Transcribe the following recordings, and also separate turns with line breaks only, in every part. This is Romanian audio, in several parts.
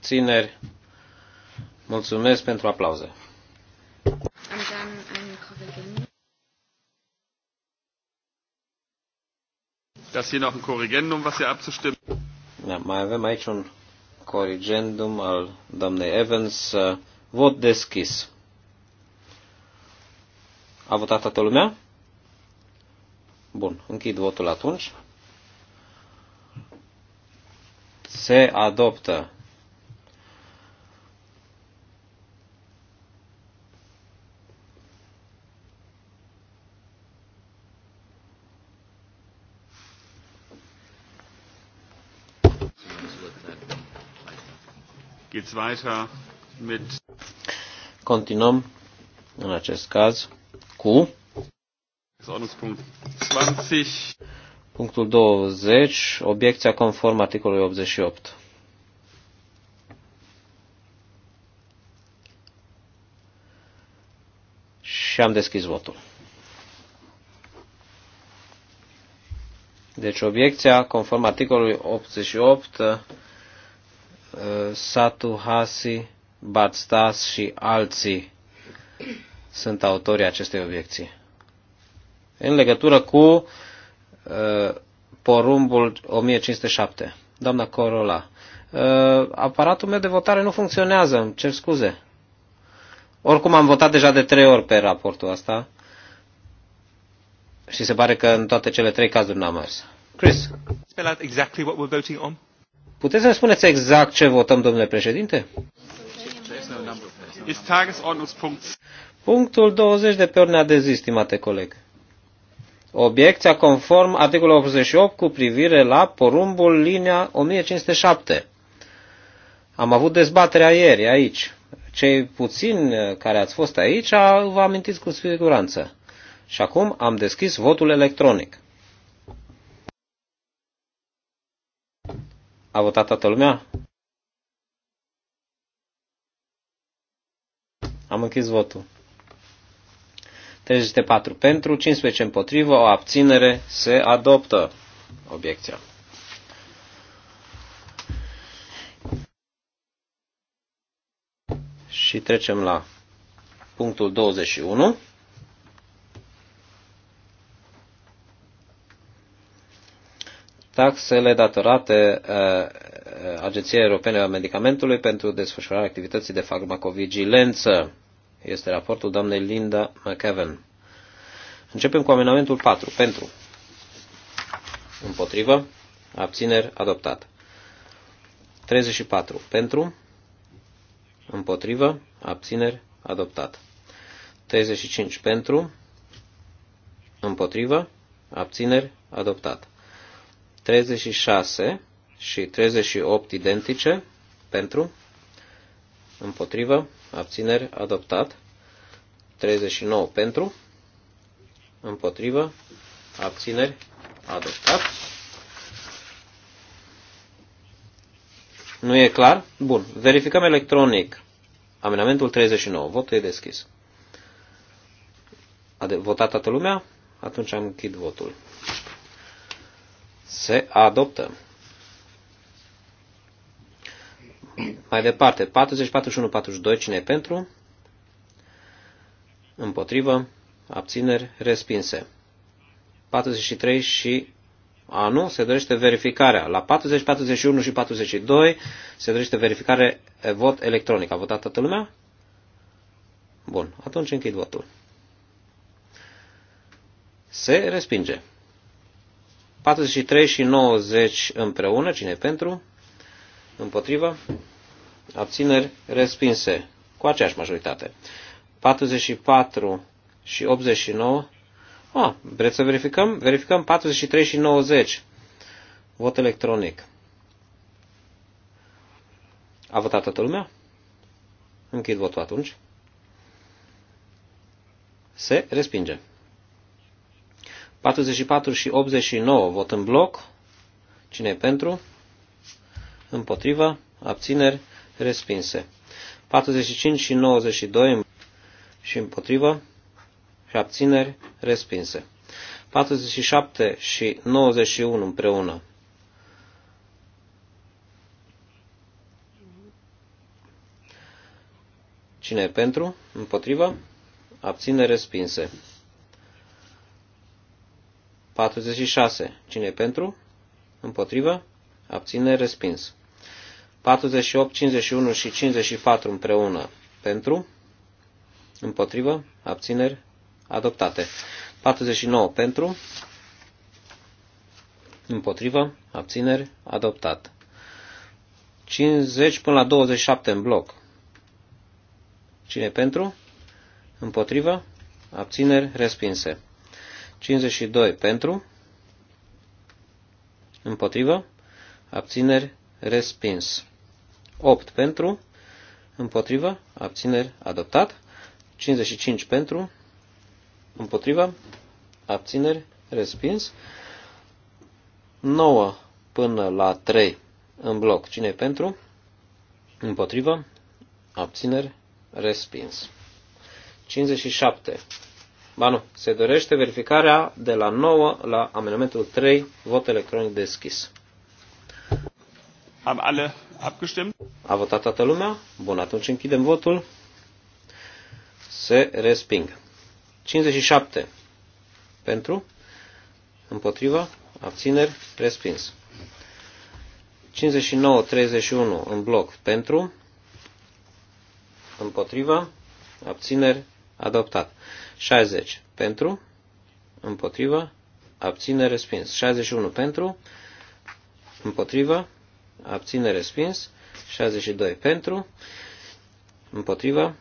abțineri. Mulțumesc pentru aplauze. Das hier noch ein Korrigendum, was hier abzustimmen. Da, mai avem aici un corrigendum al doamnei Evans. Vot deschis. A votat toată lumea? Bun, închid votul atunci. Se adoptă
geht's weiter mit
Continuăm în acest caz cu Punctul 20. Obiecția conform articolului 88. Și am deschis votul. Deci obiecția conform articolului 88 Uh, Satuhasi, Batstas și alții sunt autorii acestei obiecții. În legătură cu uh, porumbul 1507, doamna Corola, uh, aparatul meu de votare nu funcționează, îmi cer scuze. Oricum am votat deja de trei ori pe raportul ăsta și se pare că în toate cele trei cazuri n-am mers. Chris. Spell out exactly what we're voting on. Puteți să-mi spuneți exact ce votăm, domnule președinte? Punctul 20 de pe ordinea de zi, stimate coleg. Obiecția conform articolul 88 cu privire la porumbul linia 1507. Am avut dezbaterea ieri aici. Cei puțini uh, care ați fost aici vă amintiți cu siguranță. Și acum am deschis votul electronic. A votat toată lumea? Am închis votul. 34 pentru, 15 împotrivă, o abținere, se adoptă obiecția. Și trecem la punctul 21. taxele datorate uh, uh, Agenției Europene a Medicamentului pentru desfășurarea activității de farmacovigilență. Este raportul doamnei Linda McEwen. Începem cu amendamentul 4. Pentru. Împotrivă. Abțineri. Adoptat. 34. Pentru. Împotrivă. Abțineri. Adoptat. 35. Pentru. Împotrivă. Abțineri. Adoptat. 36 și 38 identice pentru, împotrivă, abțineri, adoptat. 39 pentru, împotrivă, abțineri, adoptat. Nu e clar? Bun. Verificăm electronic amenamentul 39. Votul e deschis. A votat toată lumea? Atunci am închid votul. Se adoptă. Mai departe, 40, 41, 42, cine e pentru? Împotrivă, abțineri, respinse. 43 și a nu, se dorește verificarea. La 40, 41 și 42 se dorește verificare vot electronic. A votat toată lumea? Bun, atunci închid votul. Se respinge. 43 și 90 împreună, cine pentru? Împotrivă? Abțineri respinse cu aceeași majoritate. 44 și 89. Ah, vreți să verificăm? Verificăm 43 și 90. Vot electronic. A votat toată lumea? Închid votul atunci. Se respinge. 44 și 89 vot în bloc. Cine e pentru? Împotrivă. Abțineri. Respinse. 45 și 92 și împotrivă. Și abțineri. Respinse. 47 și 91 împreună. Cine e pentru? Împotrivă? Abține respinse. 46. Cine pentru? Împotrivă? Abține respins. 48, 51 și 54 împreună. Pentru? Împotrivă? Abțineri? Adoptate. 49 pentru? Împotrivă? Abțineri? Adoptat. 50 până la 27 în bloc. Cine pentru? Împotrivă? Abțineri? Respinse. 52 pentru, împotrivă, abțineri, respins. 8 pentru, împotrivă, abțineri, adoptat. 55 pentru, împotrivă, abțineri, respins. 9 până la 3 în bloc. Cine pentru? Împotrivă, abțineri, respins. 57 Ba nu, se dorește verificarea de la 9 la amendamentul 3, vot electronic deschis. Am alle abgestimmt? A votat toată lumea? Bun, atunci închidem votul. Se resping. 57 pentru, împotriva, abțineri, respins. 59-31 în bloc pentru, împotriva, abțineri, adoptat. 60 pentru, împotrivă, abține respins. 61 pentru, împotrivă, abține respins. 62 pentru, împotrivă,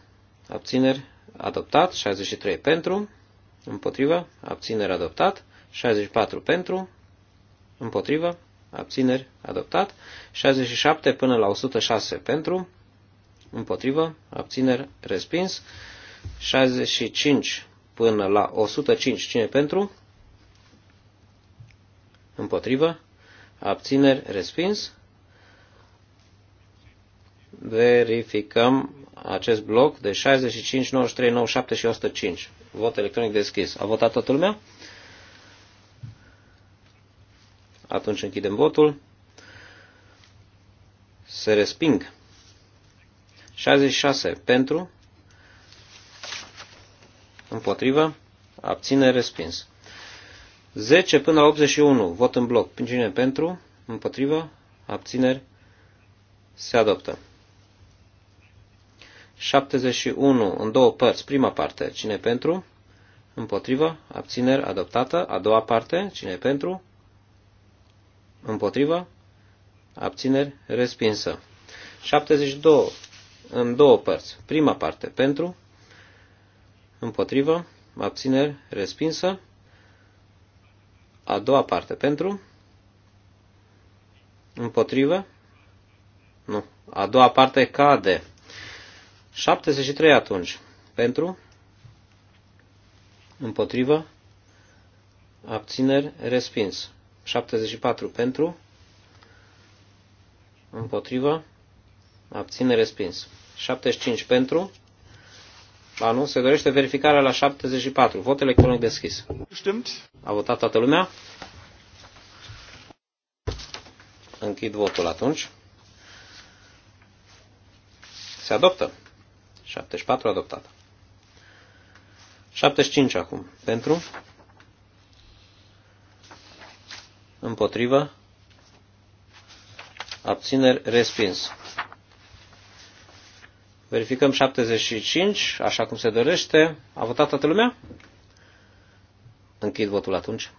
abțineri adoptat. 63 pentru, împotrivă, abțineri adoptat. 64 pentru, împotrivă, abțineri adoptat. 67 până la 106 pentru, împotrivă, abțineri respins. 65 până la 105. Cine pentru? Împotrivă. Abțineri. Respins. Verificăm acest bloc de 65, 93, 97 și 105. Vot electronic deschis. A votat toată lumea? Atunci închidem votul. Se resping. 66 pentru, Împotrivă. Abține respins. 10 până la 81. Vot în bloc. Cine pentru? Împotrivă. Abțineri. Se adoptă. 71 în două părți. Prima parte. Cine pentru? Împotrivă. Abțineri. Adoptată. A doua parte. Cine pentru? Împotrivă. Abțineri. Respinsă. 72 în două părți. Prima parte. Pentru împotrivă, abțineri, respinsă. A doua parte pentru, împotrivă, nu, a doua parte cade. 73 atunci, pentru, împotrivă, abțineri, respins. 74 pentru, împotrivă, abține, respins. 75 pentru, Ba nu se dorește verificarea la 74. Vot electronic deschis. Stimmt. A votat toată lumea? Închid votul atunci. Se adoptă. 74 adoptat. 75 acum. Pentru? Împotrivă? Abțineri respins. Verificăm 75, așa cum se dorește. A votat toată lumea? Închid votul atunci.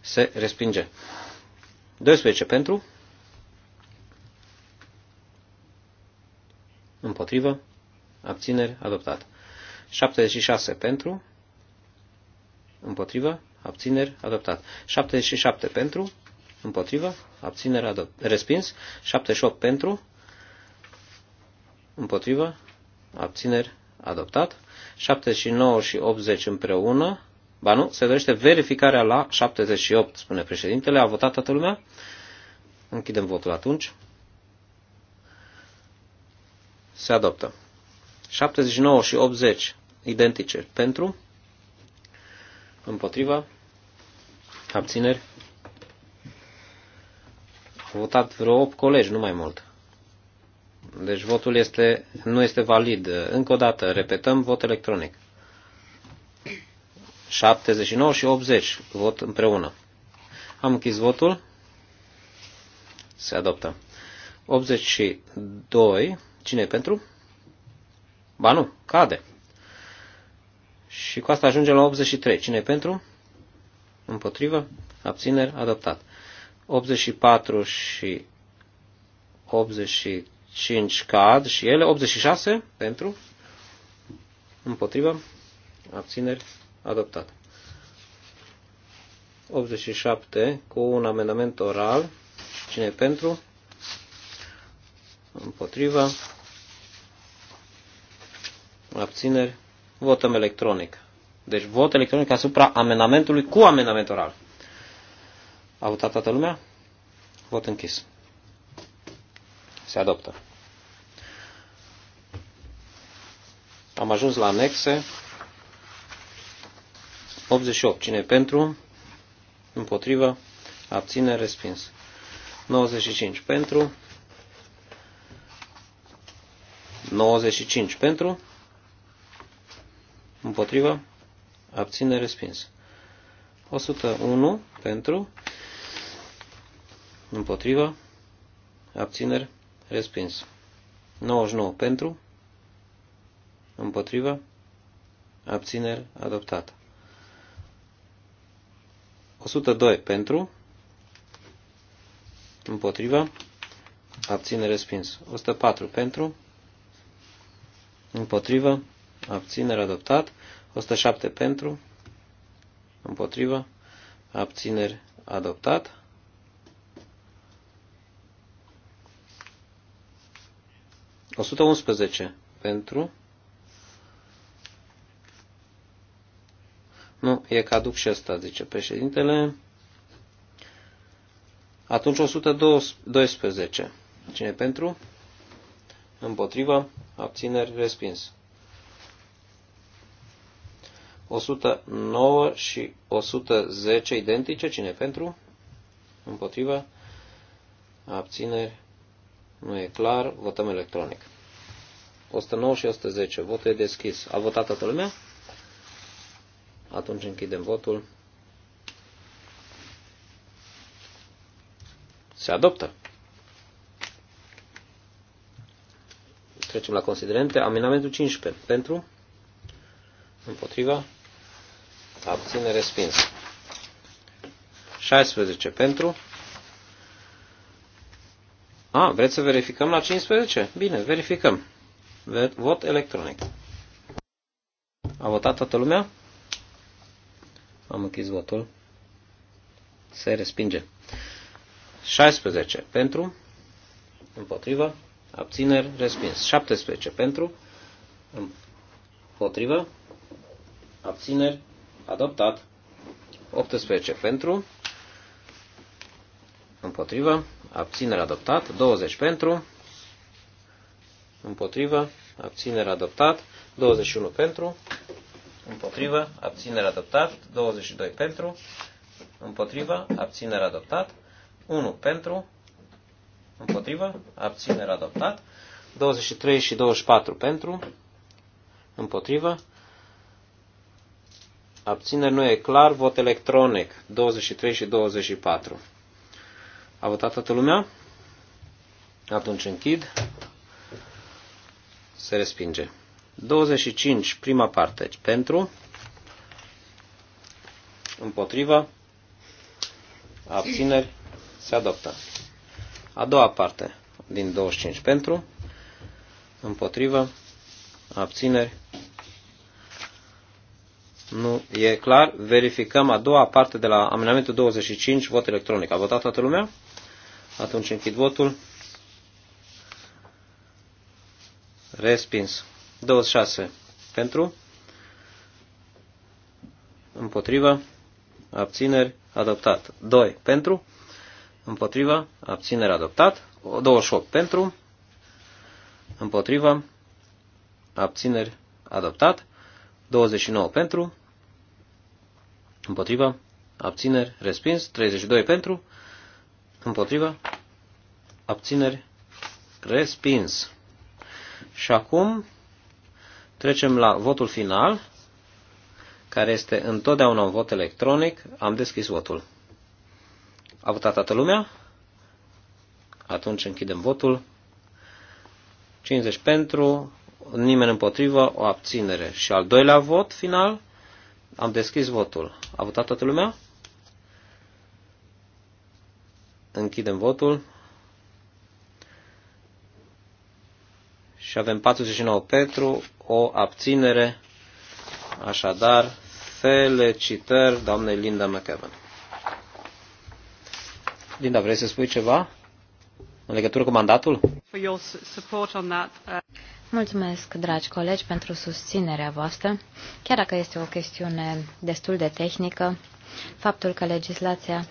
Se respinge. 12 pentru. Împotrivă. Abțineri. Adoptat. 76 pentru. Împotrivă. Abțineri. Adoptat. 77 pentru. Împotrivă. Abțineri. Respins. 78 pentru împotrivă, abțineri, adoptat. 79 și 80 împreună. Ba nu, se dorește verificarea la 78, spune președintele. A votat toată lumea? Închidem votul atunci. Se adoptă. 79 și 80 identice pentru, împotriva, abțineri. a votat vreo 8 colegi, nu mai mult. Deci votul este, nu este valid. Încă o dată, repetăm, vot electronic. 79 și 80, vot împreună. Am închis votul. Se adoptă. 82, cine e pentru? Ba nu, cade. Și cu asta ajungem la 83. Cine e pentru? Împotrivă? Abțineri? Adoptat. 84 și 85 5 cad și ele, 86 pentru, împotriva abțineri, adoptat. 87 cu un amendament oral, cine pentru, Împotriva. abțineri, votăm electronic. Deci vot electronic asupra amendamentului cu amendament oral. A votat toată lumea? Vot închis. Se adoptă. Am ajuns la anexe. 88. Cine pentru? Împotrivă. Abține. Respins. 95 pentru. 95 pentru. Împotrivă. Abține. Respins. 101 pentru. Împotrivă. Abțineri. Respins. 99 pentru împotrivă, abțineri, adoptat. 102 pentru, împotrivă, Abținere respins. 104 pentru, împotrivă, abținere adoptat. 107 pentru, împotrivă, abțineri adoptat. 111 pentru, Nu, e caduc și ăsta, zice președintele. Atunci 112. Cine pentru? Împotriva? Abțineri? Respins. 109 și 110 identice. Cine pentru? Împotriva? Abțineri? Nu e clar. Votăm electronic. 109 și 110. Votul e deschis. A votat toată lumea? Atunci închidem votul. Se adoptă. Trecem la considerente. Amendamentul 15. Pentru? Împotriva? Abține respins. 16 pentru. A, vreți să verificăm la 15? Bine, verificăm. Vot electronic. A votat toată lumea? Am închis votul. Se respinge. 16 pentru, împotrivă, abțineri, respins. 17 pentru, împotrivă, abțineri, adoptat. 18 pentru, împotrivă, Abțineri. adoptat, 20 pentru, împotrivă, Abțineri. adoptat, 21 pentru, împotrivă, abținere adoptat, 22 pentru, împotrivă, abținere adoptat, 1 pentru, împotrivă, abținere adoptat, 23 și 24 pentru, împotrivă, abținere nu e clar, vot electronic, 23 și 24. A votat toată lumea? Atunci închid. Se respinge. 25, prima parte, deci, pentru, împotriva, abțineri, se adoptă. A doua parte din 25 pentru, împotriva, abțineri, nu e clar. Verificăm a doua parte de la amendamentul 25, vot electronic. A votat toată lumea? Atunci închid votul. Respins. 26 pentru, împotriva, abțineri, adoptat. 2 pentru, împotriva, abțineri, adoptat. 28 pentru, împotriva, abțineri, adoptat. 29 pentru, împotriva, abțineri, respins. 32 pentru, împotriva, abțineri, respins. Și acum Trecem la votul final, care este întotdeauna un vot electronic. Am deschis votul. A votat toată lumea? Atunci închidem votul. 50 pentru, nimeni împotrivă, o abținere. Și al doilea vot final, am deschis votul. A votat toată lumea? Închidem votul. Și avem 49 pentru, o abținere. Așadar, felicitări doamnei Linda McEwan. Linda, vrei să spui ceva în legătură cu mandatul? Uh,
Mulțumesc, dragi colegi, pentru susținerea voastră. Chiar dacă este o chestiune destul de tehnică, faptul că legislația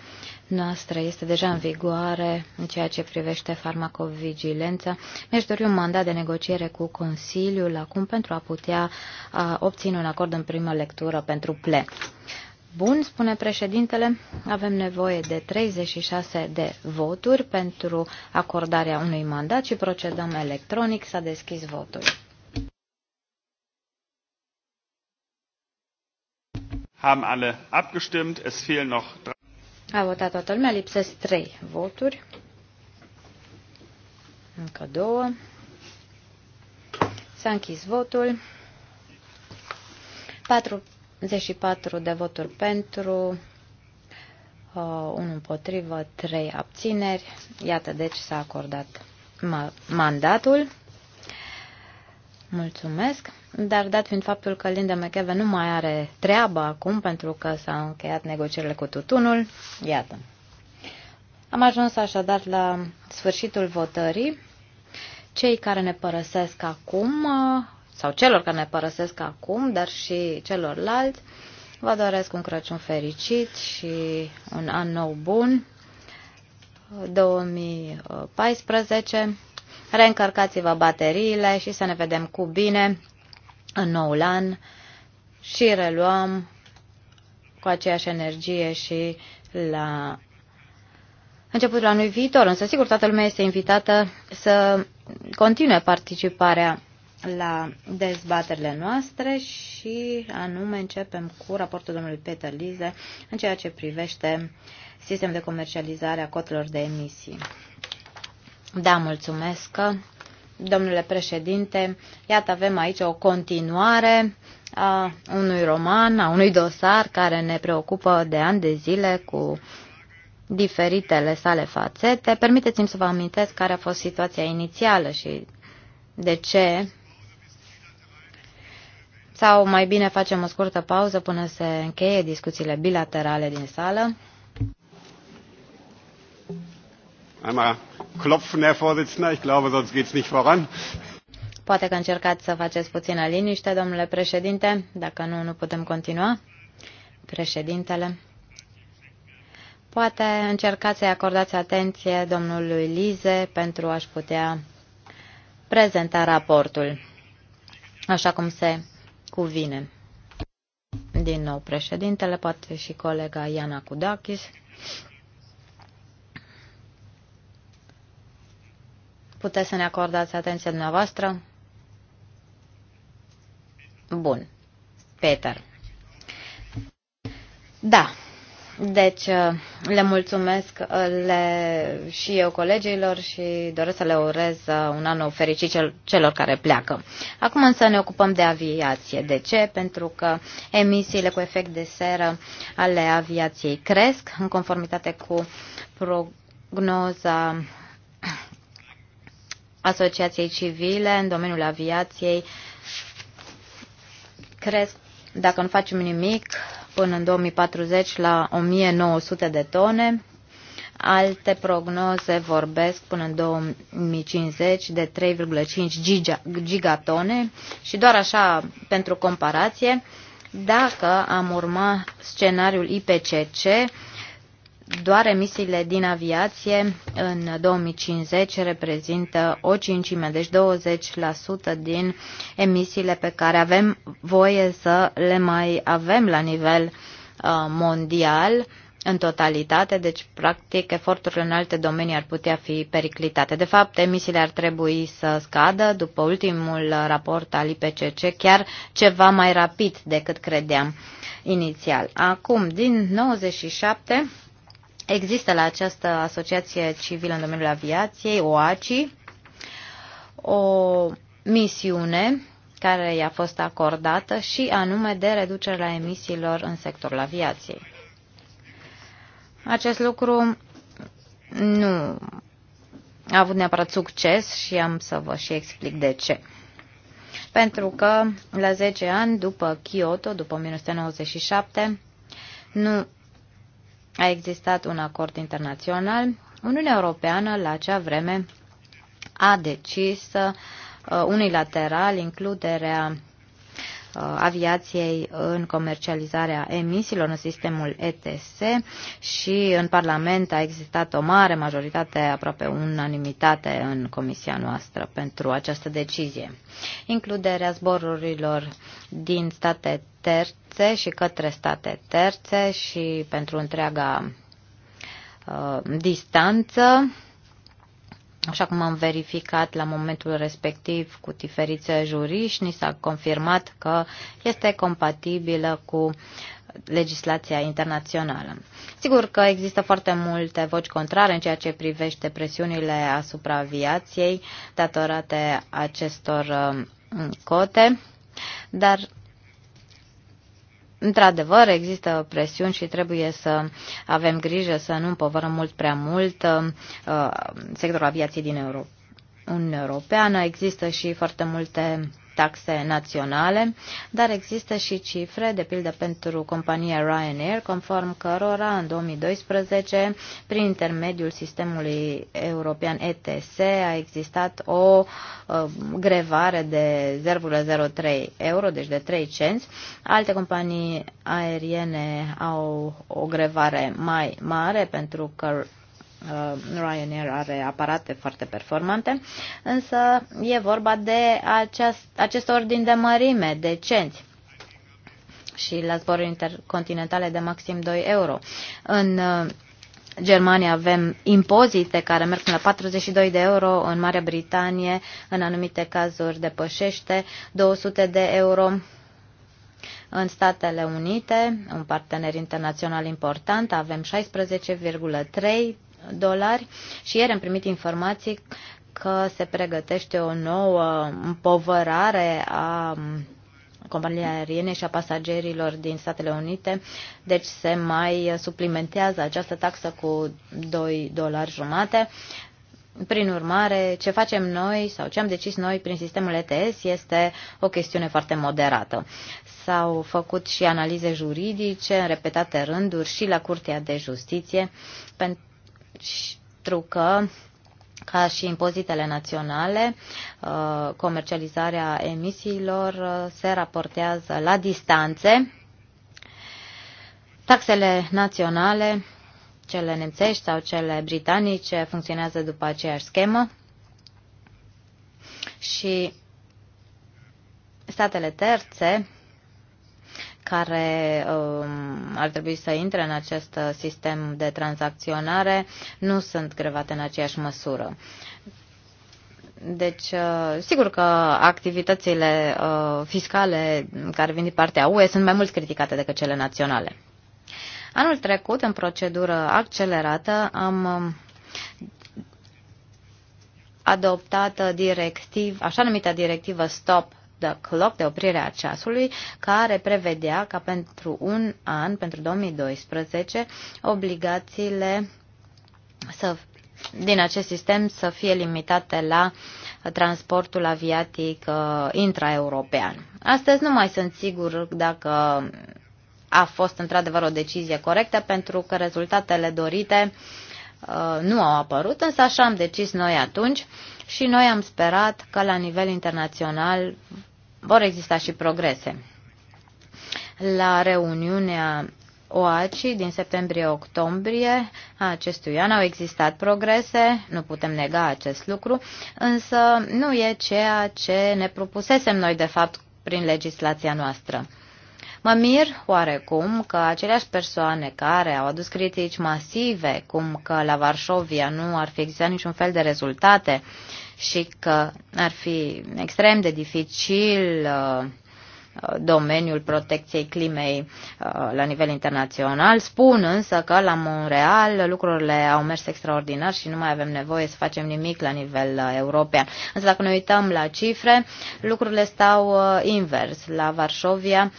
noastră este deja în vigoare în ceea ce privește farmacovigilența. Mi-aș dori un mandat de negociere cu Consiliul acum pentru a putea a, obține un acord în primă lectură pentru ple. Bun, spune președintele, avem nevoie de 36 de voturi pentru acordarea unui mandat și procedăm electronic. S-a deschis votul.
Haben alle abgestimmt. Es fehlen noch
a votat toată lumea, lipsesc 3 voturi. Încă două. S-a închis votul. 44 de voturi pentru, 1 uh, împotrivă, 3 abțineri. Iată, deci s-a acordat mandatul. Mulțumesc, dar dat fiind faptul că Linda McEwen nu mai are treabă acum pentru că s-au încheiat negocierile cu tutunul, iată. Am ajuns așadar la sfârșitul votării. Cei care ne părăsesc acum, sau celor care ne părăsesc acum, dar și celorlalți, vă doresc un Crăciun fericit și un an nou bun, 2014 reîncărcați-vă bateriile și să ne vedem cu bine în noul an și reluăm cu aceeași energie și la începutul anului viitor. Însă, sigur, toată lumea este invitată să continue participarea la dezbaterile noastre și anume începem cu raportul domnului Peter Lize în ceea ce privește sistemul de comercializare a cotelor de emisii. Da, mulțumesc. Domnule președinte, iată avem aici o continuare a unui roman, a unui dosar care ne preocupă de ani de zile cu diferitele sale fațete. Permiteți-mi să vă amintesc care a fost situația inițială și de ce. Sau mai bine facem o scurtă pauză până se încheie discuțiile bilaterale din sală. Einmal klopfen, Herr Vorsitzender. Ich glaube, sonst es nicht voran. Poate că încercați să faceți puțină liniște, domnule președinte. Dacă nu, nu putem continua. Președintele. Poate încercați să-i acordați atenție domnului Lize pentru a-și putea prezenta raportul, așa cum se cuvine. Din nou, președintele, poate și colega Iana Kudakis. Puteți să ne acordați atenția dumneavoastră? Bun. Peter. Da. Deci, le mulțumesc le, și eu colegilor și doresc să le urez un an nou fericit celor care pleacă. Acum însă ne ocupăm de aviație. De ce? Pentru că emisiile cu efect de seră ale aviației cresc în conformitate cu prognoza asociației civile în domeniul aviației cresc, dacă nu facem nimic, până în 2040 la 1900 de tone. Alte prognoze vorbesc până în 2050 de 3,5 giga, gigatone și doar așa pentru comparație, dacă am urma scenariul IPCC, doar emisiile din aviație în 2050 reprezintă o cincime, deci 20% din emisiile pe care avem voie să le mai avem la nivel uh, mondial în totalitate, deci practic eforturile în alte domenii ar putea fi periclitate. De fapt, emisiile ar trebui să scadă după ultimul raport al IPCC chiar ceva mai rapid decât credeam inițial. Acum, din 97 Există la această asociație civilă în domeniul aviației, OACI, o misiune care i-a fost acordată și anume de reducere la emisiilor în sectorul aviației. Acest lucru nu a avut neapărat succes și am să vă și explic de ce. Pentru că la 10 ani după Kyoto, după 1997, nu a existat un acord internațional. Uniunea Europeană la acea vreme a decis uh, unilateral includerea Uh, aviației în comercializarea emisiilor în sistemul ETS și în Parlament a existat o mare majoritate, aproape unanimitate în comisia noastră pentru această decizie. Includerea zborurilor din state terțe și către state terțe și pentru întreaga uh, distanță Așa cum am verificat la momentul respectiv cu diferiți juriști, ni s-a confirmat că este compatibilă cu legislația internațională. Sigur că există foarte multe voci contrare în ceea ce privește presiunile asupra aviației datorate acestor uh, cote, dar Într-adevăr, există presiuni și trebuie să avem grijă să nu împovărăm mult prea mult uh, sectorul aviației din Europa. Uniunea Europeană. Există și foarte multe taxe naționale, dar există și cifre, de pildă pentru compania Ryanair, conform cărora în 2012, prin intermediul sistemului european ETS, a existat o uh, grevare de 0,03 euro, deci de 3 cenți. Alte companii aeriene au o grevare mai mare pentru că Uh, Ryanair are aparate foarte performante, însă e vorba de aceast, acest ordin de mărime, decenți și la zboruri intercontinentale de maxim 2 euro. În uh, Germania avem impozite care merg până la 42 de euro, în Marea Britanie în anumite cazuri depășește 200 de euro. În Statele Unite, un partener internațional important, avem 16,3 dolari și ieri am primit informații că se pregătește o nouă împovărare a companiile aeriene și a pasagerilor din Statele Unite, deci se mai suplimentează această taxă cu 2 dolari jumate. Prin urmare, ce facem noi sau ce am decis noi prin sistemul ETS este o chestiune foarte moderată. S-au făcut și analize juridice în repetate rânduri și la Curtea de Justiție pentru pentru că ca și impozitele naționale, uh, comercializarea emisiilor uh, se raportează la distanțe. Taxele naționale, cele nemțești sau cele britanice, funcționează după aceeași schemă și statele terțe care um, ar trebui să intre în acest sistem de tranzacționare nu sunt grevate în aceeași măsură. Deci, uh, sigur că activitățile uh, fiscale care vin din partea UE sunt mai mult criticate decât cele naționale. Anul trecut, în procedură accelerată, am um, adoptat uh, directiv, așa numită directivă STOP The clock de oprire a ceasului, care prevedea ca pentru un an, pentru 2012, obligațiile să, din acest sistem să fie limitate la transportul aviatic uh, intraeuropean. Astăzi nu mai sunt sigur dacă a fost într-adevăr o decizie corectă, pentru că rezultatele dorite uh, nu au apărut, însă așa am decis noi atunci și noi am sperat că la nivel internațional vor exista și progrese. La reuniunea OACI din septembrie-octombrie a acestui an au existat progrese, nu putem nega acest lucru, însă nu e ceea ce ne propusesem noi de fapt prin legislația noastră. Mă mir oarecum că aceleași persoane care au adus critici masive, cum că la Varșovia nu ar fi existat niciun fel de rezultate și că ar fi extrem de dificil uh, domeniul protecției climei uh, la nivel internațional. Spun însă că la Montreal lucrurile au mers extraordinar și nu mai avem nevoie să facem nimic la nivel uh, european. Însă dacă ne uităm la cifre, lucrurile stau uh, invers. La Varșovia,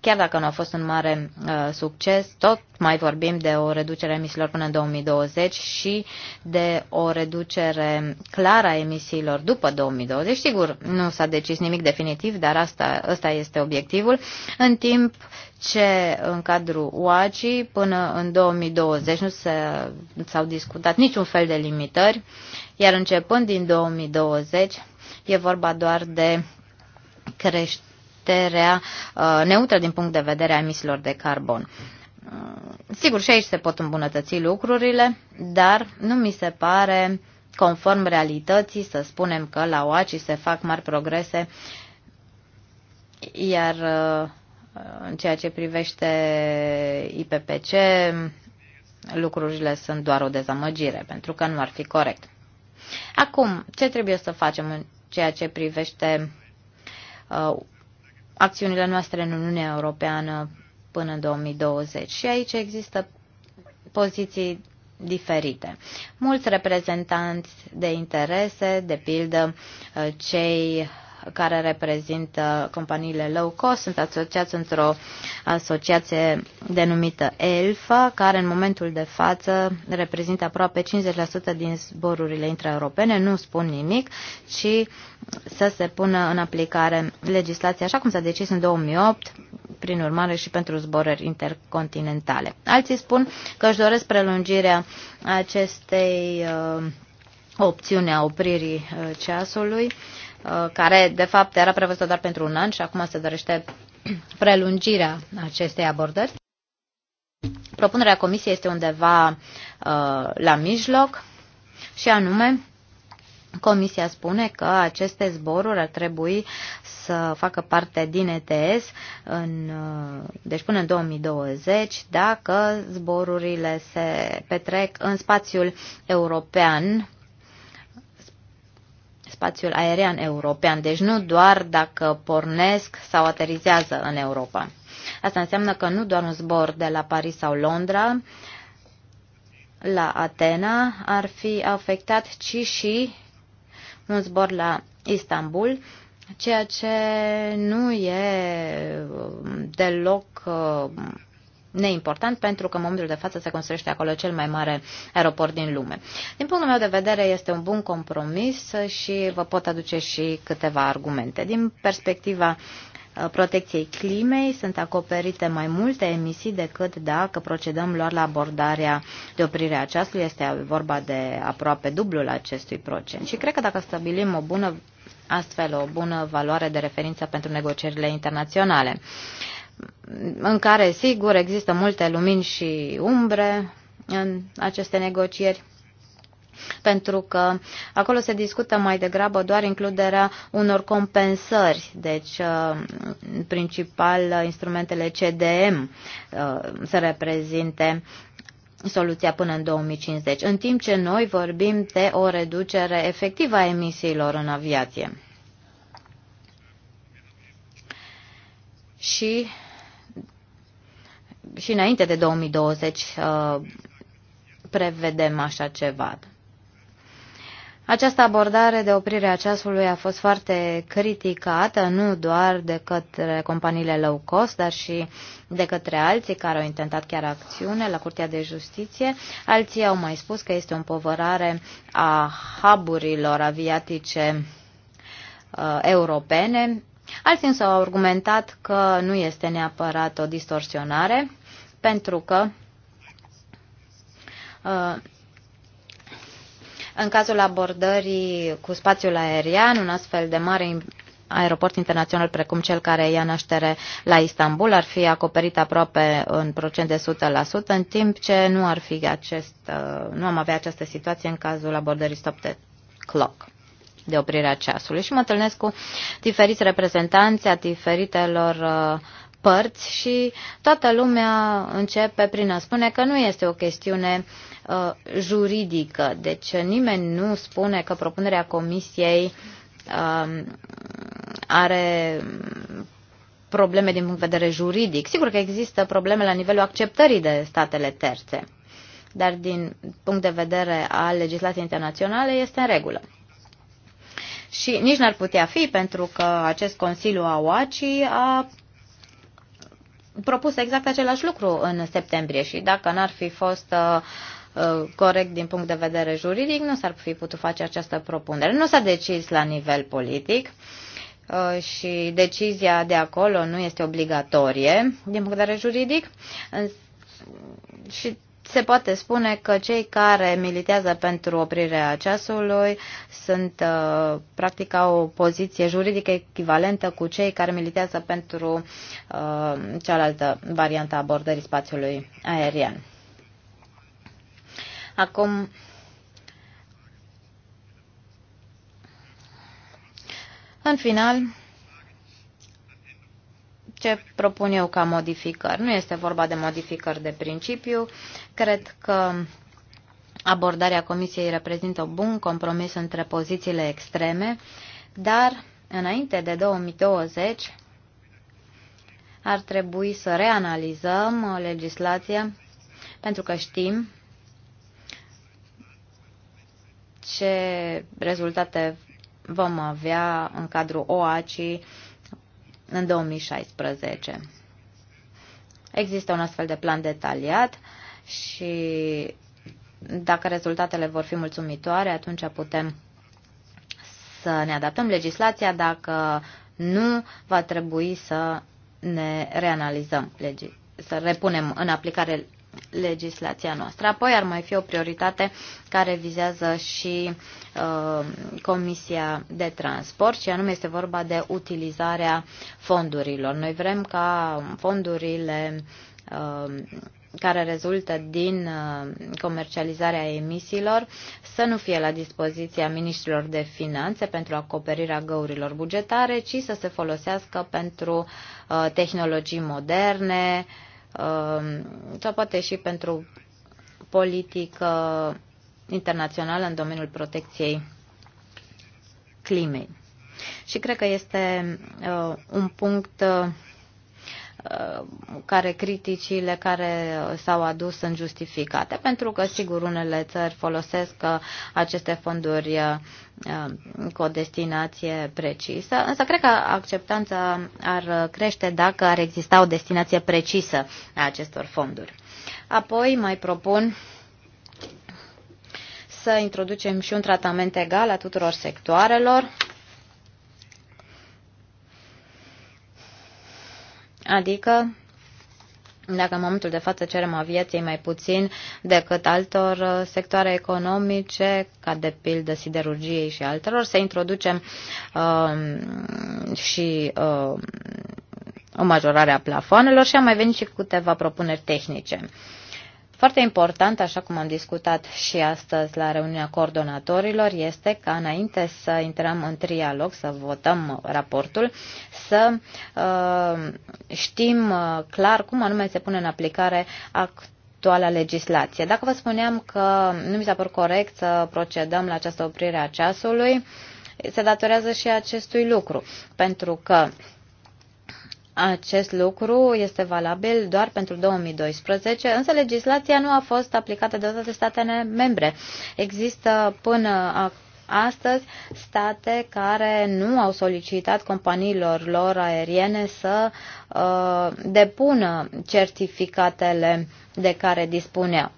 chiar dacă nu a fost un mare succes, tot mai vorbim de o reducere a emisiilor până în 2020 și de o reducere clară a emisiilor după 2020. Sigur, nu s-a decis nimic definitiv, dar asta, asta este este obiectivul, în timp ce în cadrul UACI până în 2020 nu s-au discutat niciun fel de limitări, iar începând din 2020 e vorba doar de creșterea uh, neutră din punct de vedere a emisiilor de carbon. Uh, sigur, și aici se pot îmbunătăți lucrurile, dar nu mi se pare conform realității să spunem că la OACI se fac mari progrese iar uh, în ceea ce privește IPPC, lucrurile sunt doar o dezamăgire, pentru că nu ar fi corect. Acum, ce trebuie să facem în ceea ce privește uh, acțiunile noastre în Uniunea Europeană până în 2020? Și aici există poziții diferite. Mulți reprezentanți de interese, de pildă uh, cei care reprezintă companiile low cost sunt asociați într-o asociație denumită ELFA, care în momentul de față reprezintă aproape 50% din zborurile intraeuropene. Nu spun nimic, ci să se pună în aplicare legislația așa cum s-a decis în 2008, prin urmare și pentru zborări intercontinentale. Alții spun că își doresc prelungirea acestei uh, opțiuni a opririi uh, ceasului Uh, care de fapt era prevăzută doar pentru un an și acum se dorește prelungirea acestei abordări. Propunerea comisiei este undeva uh, la mijloc și anume Comisia spune că aceste zboruri ar trebui să facă parte din ETS în, uh, deci până în 2020 dacă zborurile se petrec în spațiul european spațiul aerian european, deci nu doar dacă pornesc sau aterizează în Europa. Asta înseamnă că nu doar un zbor de la Paris sau Londra la Atena ar fi afectat, ci și un zbor la Istanbul, ceea ce nu e deloc uh, neimportant pentru că în momentul de față se construiește acolo cel mai mare aeroport din lume. Din punctul meu de vedere este un bun compromis și vă pot aduce și câteva argumente. Din perspectiva uh, protecției climei sunt acoperite mai multe emisii decât dacă procedăm doar la abordarea de oprire a ceasului. Este vorba de aproape dublul acestui procent. Și cred că dacă stabilim o bună, astfel o bună valoare de referință pentru negocierile internaționale. Uh, în care, sigur, există multe lumini și umbre în aceste negocieri, pentru că acolo se discută mai degrabă doar includerea unor compensări, deci uh, în principal uh, instrumentele CDM uh, să reprezinte soluția până în 2050, în timp ce noi vorbim de o reducere efectivă a emisiilor în aviație. Și și înainte de 2020 uh, prevedem așa ceva. Această abordare de oprire a ceasului a fost foarte criticată, nu doar de către companiile low cost, dar și de către alții care au intentat chiar acțiune la Curtea de Justiție. Alții au mai spus că este o împovărare a haburilor aviatice uh, europene. Alții însă au argumentat că nu este neapărat o distorsionare pentru că uh, în cazul abordării cu spațiul aerian, un astfel de mare aeroport internațional precum cel care ia naștere la Istanbul ar fi acoperit aproape în procent de 100%, în timp ce nu ar fi acest, uh, nu am avea această situație în cazul abordării stop the clock de oprirea ceasului și mă întâlnesc cu diferiți reprezentanți a diferitelor uh, părți și toată lumea începe prin a spune că nu este o chestiune uh, juridică. Deci nimeni nu spune că propunerea comisiei uh, are probleme din punct de vedere juridic. Sigur că există probleme la nivelul acceptării de statele terțe, dar din punct de vedere al legislației internaționale este în regulă. Și nici n-ar putea fi pentru că acest Consiliu a OACI a propus exact același lucru în septembrie și dacă n-ar fi fost uh, uh, corect din punct de vedere juridic, nu s-ar fi putut face această propunere. Nu s-a decis la nivel politic uh, și decizia de acolo nu este obligatorie din punct de vedere juridic și se poate spune că cei care militează pentru oprirea ceasului sunt uh, practic au o poziție juridică echivalentă cu cei care militează pentru uh, cealaltă variantă a abordării spațiului aerian. Acum, în final, ce propun eu ca modificări? Nu este vorba de modificări de principiu. Cred că abordarea Comisiei reprezintă un bun compromis între pozițiile extreme, dar înainte de 2020 ar trebui să reanalizăm legislația pentru că știm ce rezultate vom avea în cadrul OACI în 2016. Există un astfel de plan detaliat și dacă rezultatele vor fi mulțumitoare, atunci putem să ne adaptăm legislația, dacă nu, va trebui să ne reanalizăm, să repunem în aplicare legislația noastră. Apoi ar mai fi o prioritate care vizează și uh, Comisia de Transport și anume este vorba de utilizarea fondurilor. Noi vrem ca fondurile uh, care rezultă din uh, comercializarea emisiilor să nu fie la dispoziția ministrilor de finanțe pentru acoperirea găurilor bugetare, ci să se folosească pentru uh, tehnologii moderne, uh, Um, sau poate și pentru politică internațională în domeniul protecției climei. Și cred că este uh, un punct uh, Uh, care criticile care s-au adus sunt justificate, pentru că, sigur, unele țări folosesc uh, aceste fonduri uh, cu o destinație precisă, însă cred că acceptanța ar crește dacă ar exista o destinație precisă a acestor fonduri. Apoi mai propun să introducem și un tratament egal a tuturor sectoarelor, Adică, dacă în momentul de față cerem aviației mai puțin decât altor uh, sectoare economice, ca de pildă siderurgiei și altelor, să introducem uh, și uh, o majorare a plafoanelor și am mai venit și cu câteva propuneri tehnice. Foarte important, așa cum am discutat și astăzi la reuniunea coordonatorilor, este ca înainte să intrăm în trialog, să votăm raportul, să uh, știm uh, clar cum anume se pune în aplicare actul actuala legislație. Dacă vă spuneam că nu mi s-a părut corect să procedăm la această oprire a ceasului, se datorează și acestui lucru, pentru că acest lucru este valabil doar pentru 2012, însă legislația nu a fost aplicată de toate statele membre. Există până astăzi state care nu au solicitat companiilor lor aeriene să uh, depună certificatele de care dispuneau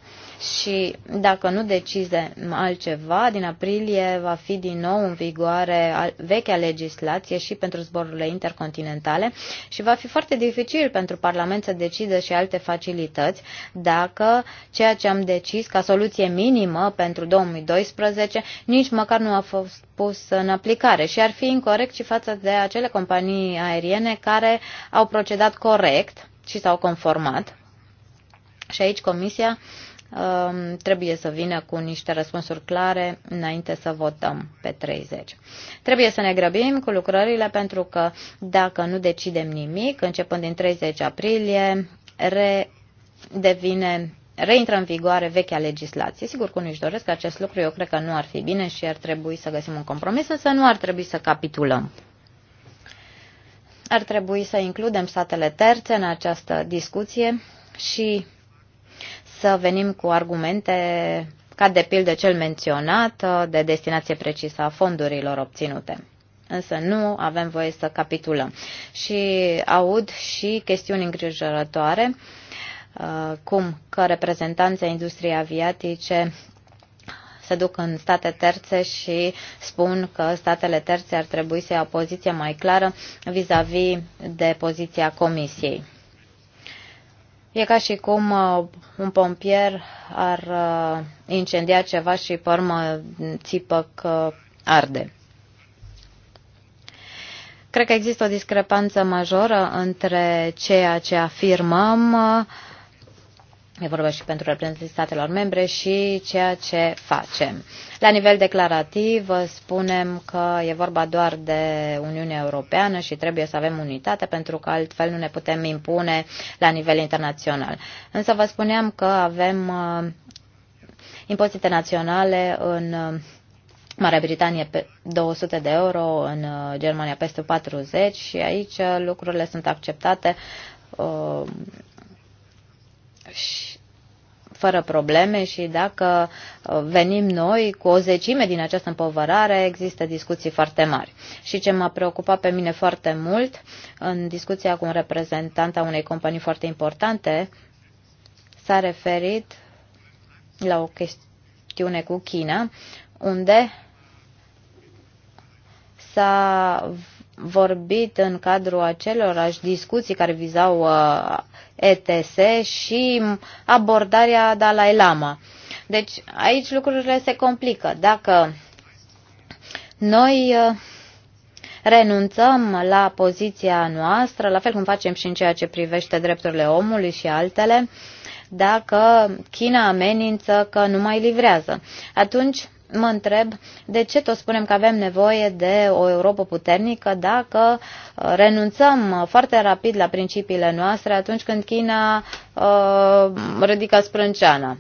și dacă nu decide altceva, din aprilie va fi din nou în vigoare vechea legislație și pentru zborurile intercontinentale și va fi foarte dificil pentru Parlament să decide și alte facilități dacă ceea ce am decis ca soluție minimă pentru 2012 nici măcar nu a fost pus în aplicare și ar fi incorrect și față de acele companii aeriene care au procedat corect și s-au conformat. Și aici Comisia uh, Um, trebuie să vină cu niște răspunsuri clare înainte să votăm pe 30. Trebuie să ne grăbim cu lucrările pentru că dacă nu decidem nimic, începând din 30 aprilie, redevine reintră în vigoare vechea legislație. Sigur că nu își doresc acest lucru, eu cred că nu ar fi bine și ar trebui să găsim un compromis, însă nu ar trebui să capitulăm. Ar trebui să includem statele terțe în această discuție și să venim cu argumente ca de pildă cel menționat uh, de destinație precisă a fondurilor obținute. Însă nu avem voie să capitulăm. Și aud și chestiuni îngrijorătoare, uh, cum că reprezentanții industriei aviatice se duc în state terțe și spun că statele terțe ar trebui să ia o poziție mai clară vis-a-vis -vis de poziția Comisiei. E ca și cum uh, un pompier ar uh, incendia ceva și pe urmă țipă că arde. Cred că există o discrepanță majoră între ceea ce afirmăm uh, E vorba și pentru reprezentanții statelor membre și ceea ce facem. La nivel declarativ spunem că e vorba doar de Uniunea Europeană și trebuie să avem unitate pentru că altfel nu ne putem impune la nivel internațional. Însă vă spuneam că avem uh, impozite naționale în uh, Marea Britanie pe 200 de euro, în uh, Germania peste 40 și aici lucrurile sunt acceptate și fără probleme și dacă uh, venim noi cu o zecime din această împovărare, există discuții foarte mari. Și ce m-a preocupat pe mine foarte mult în discuția cu un reprezentant a unei companii foarte importante s-a referit la o chestiune cu China, unde s-a vorbit în cadrul acelorași discuții care vizau uh, ETS și abordarea Dalai Lama. Deci aici lucrurile se complică. Dacă noi uh, renunțăm la poziția noastră, la fel cum facem și în ceea ce privește drepturile omului și altele, dacă China amenință că nu mai livrează. Atunci mă întreb de ce tot spunem că avem nevoie de o Europa puternică dacă uh, renunțăm foarte rapid la principiile noastre atunci când China uh, ridică sprânceana.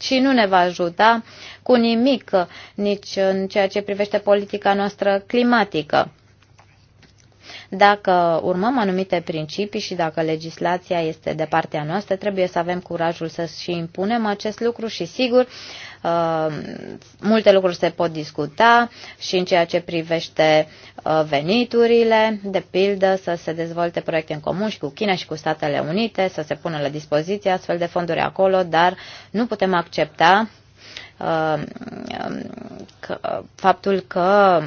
Și nu ne va ajuta cu nimic nici în ceea ce privește politica noastră climatică. Dacă urmăm anumite principii și dacă legislația este de partea noastră, trebuie să avem curajul să și impunem acest lucru și sigur Uh, multe lucruri se pot discuta și în ceea ce privește uh, veniturile, de pildă să se dezvolte proiecte în comun și cu China și cu Statele Unite, să se pună la dispoziție astfel de fonduri acolo, dar nu putem accepta uh, faptul că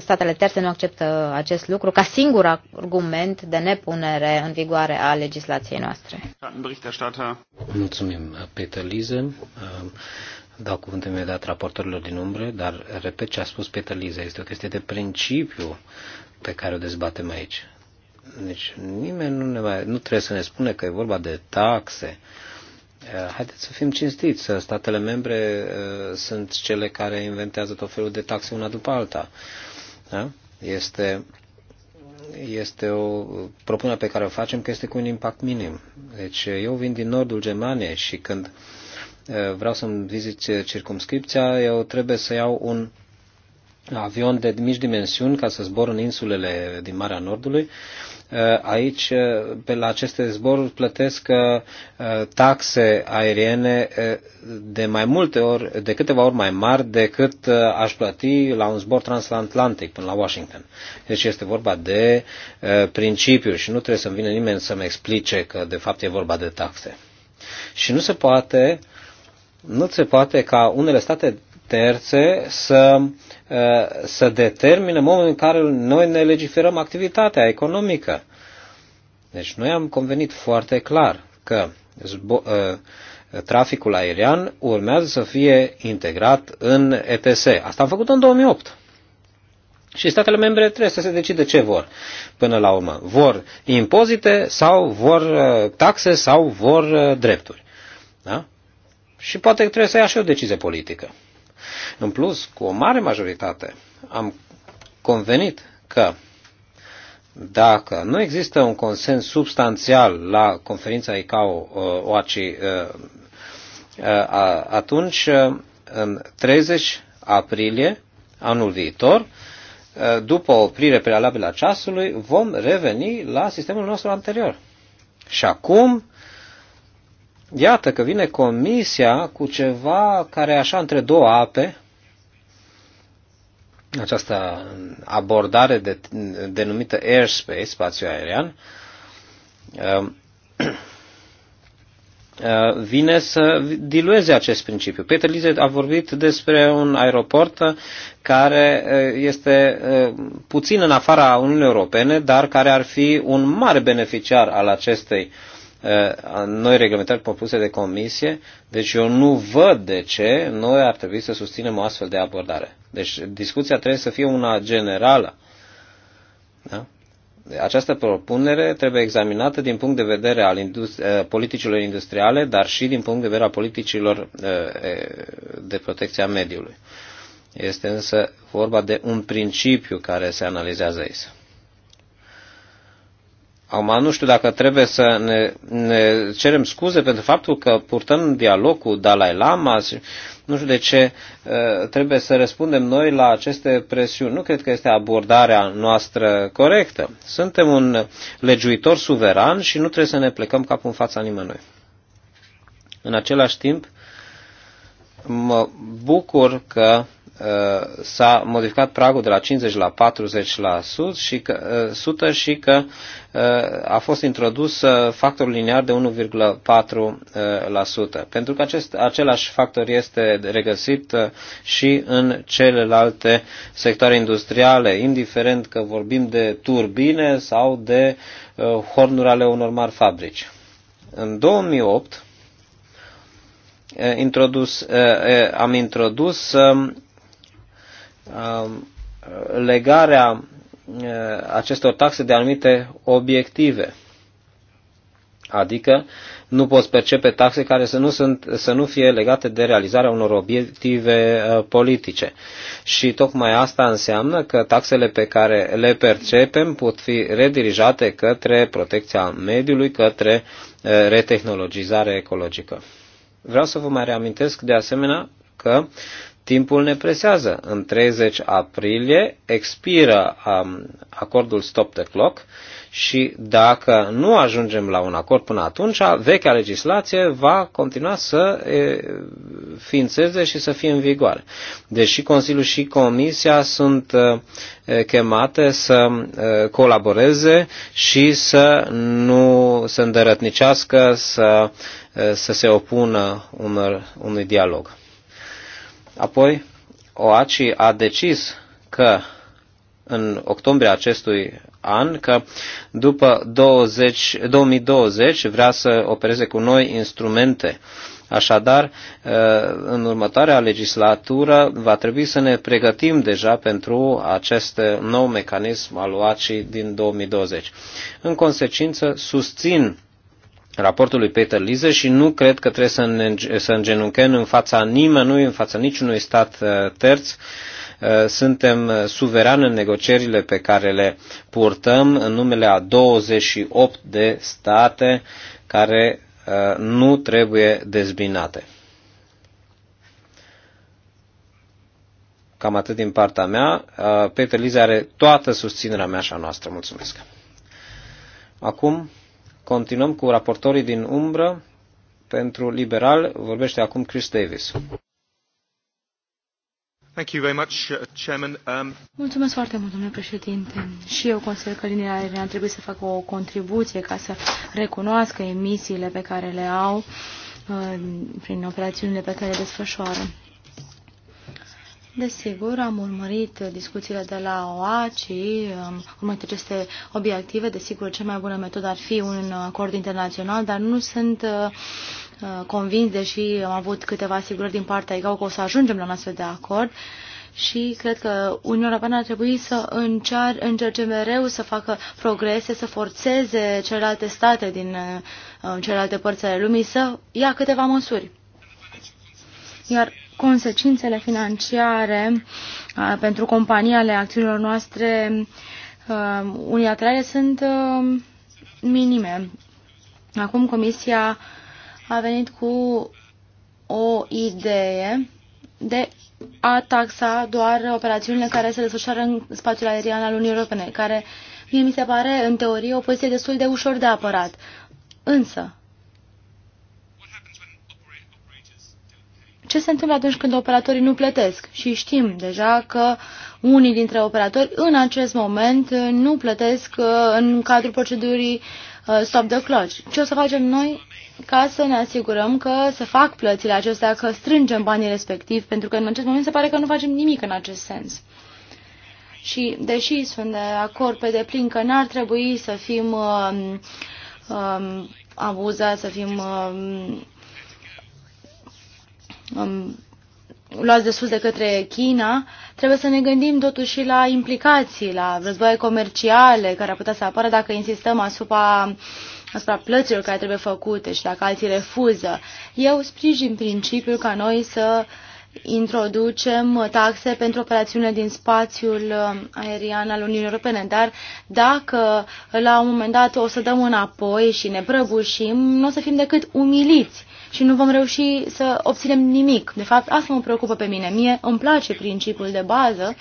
statele terțe nu acceptă acest lucru ca singur argument de nepunere în vigoare a legislației noastre.
Mulțumim, Peter Lise dau cuvântul imediat raportorilor din umbră, dar repet ce a spus Peter Liza, este o chestie de principiu pe care o dezbatem aici. Deci nimeni nu, ne mai, nu trebuie să ne spune că e vorba de taxe. Eh, haideți să fim cinstiți, statele membre eh, sunt cele care inventează tot felul de taxe una după alta. Da? Este, este o propunere pe care o facem că este cu un impact minim. Deci eh, eu vin din nordul Germaniei și când uh, Eh, vreau să-mi vizit eh, circumscripția, eu trebuie să iau un avion de mici dimensiuni ca să zbor în insulele din Marea Nordului. Eh, aici, pe la aceste zboruri, plătesc taxe aeriene de mai multe ori, de câteva ori mai mari decât aș plăti la un zbor transatlantic până la Washington. Deci este vorba de principiu și nu trebuie să-mi vină nimeni să-mi explice că de fapt e vorba de taxe. Și nu se poate uh, nu se poate ca unele state terțe să, uh, să determine momentul în care noi ne legiferăm activitatea economică. Deci noi am convenit foarte clar că uh, traficul aerian urmează să fie integrat în ETS. Asta am făcut în 2008. Și statele membre trebuie să se decide ce vor până la urmă. Vor impozite sau vor uh, taxe sau vor drepturi. Da? și poate trebuie să ia și o decizie politică. În plus, cu o mare majoritate am convenit că dacă nu există un consens substanțial la conferința ICAO-OACI, uh, uh, uh, atunci în 30 aprilie anul viitor, după o oprire prealabilă a ceasului, vom reveni la sistemul nostru anterior. Și acum Iată că vine comisia cu ceva care așa între două ape, această abordare de, denumită airspace, spațiu aerian, um, uh, vine să dilueze acest principiu. Peter Lize a vorbit despre un aeroport care uh, este uh, puțin în afara Uniunii Europene, dar care ar fi un mare beneficiar al acestei uh, Uh, noi reglementări propuse de comisie, deci eu nu văd de ce noi ar trebui să susținem o astfel de abordare. Deci discuția trebuie să fie una generală. Da? Această propunere trebuie examinată din punct de vedere al industri- uh, politicilor industriale, dar și din punct de vedere al politicilor uh, de protecție a mediului. Este însă vorba de un principiu care se analizează aici. Acum nu știu dacă trebuie să ne, ne cerem scuze pentru faptul că purtăm un dialog cu Dalai Lama, nu știu de ce uh, trebuie să răspundem noi la aceste presiuni. Nu cred că este abordarea noastră corectă. Suntem un legiuitor suveran și nu trebuie să ne plecăm capul în fața nimănui. În același timp, mă bucur că Uh, s-a modificat pragul de la 50 la 40 la 100 și că, 100 uh, și că uh, a fost introdus factorul linear de 1,4%, pentru că acest, același factor este regăsit și în celelalte sectoare industriale, indiferent că vorbim de turbine sau de hornuri ale unor mari fabrici. În 2008, introdus, am introdus um, Um, legarea uh, acestor taxe de anumite obiective. Adică nu poți percepe taxe care să nu, sunt, să nu fie legate de realizarea unor obiective uh, politice. Și tocmai asta înseamnă că taxele pe care le percepem pot fi redirijate către protecția mediului, către uh, retehnologizare ecologică. Vreau să vă mai reamintesc de asemenea că timpul ne presează. În 30 aprilie expiră um, acordul Stop the Clock și dacă nu ajungem la un acord până atunci, vechea legislație va continua să e, ființeze și să fie în vigoare. Deși Consiliul și Comisia sunt e, chemate să e, colaboreze și să nu se îndărătnicească, să, e, să se opună unor, unui dialog. Apoi, OACI a decis că în octombrie acestui an că după 20, 2020 vrea să opereze cu noi instrumente. Așadar, eh, în următoarea legislatură va trebui să ne pregătim deja pentru acest nou mecanism al OACI din 2020. În consecință, susțin raportul lui Peter Lise și nu cred că trebuie să, ne, să îngenunchem în fața nimănui, în fața niciunui stat uh, terț. Uh, suntem uh, suverani în negocierile pe care le purtăm în numele a 28 de state care nu trebuie dezbinate. Cam atât din partea mea. Peter Liza are toată susținerea mea și a noastră. Mulțumesc. Acum Continuăm cu raportorii din umbră. Pentru liberal vorbește acum Chris Davis. Thank you very much, uh, Chairman. Um...
Mulțumesc foarte mult, domnule președinte. Și eu consider că linia aeriană ar trebui să facă o contribuție ca să recunoască emisiile pe care le au uh, prin operațiunile pe care le desfășoară. Desigur, am urmărit discuțiile de la OACI, am urmărit aceste obiective. Desigur, cea mai bună metodă ar fi un acord internațional, dar nu sunt uh, uh, convins, deși am avut câteva asigurări din partea EGAU că o să ajungem la un astfel de acord și cred că Uniunea Europeană ar trebui să încear, încerce mereu să facă progrese, să forțeze celelalte state din uh, celelalte părți ale lumii să ia câteva măsuri. Iar consecințele financiare uh, pentru companii ale acțiunilor noastre uh, unilaterale sunt uh, minime. Acum Comisia a venit cu o idee de a taxa doar operațiunile care se desfășoară în spațiul aerian al Uniunii Europene, care mie mi se pare, în teorie, o poziție destul de ușor de apărat. Însă, ce se întâmplă atunci când operatorii nu plătesc. Și știm deja că unii dintre operatori în acest moment nu plătesc uh, în cadrul procedurii uh, stop the clock. Ce o să facem noi ca să ne asigurăm că se fac plățile acestea, că strângem banii respectiv, pentru că în acest moment se pare că nu facem nimic în acest sens. Și deși sunt de acord pe deplin că n-ar trebui să fim um, um, abuzați, să fim um, um, luați de sus de către China, trebuie să ne gândim totuși și la implicații, la războaie comerciale care ar putea să apară dacă insistăm asupra, asupra plăților care trebuie făcute și dacă alții refuză. Eu sprijin principiul ca noi să introducem taxe pentru operațiunile din spațiul um, aerian al Uniunii Europene, dar dacă la un moment dat o să dăm înapoi și ne prăbușim, nu o să fim decât umiliți și nu vom reuși să obținem nimic. De fapt, asta mă preocupă pe mine. Mie îmi place principiul de bază.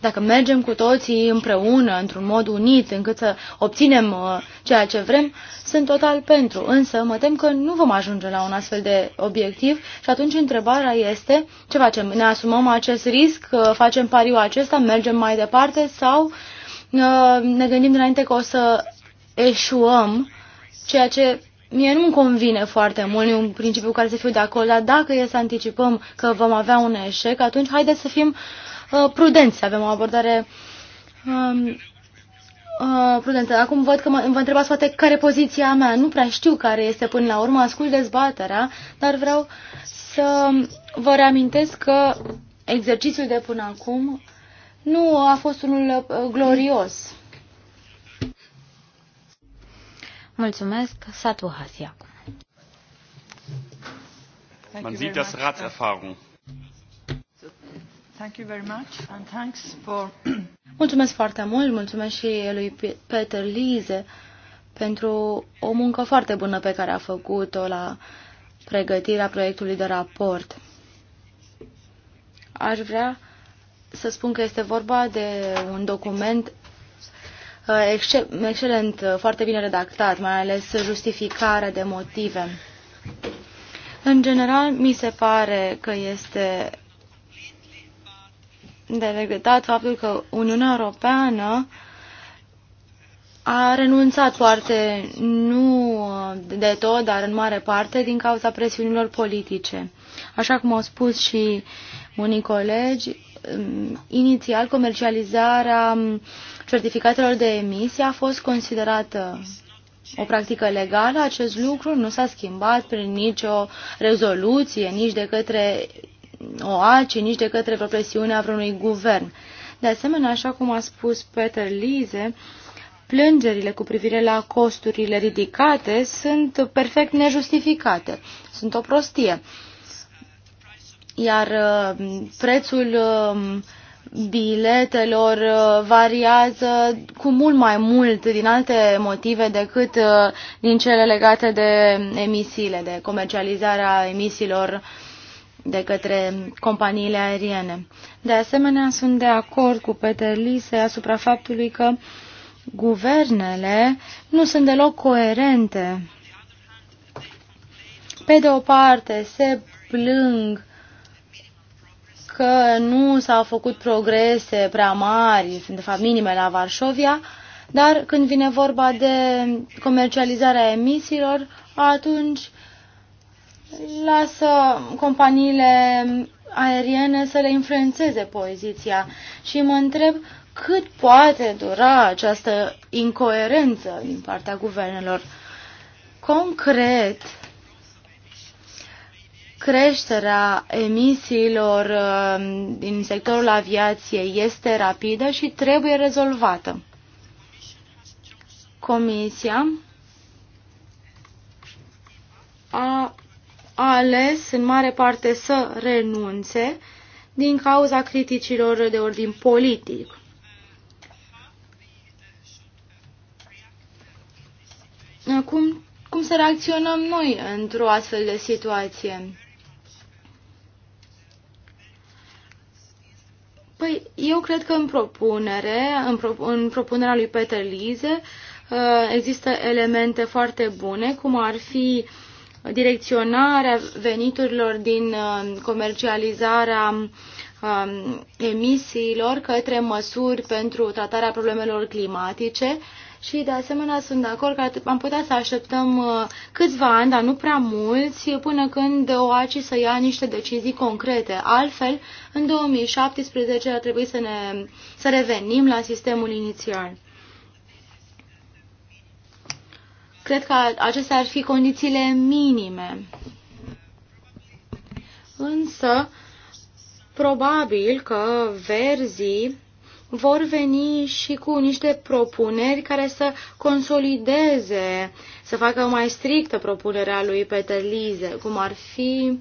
Dacă mergem cu toții împreună, într-un mod unit, încât să obținem uh, ceea ce vrem, sunt total pentru. Însă mă tem că nu vom ajunge la un astfel de obiectiv și atunci întrebarea este ce facem? Ne asumăm acest risc, uh, facem pariul acesta, mergem mai departe sau uh, ne gândim dinainte că o să eșuăm, ceea ce Mie nu-mi convine foarte mult, e un principiu care să fiu de acord, dar dacă e să anticipăm că vom avea un eșec, atunci haideți să fim uh, prudenți, să avem o abordare um, uh, prudentă. Acum văd că mă, vă întrebați poate care poziția mea. Nu prea știu care este până la urmă, ascult dezbaterea, dar vreau să vă reamintesc că exercițiul de până acum nu a fost unul uh, glorios.
Mulțumesc, Satu Hasia. Man sieht das Ratserfahrung. Thank you very much and thanks for
Mulțumesc foarte mult, mulțumesc și lui Peter Lise pentru o muncă foarte bună pe care a făcut-o la pregătirea proiectului de raport. Aș vrea să spun că este vorba de un document Uh, excel, excelent, uh, foarte bine redactat, mai ales justificarea de motive. În general, mi se pare că este de regretat faptul că Uniunea Europeană uh, a renunțat foarte, nu uh, de tot, dar în mare parte din cauza presiunilor politice. Așa cum au spus și unii colegi, um, inițial comercializarea um, certificatelor de emisie a fost considerată o practică legală. Acest lucru nu s-a schimbat prin nicio rezoluție, nici de către OACI, nici de către presiunea vreunui guvern. De asemenea, așa cum a spus Peter Lize, uh, plângerile cu privire la costurile ridicate sunt perfect nejustificate. Sunt o prostie. Iar uh, prețul um, biletelor uh, variază cu mult mai mult din alte motive decât uh, din cele legate de emisiile, de comercializarea emisiilor de către companiile aeriene. De asemenea, sunt de acord cu Peter Lise asupra faptului că uh, guvernele nu sunt deloc coerente. Pe de o parte, se plâng că nu s-au făcut progrese prea mari, de fapt minime la Varșovia, dar când vine vorba de comercializarea emisiilor, atunci lasă companiile aeriene să le influențeze poziția. Și mă întreb cât poate dura această incoerență din partea guvernelor. Concret, creșterea emisiilor uh, din sectorul aviației este rapidă și trebuie rezolvată. Comisia a ales în mare parte să renunțe din cauza criticilor de ordin politic. cum, cum să reacționăm noi într-o astfel de situație. Păi, eu cred că în propunere, în, pro, în propunerea lui Peter Lise, uh, există elemente foarte bune, cum ar fi direcționarea veniturilor din uh, comercializarea um, emisiilor către măsuri pentru tratarea problemelor climatice, și de asemenea sunt de acord că am putea să așteptăm uh, câțiva ani, dar nu prea mulți, până când OACI să ia niște decizii concrete. Altfel, în 2017 ar trebui să, ne, să revenim la sistemul inițial. Cred că acestea ar fi condițiile minime. Însă, probabil că verzii vor veni și cu niște propuneri care să consolideze, să facă mai strictă propunerea lui Peter Lize, cum ar fi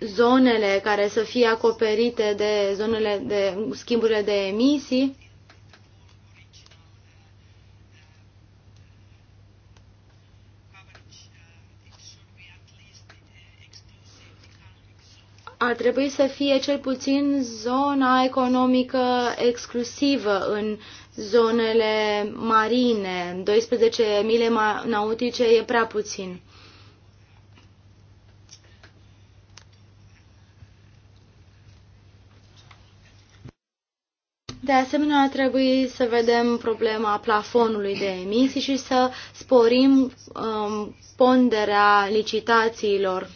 zonele care să fie acoperite de zonele de schimburile de emisii ar trebui să fie cel puțin zona economică exclusivă în zonele marine. 12 mile nautice e prea puțin. De asemenea, ar trebui să vedem problema plafonului de emisii și să sporim um, ponderea licitațiilor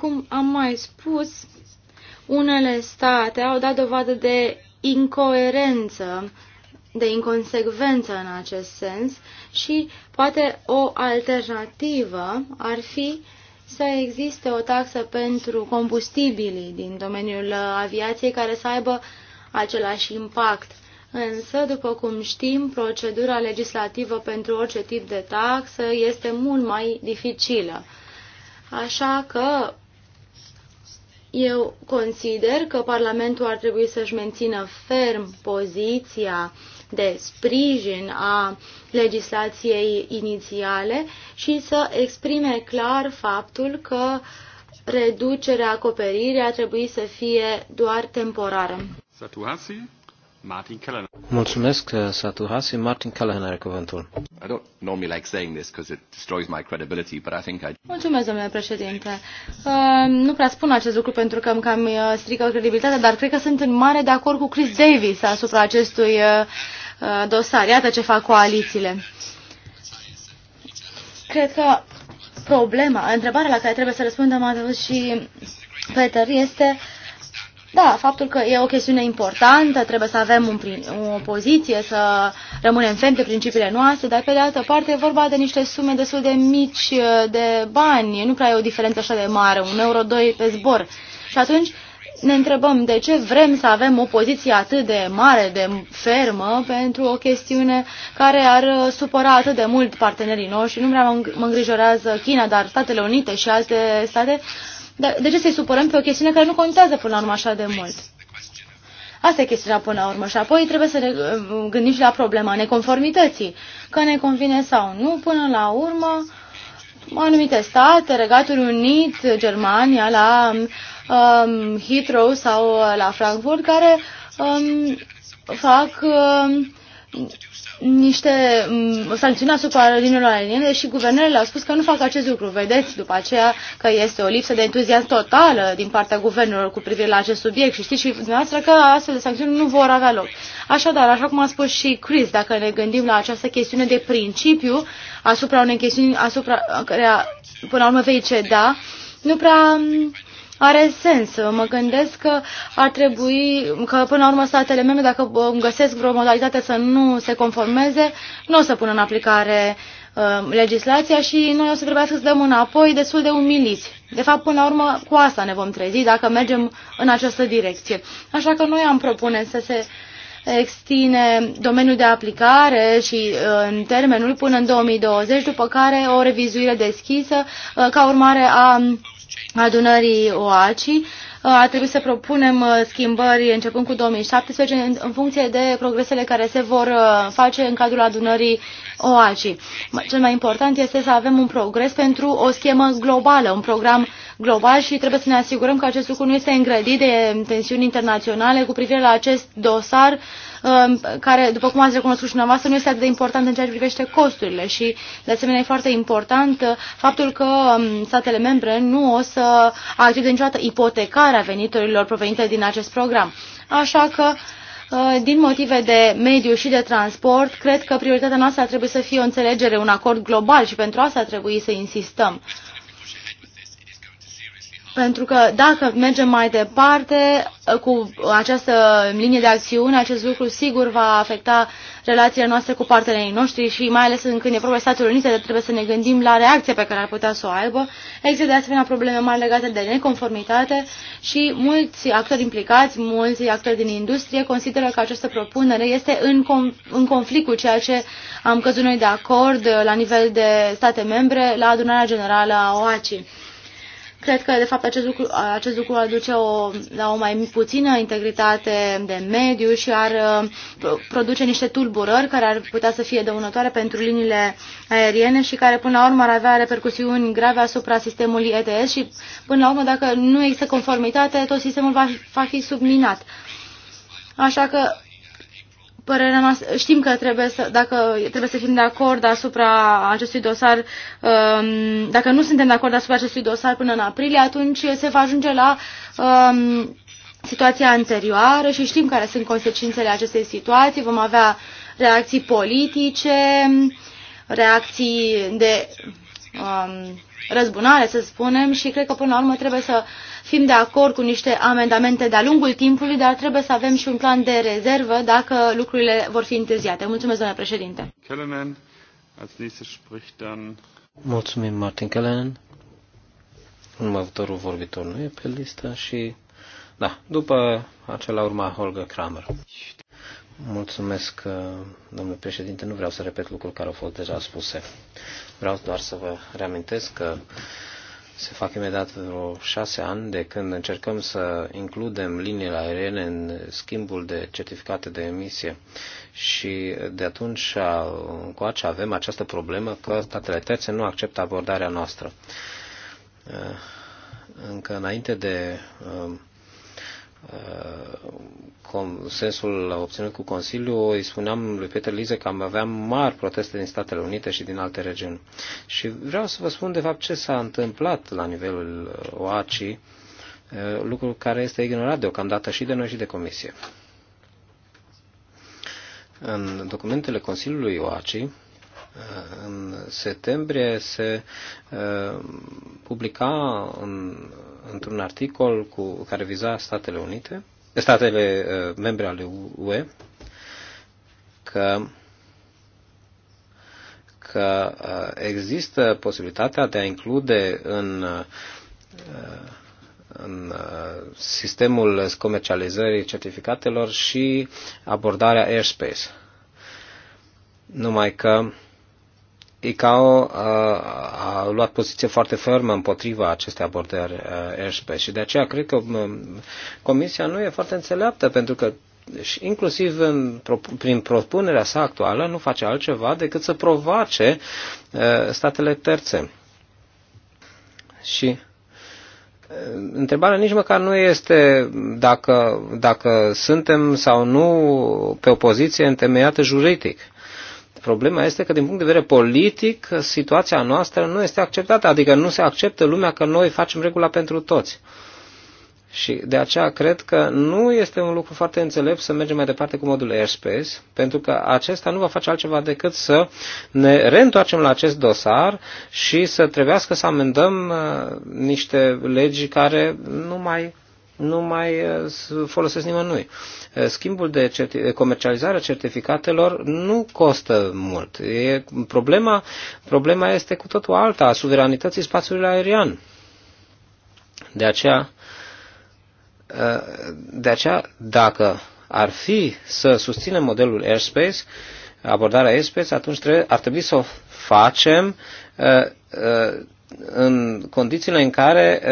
Cum am mai spus, unele state au dat dovadă de incoerență, de inconsecvență în acest sens și poate o alternativă ar fi să existe o taxă pentru combustibilii din domeniul aviației care să aibă același impact. Însă, după cum știm, procedura legislativă pentru orice tip de taxă este mult mai dificilă. Așa că eu consider că Parlamentul ar trebui să-și mențină ferm poziția de sprijin a legislației inițiale și să exprime clar faptul că reducerea acoperirii ar trebui să fie doar temporară. Satuasi? Martin Kellner.
Mulțumesc, uh, Satu Hasi. Martin Kellner are cuvântul. I don't normally like saying this because it destroys my credibility,
but I think I... Mulțumesc, domnule președinte. Uh, nu prea spun acest lucru pentru că îmi cam uh, strică credibilitatea, dar cred că sunt în mare de acord cu Chris Davis asupra acestui uh, uh dosar. Iată ce fac coalițiile. Cred că problema, întrebarea la care trebuie să răspundem atât și Peter este uh, da, faptul că e o chestiune importantă, trebuie să avem un, o poziție, să rămânem ferm de principiile noastre, dar pe de altă parte e vorba de niște sume destul de mici uh, de bani, nu prea e o diferență așa de mare, un euro, doi pe zbor. Și atunci ne întrebăm de ce vrem să avem o poziție atât de mare, de fermă, pentru o chestiune care ar uh, supăra atât de mult partenerii noștri. Nu prea mă îngrijorează China, dar Statele Unite și alte state dar de ce să-i supărăm pe o chestiune care nu contează până la urmă așa de mult? Asta e chestiunea până la urmă și apoi trebuie să ne uh, gândim și la problema neconformității, că ne convine sau nu, până la urmă anumite state, Regatul Unit, Germania, la um, Heathrow sau la Frankfurt, care um, fac um, niște mm, sancțiuni asupra liniilor aeriene și guvernele le-au spus că nu fac acest lucru. Vedeți după aceea că este o lipsă de entuziasm totală din partea guvernelor cu privire la acest subiect și știți și dumneavoastră că astfel de sancțiuni nu vor avea loc. Așadar, așa cum a spus și Chris, dacă ne gândim la această chestiune de principiu asupra unei chestiuni asupra care până la urmă vei ceda, nu prea mm, are sens. Mă gândesc că ar trebui, că până la urmă statele membre, dacă găsesc vreo modalitate să nu se conformeze, nu o să pună în aplicare uh, legislația și noi o să trebuiască să dăm înapoi destul de umiliți. De fapt, până la urmă, cu asta ne vom trezi dacă mergem în această direcție. Așa că noi am propune să se extine domeniul de aplicare și uh, în termenul până în 2020, după care o revizuire deschisă uh, ca urmare a adunării OACI, uh, a trebuit să propunem uh, schimbări începând cu 2017 în, în funcție de progresele care se vor uh, face în cadrul adunării OACI. Cel mai important este să avem un progres pentru o schemă globală, un program global și trebuie să ne asigurăm că acest lucru nu este îngrădit de tensiuni internaționale cu privire la acest dosar um, care, după cum ați recunoscut și dumneavoastră, nu este atât de important în ceea ce privește costurile și, de asemenea, e foarte important uh, faptul că um, statele membre nu o să accepte niciodată ipotecarea veniturilor provenite din acest program. Așa că, uh, din motive de mediu și de transport, cred că prioritatea noastră trebuie să fie o înțelegere, un acord global și pentru asta trebuie să insistăm. Pentru că dacă mergem mai departe uh, cu această linie de acțiune, acest lucru sigur va afecta relațiile noastre cu partenerii noștri și mai ales în când e vorba Statele Unite, trebuie să ne gândim la reacția pe care ar putea să o aibă. Există de asemenea probleme mari legate de neconformitate și mulți actori implicați, mulți actori din industrie consideră că această propunere este în, com- în conflict cu ceea ce am căzut noi de acord uh, la nivel de state membre la adunarea generală a OACI. Cred că, de fapt, acest lucru, acest lucru ar duce o, la o mai puțină integritate de mediu și ar uh, produce niște tulburări care ar putea să fie dăunătoare pentru liniile aeriene și care, până la urmă, ar avea repercusiuni grave asupra sistemului ETS și, până la urmă, dacă nu există conformitate, tot sistemul va, va fi subminat. Așa că Părerea noastră, știm că trebuie să, dacă, trebuie să fim de acord asupra acestui dosar, um, dacă nu suntem de acord asupra acestui dosar până în aprilie, atunci se va ajunge la um, situația anterioară și știm care sunt consecințele acestei situații. Vom avea reacții politice, reacții de um, răzbunare, să spunem, și cred că până la urmă trebuie să fim de acord cu niște amendamente de-a lungul timpului, dar trebuie să avem și un plan de rezervă dacă lucrurile vor fi întârziate. Mulțumesc, domnule președinte.
Mulțumim, Martin Kellen. Următorul vorbitor nu e pe listă și... Da, după acela urma Holger Kramer. Mulțumesc, uh, domnule președinte. Nu vreau să repet lucruri care au fost deja spuse. Vreau doar să vă reamintesc că se fac imediat vreo șase ani de când încercăm să includem liniile aeriene în schimbul de certificate de emisie și de atunci încoace avem această problemă că statele terțe nu acceptă abordarea noastră. Încă înainte de um, Uh, consensul obținut cu Consiliu, îi spuneam lui Peter Lize că am avea mari proteste din Statele Unite și din alte regiuni. Și vreau să vă spun, de fapt, ce s-a întâmplat la nivelul uh, OACI, uh, lucru care este ignorat deocamdată și de noi și de Comisie. În documentele Consiliului OACI, în septembrie se publica în într-un articol cu, care viza Statele Unite, statele uh, membre ale UE, că că uh, există posibilitatea de a include în, uh, în uh, sistemul comercializării certificatelor și abordarea airspace. Numai că ICAO uh, a luat poziție foarte fermă împotriva acestei abordări uh, airspace și de aceea cred că um, Comisia nu e foarte înțeleaptă pentru că și inclusiv în, prin propunerea sa actuală nu face altceva decât să provoace uh, statele terțe. Și Întrebarea nici măcar nu este dacă, dacă suntem sau nu pe o poziție întemeiată juridic. Problema este că, din punct de vedere politic, situația noastră nu este acceptată, adică nu se acceptă lumea că noi facem regula pentru toți. Și de aceea cred că nu este un lucru foarte înțelept să mergem mai departe cu modul airspace, pentru că acesta nu va face altceva decât să ne reîntoarcem la acest dosar și să trebuiască să amendăm uh, niște legi care nu mai nu mai eh, folosesc nimănui. Eh, schimbul de certi- comercializare a certificatelor nu costă mult. E problema, problema este cu totul alta, a suveranității spațiului aerian. De aceea, eh, de aceea, dacă ar fi să susținem modelul airspace, abordarea airspace, atunci trebuie, ar trebui să o facem în condițiile în care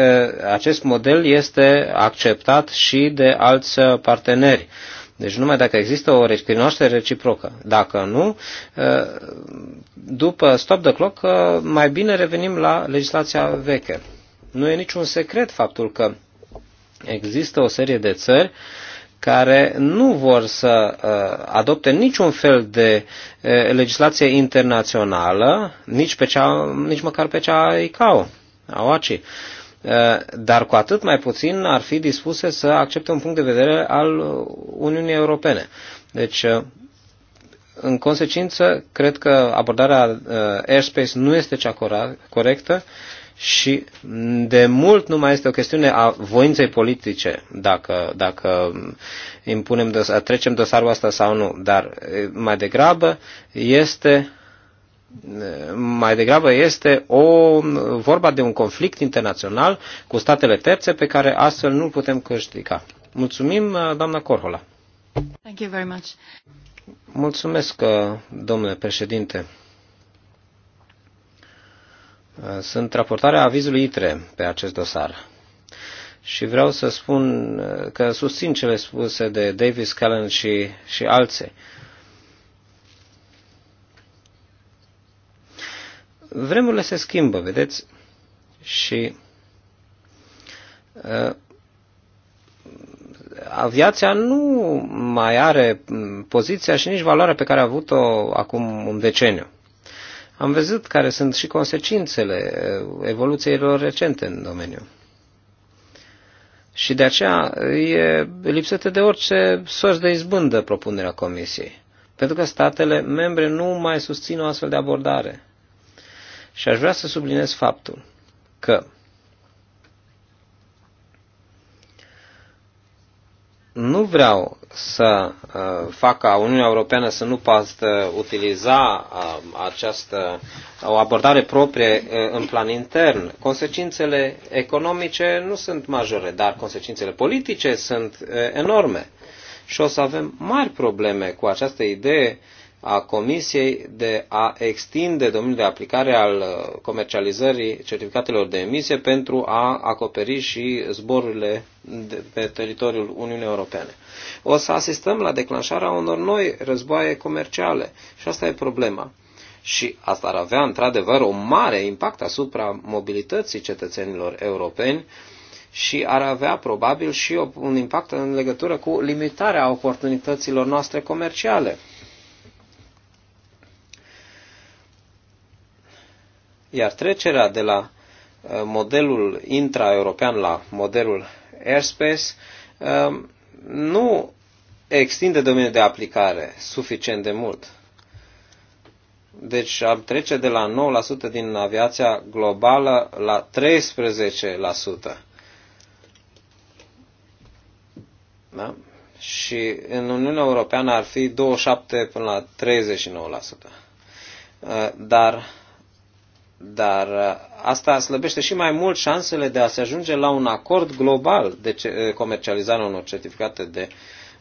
acest model este acceptat și de alți parteneri. Deci numai dacă există o recunoaștere reciprocă. Dacă nu, după stop the clock, mai bine revenim la legislația veche. Nu e niciun secret faptul că există o serie de țări uh, care nu vor să uh, adopte niciun fel de uh, legislație internațională, nici, pe cea, nici măcar pe cea ICAO, a OACI. Uh, dar cu atât mai puțin ar fi dispuse să accepte un punct de vedere al Uniunii Europene. Deci, în consecință, cred că abordarea airspace nu este cea corectă și de mult nu mai este o chestiune a voinței politice dacă, dacă impunem dosar, trecem dosarul asta sau nu, dar mai degrabă este mai degrabă este o vorba de un conflict internațional cu statele terțe pe care astfel nu putem câștiga. Mulțumim, doamna Corhola.
Thank you very much.
Mulțumesc, domnule președinte. Sunt raportarea avizului ITRE pe acest dosar. Și vreau să spun uh, că susțin cele spuse de Davis, Callan și, și alții. Vremurile se schimbă, vedeți? Și uh, aviația nu mai are poziția și nici valoarea pe care a avut-o acum un deceniu. Am văzut care sunt și consecințele uh, evoluțiilor recente în domeniu. Și de aceea e lipsită de orice sorți de izbândă propunerea Comisiei. Pentru că statele membre nu mai susțin o astfel de abordare. Și aș vrea să subliniez faptul că nu vreau să uh, fac ca Uniunea Europeană să nu poată utiliza uh, această o abordare proprie uh, în plan intern. Consecințele economice nu sunt majore, dar consecințele politice sunt enorme. Și o să avem mari probleme cu această idee a Comisiei de a extinde domeniul de aplicare al uh, comercializării certificatelor de emisie pentru a acoperi și zborurile de pe teritoriul Uniunii Europene. O să asistăm la declanșarea unor noi războaie comerciale și asta e problema. Și asta ar avea într-adevăr un mare impact asupra mobilității cetățenilor europeni și ar avea probabil și un impact în legătură cu limitarea oportunităților noastre comerciale Iar trecerea de la uh, modelul intra-european la modelul airspace um, nu extinde domeniul de aplicare suficient de mult. Deci am trece de la 9% din aviația globală la 13%. Da? Și în Uniunea Europeană ar fi 27 până la 39%. Uh, dar dar uh, asta slăbește și mai mult șansele de a se ajunge la un acord global de uh, comercializare unor certificate de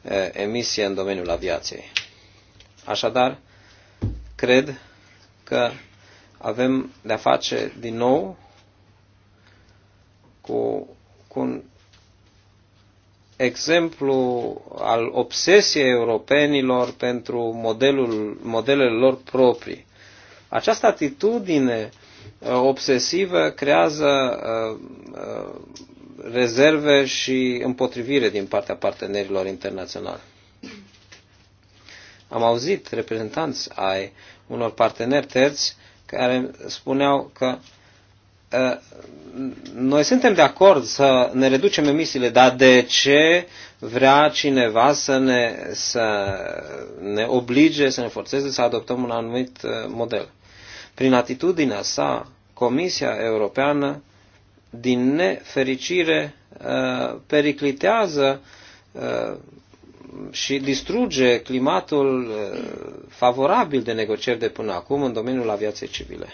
uh, emisie în domeniul aviației. Așadar, cred că avem de-a face din nou cu, cu un exemplu al obsesiei europenilor pentru modelul, modelele lor proprii. Această atitudine Uh, obsesivă creează uh, uh, rezerve și împotrivire din partea partenerilor internaționali. Am auzit reprezentanți ai unor parteneri terți care spuneau că noi suntem de acord să ne reducem emisiile, dar de ce vrea cineva să ne, să ne oblige, să ne forțeze să adoptăm un anumit model? Prin atitudinea sa, Comisia Europeană, din nefericire, uh, periclitează uh, și distruge climatul uh, favorabil de negocieri de până acum în domeniul aviației civile.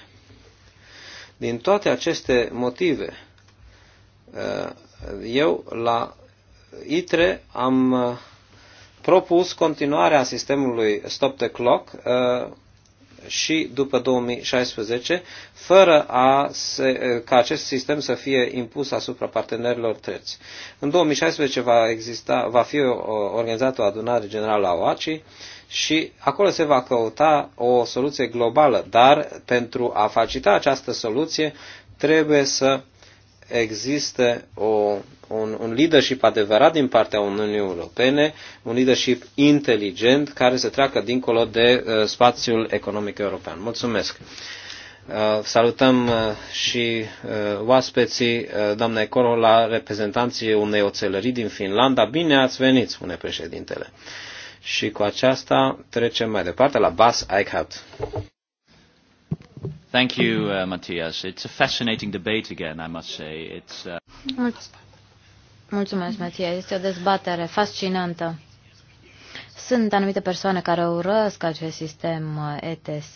Din toate aceste motive, eu la ITRE am propus continuarea sistemului Stop the Clock și după 2016, fără a se, ca acest sistem să fie impus asupra partenerilor terți. În 2016 va, exista, va fi organizată o adunare generală a OACI și acolo se va căuta o soluție globală, dar pentru a facita această soluție trebuie să existe o un, un leadership adevărat din partea Uniunii Europene, un leadership inteligent care să treacă dincolo de uh, spațiul economic european. Mulțumesc! Uh, salutăm uh, și uh, oaspeții, doamna Corola, reprezentanții unei oțelării din Finlanda. Bine ați venit, spune președintele. Și cu aceasta trecem mai departe la Bas Eichhardt.
Thank you, uh, Matthias. It's a fascinating debate again, I must say. It's, uh... Mulțumesc, Mația. Este o dezbatere fascinantă. Sunt anumite persoane care urăsc acest sistem uh, ETS.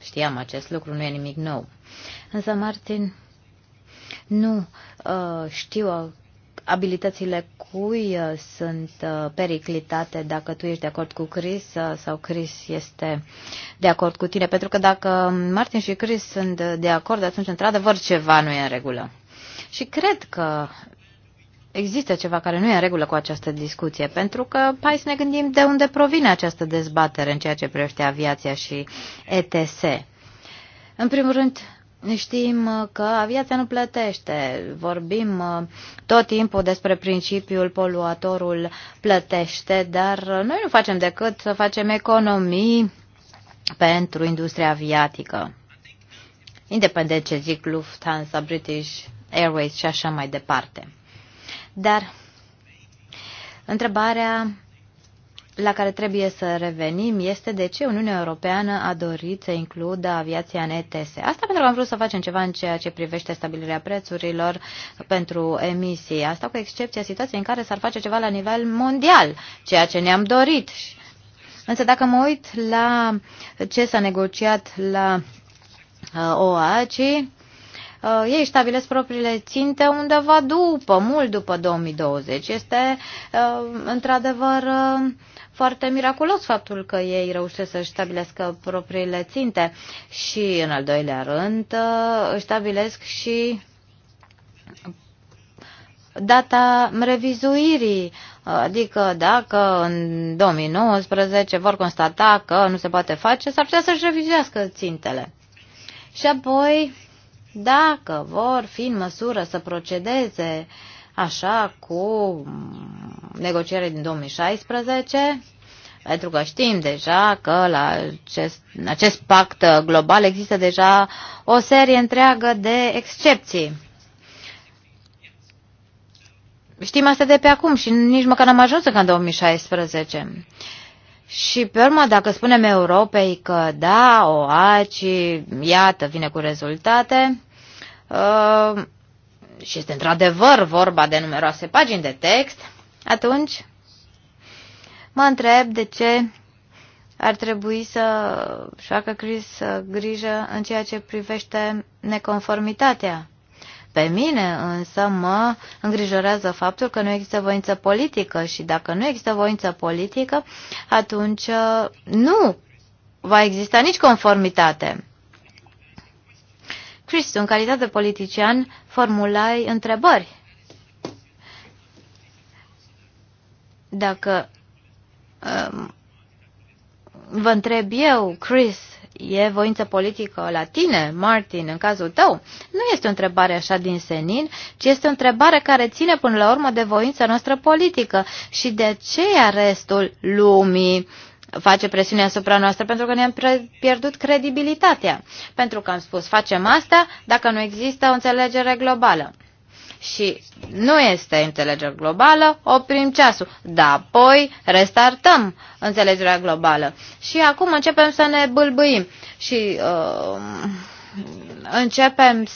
Știam acest lucru, nu e nimic nou. Însă, Martin, nu uh, știu uh, abilitățile cui sunt periclitate dacă tu ești de acord cu Chris sau Chris este de acord cu tine. Pentru că dacă Martin și Chris sunt de acord, atunci într-adevăr ceva nu e în regulă. Și cred că există ceva care nu e în regulă cu această discuție, pentru că hai să ne gândim de unde provine această dezbatere în ceea ce privește aviația și ETS. În primul rând, Știm că aviația nu plătește. Vorbim uh, tot timpul despre principiul poluatorul plătește, dar uh, noi nu facem decât să facem economii pentru industria aviatică. Independent ce zic Lufthansa, British Airways și așa mai departe. Dar întrebarea la care trebuie să revenim este de ce Uniunea Europeană a dorit să includă aviația în ETS. Asta pentru că am vrut să facem ceva în ceea ce privește stabilirea prețurilor pentru emisii. Asta cu excepția situației în care s-ar face ceva la nivel mondial, ceea ce ne-am dorit. Însă dacă mă uit la ce s-a negociat la uh, OACI, Uh, ei stabilesc propriile ținte undeva după, mult după 2020. Este uh, într-adevăr uh, foarte miraculos faptul că ei reușesc să-și stabilească propriile ținte și, în al doilea rând, își stabilesc și data revizuirii Adică dacă în 2019 vor constata că nu se poate face, s-ar putea să-și revizuiască țintele. Și apoi dacă vor fi în măsură să procedeze așa cu negocierea din 2016, pentru că știm deja că la acest, în acest pact global există deja o serie întreagă de excepții. Știm asta de pe acum și nici măcar n-am ajuns încă în 2016. Și pe urmă, dacă spunem Europei că da, o OACI, iată, vine cu rezultate, Uh, și este într-adevăr vorba de numeroase pagini de text, atunci mă întreb de ce ar trebui să facă Chris grijă în ceea ce privește neconformitatea. Pe mine însă mă îngrijorează faptul că nu există voință politică și dacă nu există voință politică, atunci uh, nu va exista nici conformitate. Cristu, în calitate de politician, formulai întrebări. Dacă um, vă întreb eu, Chris, e voință politică la tine, Martin, în cazul tău? Nu este o întrebare așa din senin, ci este o întrebare care ține până la urmă de voința noastră politică și de ce restul lumii uh, face presiune asupra noastră pentru că ne-am pierdut credibilitatea. Pentru că am spus, facem asta dacă nu există o înțelegere globală. Și nu este înțelegere globală, oprim ceasul. Da, apoi restartăm înțelegerea globală. Și acum începem să ne bâlbâim și uh, începem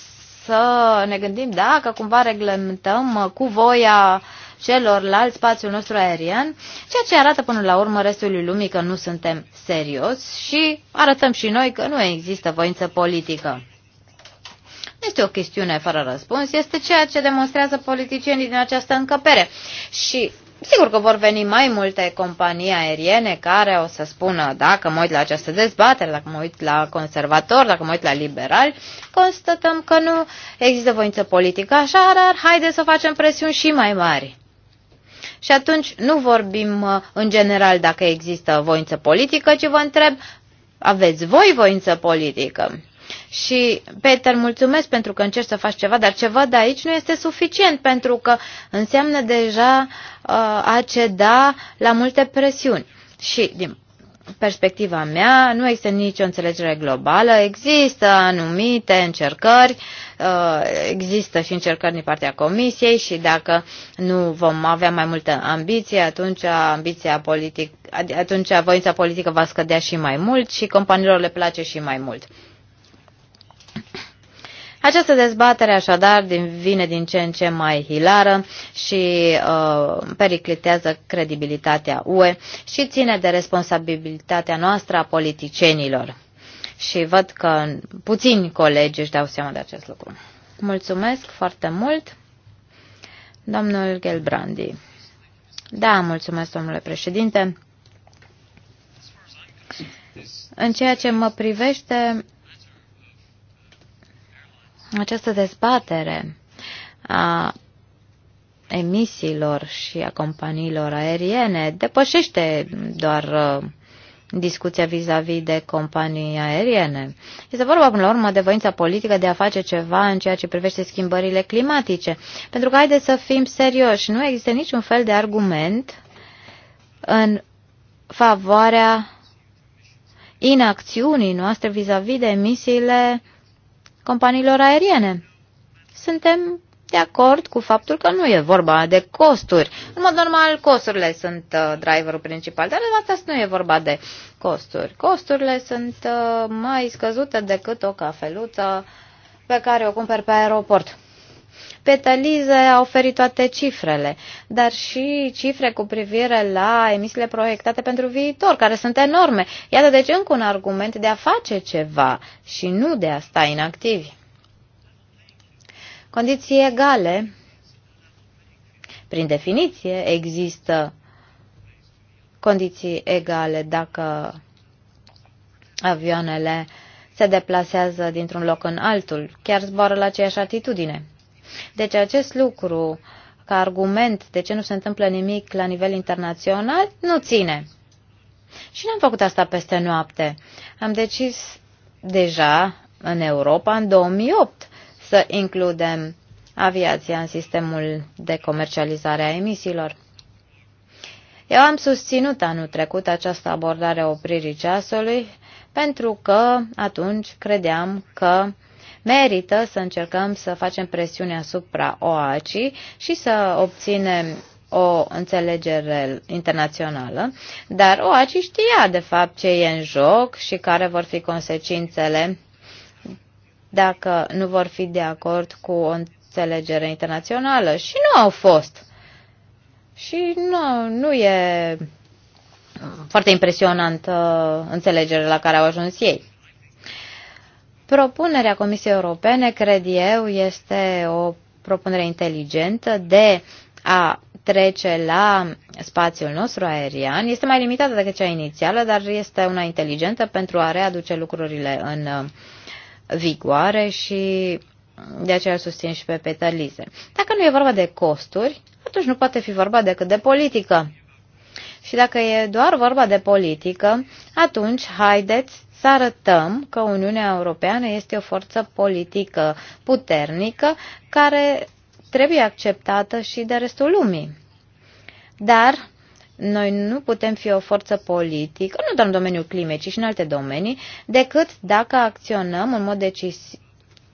să ne gândim dacă cumva reglementăm uh, cu voia uh, celorlalți spațiul nostru aerian, ceea ce arată până la urmă restului lumii că nu suntem serios și arătăm și noi că nu există voință politică. Nu este o chestiune fără răspuns, este ceea ce demonstrează politicienii din această încăpere. Și Sigur că vor veni mai multe companii aeriene care o să spună, dacă mă uit la această dezbatere, dacă mă uit la conservatori, dacă mă uit la liberali, constatăm că nu există voință politică, așa, dar haideți să facem presiuni și mai mari. Și atunci nu vorbim uh, în general dacă există voință politică, ci vă întreb, aveți voi voință politică? Și, Peter, mulțumesc pentru că încerci să faci ceva, dar ce văd aici nu este suficient, pentru că înseamnă deja uh, a ceda la multe presiuni. Și, din perspectiva mea, nu există nicio înțelegere globală, există anumite încercări Uh, există și încercări din partea Comisiei și dacă nu vom avea mai multă ambiție, atunci ambiția politic, atunci voința politică va scădea și mai mult și companiilor le place și mai mult. Această dezbatere, așadar, din, vine din ce în ce mai hilară și uh, periclitează credibilitatea UE și ține de responsabilitatea noastră a politicienilor și văd că puțini colegi își dau seama de acest lucru. Mulțumesc foarte mult, domnul Gelbrandi. Da, mulțumesc, domnule președinte. În ceea ce mă privește, această dezbatere a emisiilor și a companiilor aeriene depășește doar uh, discuția vis-a-vis -vis de companii aeriene. Este vorba, până la urmă, de voința politică de a face ceva în ceea ce privește schimbările climatice. Pentru că, haideți să fim serioși, nu există niciun fel de argument în favoarea inacțiunii noastre vis-a-vis -vis de emisiile companiilor aeriene. Suntem de acord cu faptul că nu e vorba de costuri. În mod normal, costurile sunt uh, driverul principal, dar de asta nu e vorba de costuri. Costurile sunt uh, mai scăzute decât o cafeluță pe care o cumperi pe aeroport. Petalize a oferit toate cifrele, dar și cifre cu privire la emisiile proiectate pentru viitor, care sunt enorme. Iată deci încă un argument de a face ceva și nu de a sta inactivi condiții egale. Prin definiție există condiții egale dacă avioanele se deplasează dintr-un loc în altul, chiar zboară la aceeași atitudine. Deci acest lucru, ca argument de ce nu se întâmplă nimic la nivel internațional, nu ține. Și n-am făcut asta peste noapte. Am decis deja în Europa în 2008 să includem aviația în sistemul de comercializare a emisiilor. Eu am susținut anul trecut această abordare a opririi ceasului pentru că atunci credeam că merită să încercăm să facem presiune asupra OACI și să obținem o înțelegere internațională, dar OACI știa de fapt ce e în joc și care vor fi consecințele dacă nu vor fi de acord cu o înțelegere internațională. Și nu au fost. Și nu, nu e foarte impresionant uh, înțelegerea la care au ajuns ei. Propunerea Comisiei Europene, cred eu, este o propunere inteligentă de a trece la spațiul nostru aerian. Este mai limitată decât cea inițială, dar este una inteligentă pentru a readuce lucrurile în uh, vigoare și de aceea susțin și pe petalize. Dacă nu e vorba de costuri, atunci nu poate fi vorba decât de politică. Și dacă e doar vorba de politică, atunci haideți să arătăm că Uniunea Europeană este o forță politică puternică care trebuie acceptată și de restul lumii. Dar noi nu putem fi o forță politică, nu doar în domeniul climei, ci și în alte domenii, decât dacă acționăm în mod decis,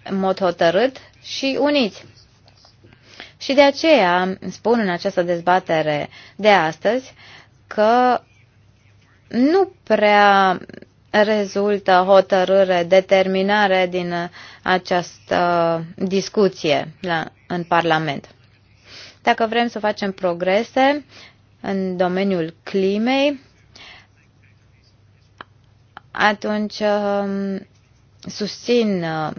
în mod hotărât și uniți. Și de aceea spun în această dezbatere de astăzi că nu prea rezultă hotărâre, determinare din această discuție la, în Parlament. Dacă vrem să facem progrese, în domeniul climei, atunci um, susțin uh,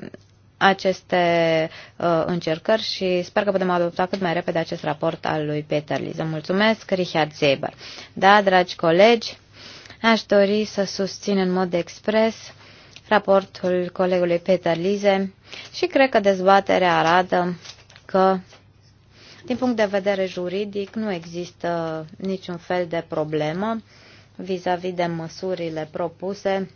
aceste uh, încercări și sper că putem adopta cât mai repede acest raport al lui Peter Liză. Mulțumesc, Richard Zeber. Da, dragi colegi, aș dori să susțin în mod expres raportul colegului Peter Lize și cred că dezbaterea arată că din punct de vedere juridic, nu există niciun fel de problemă vis-a-vis -vis de măsurile propuse.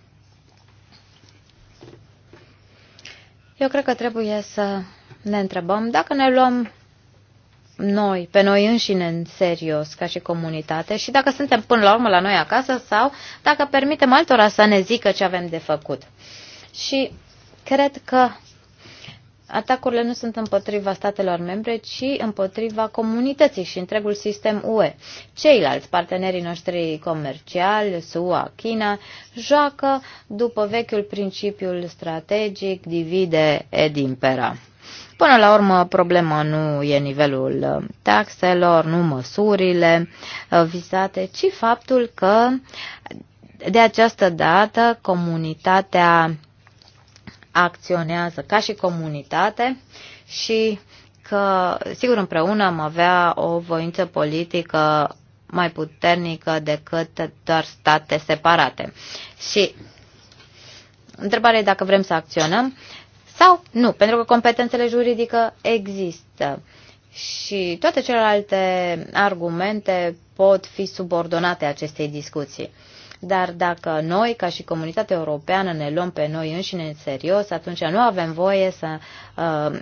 Eu cred că trebuie să ne întrebăm dacă ne luăm noi, pe noi înșine în serios ca și comunitate și dacă suntem până la urmă la noi acasă sau dacă permitem altora să ne zică ce avem de făcut. Și cred că atacurile nu sunt împotriva statelor membre, ci împotriva comunității și întregul sistem UE. Ceilalți partenerii noștri comerciali, SUA, China, joacă după vechiul principiul strategic divide ed impera. Până la urmă, problema nu e nivelul uh, taxelor, nu măsurile uh, vizate, ci faptul că de această dată comunitatea acționează ca și comunitate și că, sigur, împreună am avea o voință politică mai puternică decât doar state separate. Și întrebarea e dacă vrem să acționăm sau nu, pentru că competențele juridică există și toate celelalte argumente pot fi subordonate acestei discuții dar dacă noi, ca și comunitatea europeană, ne luăm pe noi înșine în serios, atunci nu avem voie să uh,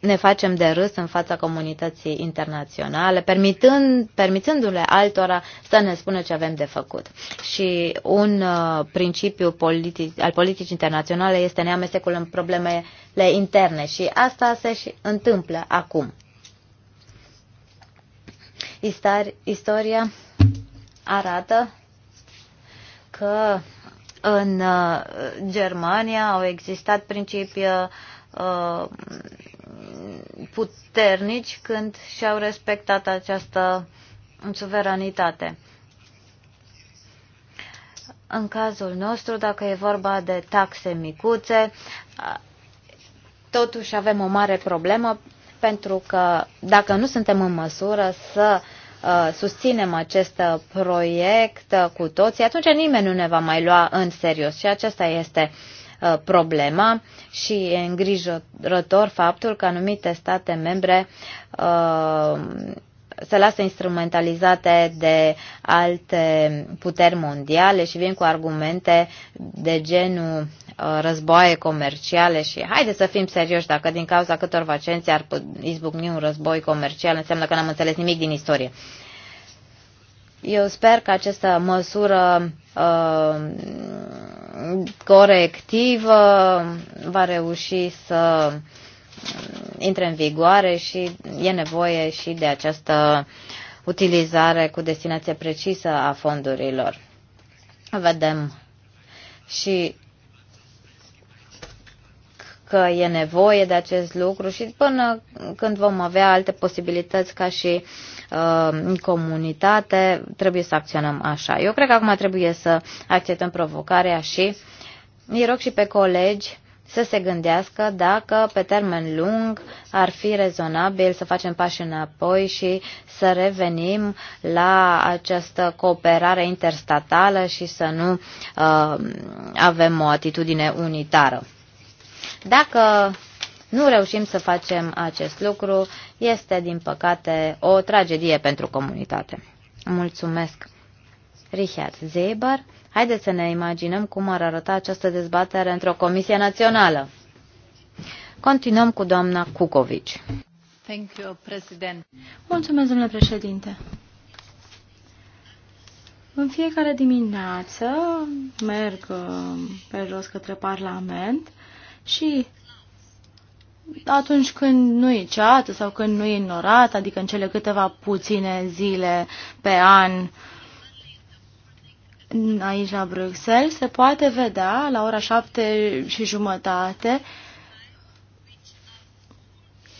ne facem de râs în fața comunității internaționale, permitând, permițându-le altora să ne spună ce avem de făcut. Și un uh, principiu politic, al politicii internaționale este neamestecul în problemele interne și asta se și întâmplă acum. Istar, istoria arată că în uh, Germania au existat principii uh, puternici când și-au respectat această suveranitate. În cazul nostru, dacă e vorba de taxe micuțe, totuși avem o mare problemă pentru că dacă nu suntem în măsură să uh, Uh, susținem acest uh, proiect uh, cu toții, atunci nimeni nu ne va mai lua în serios și aceasta este problema și e îngrijorător faptul că anumite state membre uh, se lasă instrumentalizate de alte puteri mondiale și vin cu argumente de genul uh, războaie comerciale și haide să fim serioși, dacă din cauza câtor vacenți ar izbucni un război comercial, înseamnă că n-am înțeles nimic din istorie. Eu sper că această măsură uh, corectivă va reuși să uh, intre în vigoare și e nevoie și de această utilizare cu destinație precisă a fondurilor. Vedem și că e nevoie de acest lucru și până când vom avea alte posibilități ca și uh, comunitate, trebuie să acționăm așa. Eu cred că acum trebuie să acceptăm provocarea și îi rog și pe colegi să se gândească dacă pe termen lung ar fi rezonabil să facem pași înapoi și să revenim la această cooperare interstatală și să nu uh, avem o atitudine unitară. Dacă nu reușim să facem acest lucru, este din păcate o tragedie pentru comunitate. Mulțumesc! Richard Zeber Haideți să ne imaginăm cum ar arăta această dezbatere într-o comisie națională. Continuăm cu doamna Cucovici.
Thank you, President. Mulțumesc, domnule președinte. În fiecare dimineață merg uh, pe jos către Parlament și atunci când nu e ceață sau când nu e înnorat, adică în cele câteva puține zile pe an, aici la Bruxelles, se poate vedea la ora șapte și jumătate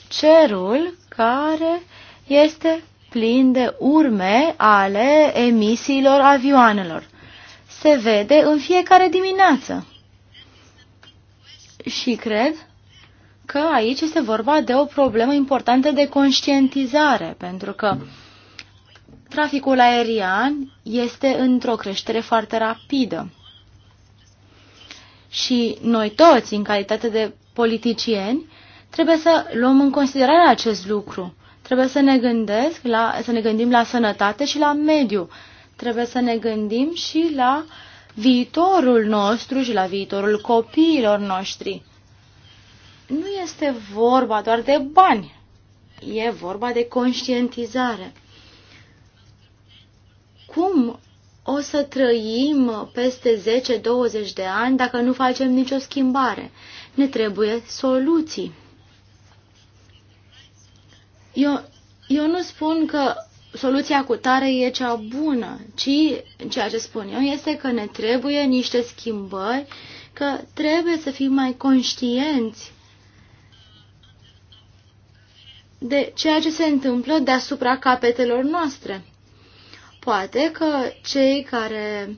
cerul care este plin de urme ale emisiilor avioanelor. Se vede în fiecare dimineață. Și cred că aici este vorba de o problemă importantă de conștientizare, pentru că mm Traficul aerian este într-o creștere foarte rapidă. Și noi toți, în calitate de politicieni, trebuie să luăm în considerare acest lucru. Trebuie să ne, gândesc la, să ne gândim la sănătate și la mediu. Trebuie să ne gândim și la viitorul nostru și la viitorul copiilor noștri. Nu este vorba doar de bani, e vorba de conștientizare cum o să trăim peste 10-20 de ani dacă nu facem nicio schimbare? Ne trebuie soluții. Eu, eu nu spun că soluția cu tare e cea bună, ci ceea ce spun eu este că ne trebuie niște schimbări, că trebuie să fim mai conștienți de ceea ce se întâmplă deasupra capetelor noastre. Poate că cei care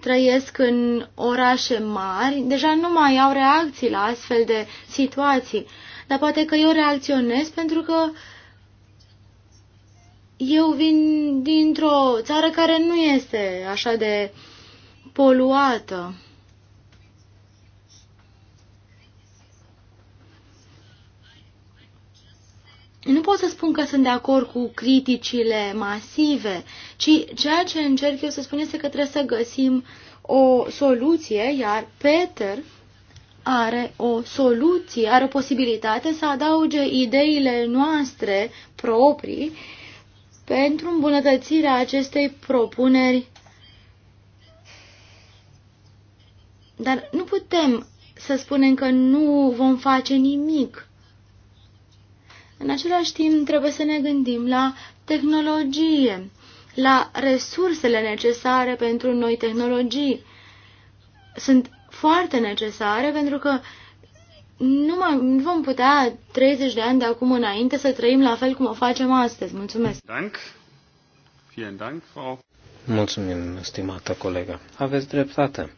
trăiesc în orașe mari deja nu mai au reacții la astfel de situații, dar poate că eu reacționez pentru că eu vin dintr-o țară care nu este așa de poluată. nu pot să spun că sunt de acord cu criticile masive, ci ceea ce încerc eu să spun este că trebuie să găsim o soluție, iar Peter are o soluție, are o posibilitate să adauge ideile noastre proprii pentru îmbunătățirea acestei propuneri. Dar nu putem să spunem că nu vom face nimic în același timp, trebuie să ne gândim la tehnologie, la resursele necesare pentru noi tehnologii. Sunt foarte necesare pentru că nu, mai, nu vom putea 30 de ani de acum înainte să trăim la fel cum o facem astăzi. Mulțumesc! Dank. Vielen Dank, Frau.
Mulțumim, stimată colegă. Aveți dreptate.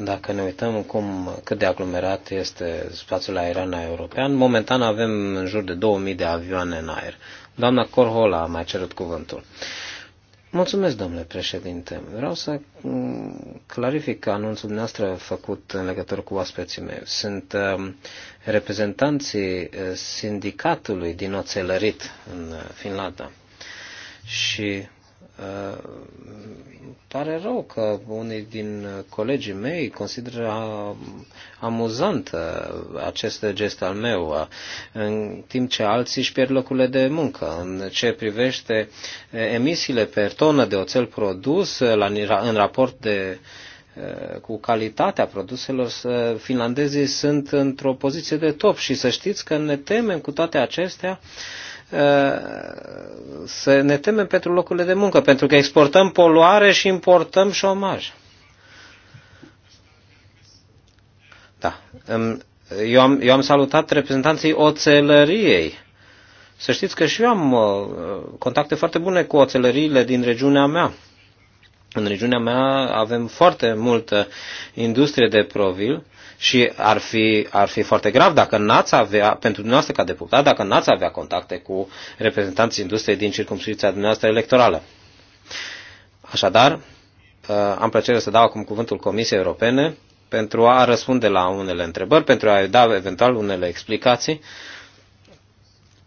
Dacă ne uităm cum, cât de aglomerat este spațiul aerian european, momentan avem în jur de 2000 de avioane în aer. Doamna Corhola a mai cerut cuvântul. Mulțumesc, domnule președinte. Vreau să mm, clarific anunțul dumneavoastră făcut în legătură cu aspeții mei. Sunt um, reprezentanții uh, sindicatului din oțelărit în uh, Finlanda și Uh, pare rău că unii din colegii mei consideră amuzant uh, acest gest al meu, uh, în timp ce alții își pierd locurile de muncă. În ce privește emisiile per tonă de oțel produs în raport de cu calitatea produselor, finlandezii sunt într-o poziție de top și să știți că ne temem cu toate acestea să ne temem pentru locurile de muncă, pentru că exportăm poluare și importăm șomaj. Da. Eu am, eu am salutat reprezentanții oțelăriei. Să știți că și eu am contacte foarte bune cu oțelăriile din regiunea mea. În regiunea mea avem foarte multă industrie de provil și ar fi, ar fi foarte grav dacă n-ați avea, pentru dumneavoastră ca deputat, dacă n-ați avea contacte cu reprezentanții industriei din circumscripția dumneavoastră electorală. Așadar, uh, am plăcere să dau acum cuvântul Comisiei Europene pentru a răspunde la unele întrebări, pentru a da eventual unele explicații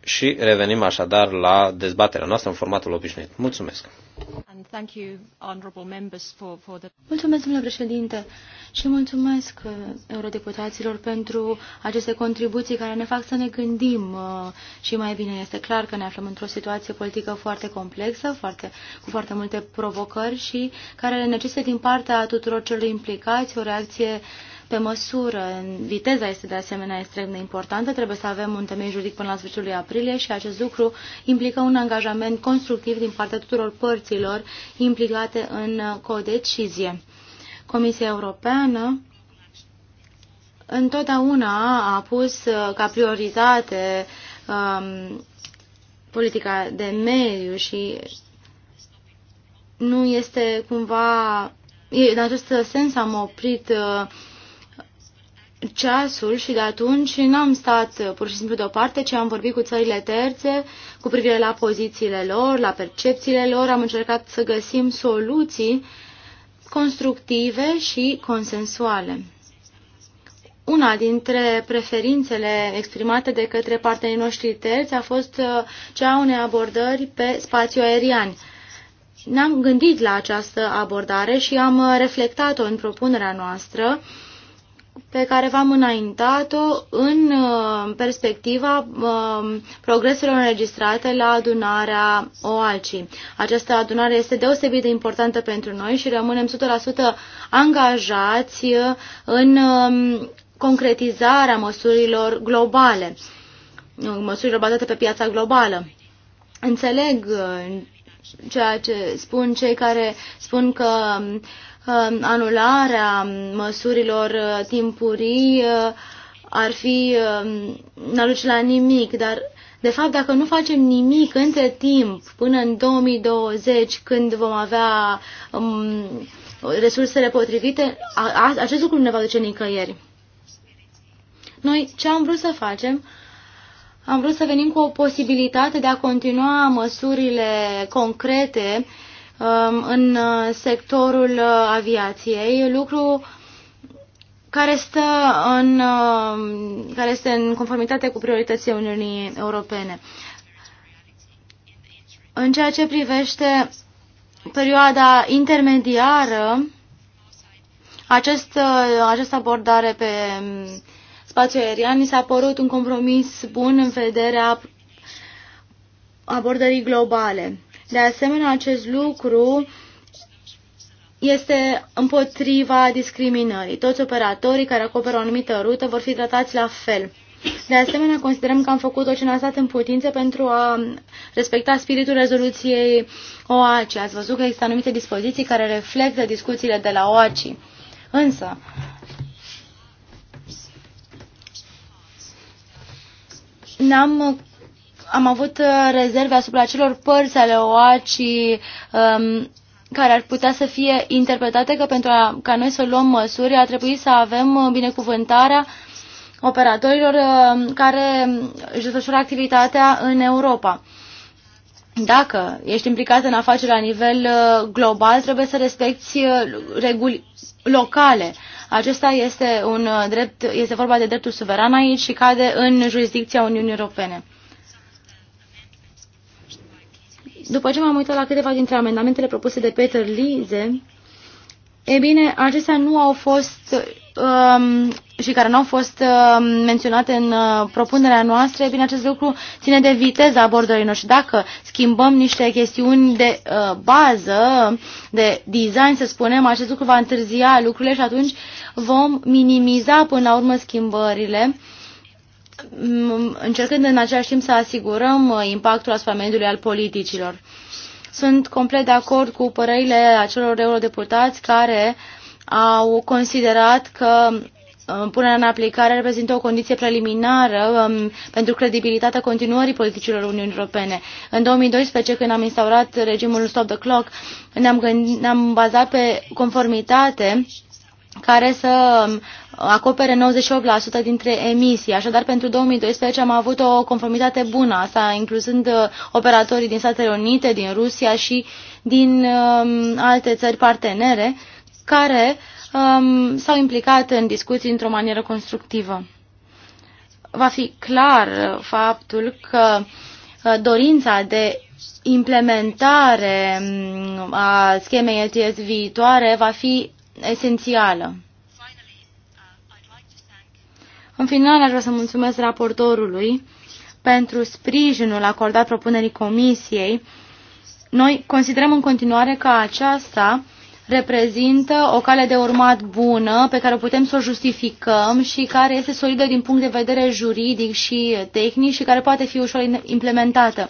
și revenim așadar la dezbaterea noastră în formatul obișnuit. Mulțumesc!
Mulțumesc, domnule președinte, și mulțumesc uh, eurodeputaților pentru aceste contribuții care ne fac să ne gândim uh, și mai bine. Este clar că ne aflăm într-o situație politică foarte complexă, foarte, cu foarte multe provocări și care necesită din partea tuturor celor implicați o reacție uh, pe măsură. Viteza este de asemenea extrem de importantă. Trebuie să avem un temei juridic până la sfârșitul lui aprilie și acest lucru implică un angajament constructiv din partea tuturor părților implicate în codecizie. Comisia Europeană întotdeauna a pus ca prioritate um, politica de mediu și nu este cumva... În acest sens am oprit uh, ceasul și de atunci n-am stat uh, pur și simplu deoparte, ci am vorbit cu țările terțe cu privire la pozițiile lor, la percepțiile lor, am încercat să găsim soluții constructive și consensuale. Una dintre preferințele exprimate de către partenerii noștri terți a fost uh, cea unei abordări pe spațiu aerian. Ne-am gândit la această abordare și am uh, reflectat-o în propunerea noastră pe care v-am înaintat-o în uh, perspectiva uh, progreselor înregistrate la adunarea OALCI. Această adunare este deosebit de importantă pentru noi și rămânem 100% angajați uh, în um, concretizarea măsurilor globale, măsurilor bazate pe piața globală. Înțeleg ceea ce spun cei care spun că uh, anularea măsurilor timpurii uh, ar fi, uh, n-ar duce la nimic, dar de fapt dacă nu facem nimic între timp până în 2020 când vom avea um, resursele potrivite, a, a, acest lucru nu ne va duce nicăieri. Noi ce am vrut să facem? Am vrut să venim cu o posibilitate de a continua măsurile concrete uh, Um, în uh, sectorul uh, aviației, lucru care, stă în, um, care este în conformitate cu prioritățile Uniunii Europene. În ceea ce privește perioada intermediară, acest, uh, această abordare pe um, spațiu aerian mi s-a părut un compromis bun în vederea abordării globale. De asemenea, acest lucru este împotriva discriminării. Toți operatorii care acoperă o anumită rută vor fi tratați la fel. De asemenea, considerăm că am făcut tot ce ne-a stat în putință pentru a respecta spiritul rezoluției OACI. Ați văzut că există anumite dispoziții care reflectă discuțiile de la OACI. Însă, n-am am avut uh, rezerve asupra celor părți ale OACI um, care ar putea să fie interpretate că pentru a, ca noi să luăm măsuri ar trebui să avem uh, binecuvântarea operatorilor uh, care își desfășoară activitatea în Europa. Dacă ești implicat în afaceri la nivel global, trebuie să respecti reguli locale. Acesta este un drept, este vorba de dreptul suveran aici și cade în jurisdicția Uniunii Europene. După ce m-am uitat la câteva dintre amendamentele propuse de Peter Lize, e bine, acestea nu au fost um, și care nu au fost um, menționate în uh, propunerea noastră, e bine, acest lucru ține de viteza abordării noștri. Dacă schimbăm niște chestiuni de uh, bază, de design, să spunem, acest lucru va întârzia lucrurile și atunci vom minimiza până la urmă schimbările uh, Mm, încercând în același timp să asigurăm uh, impactul asupra mediului al politicilor. Sunt complet de acord cu părerile acelor eurodeputați care au considerat că uh, punerea în aplicare reprezintă o condiție preliminară um, pentru credibilitatea continuării politicilor Uniunii Europene. În 2012, când am instaurat regimul Stop the Clock, ne-am, ne, bazat pe conformitate care să um, acopere 98% dintre emisii. Așadar, pentru 2012 am avut o conformitate bună, asta incluzând uh, operatorii din Statele Unite, din Rusia și din um, alte țări partenere care um, s-au implicat în discuții într-o manieră constructivă. Va fi clar uh, faptul că uh, dorința de implementare um, a schemei ETS viitoare va fi esențială. În final, aș vrea să mulțumesc raportorului pentru sprijinul acordat propunerii comisiei. Noi considerăm în continuare că aceasta reprezintă o cale de urmat bună pe care o putem să o justificăm și care este solidă din punct de vedere juridic și tehnic și care poate fi ușor implementată.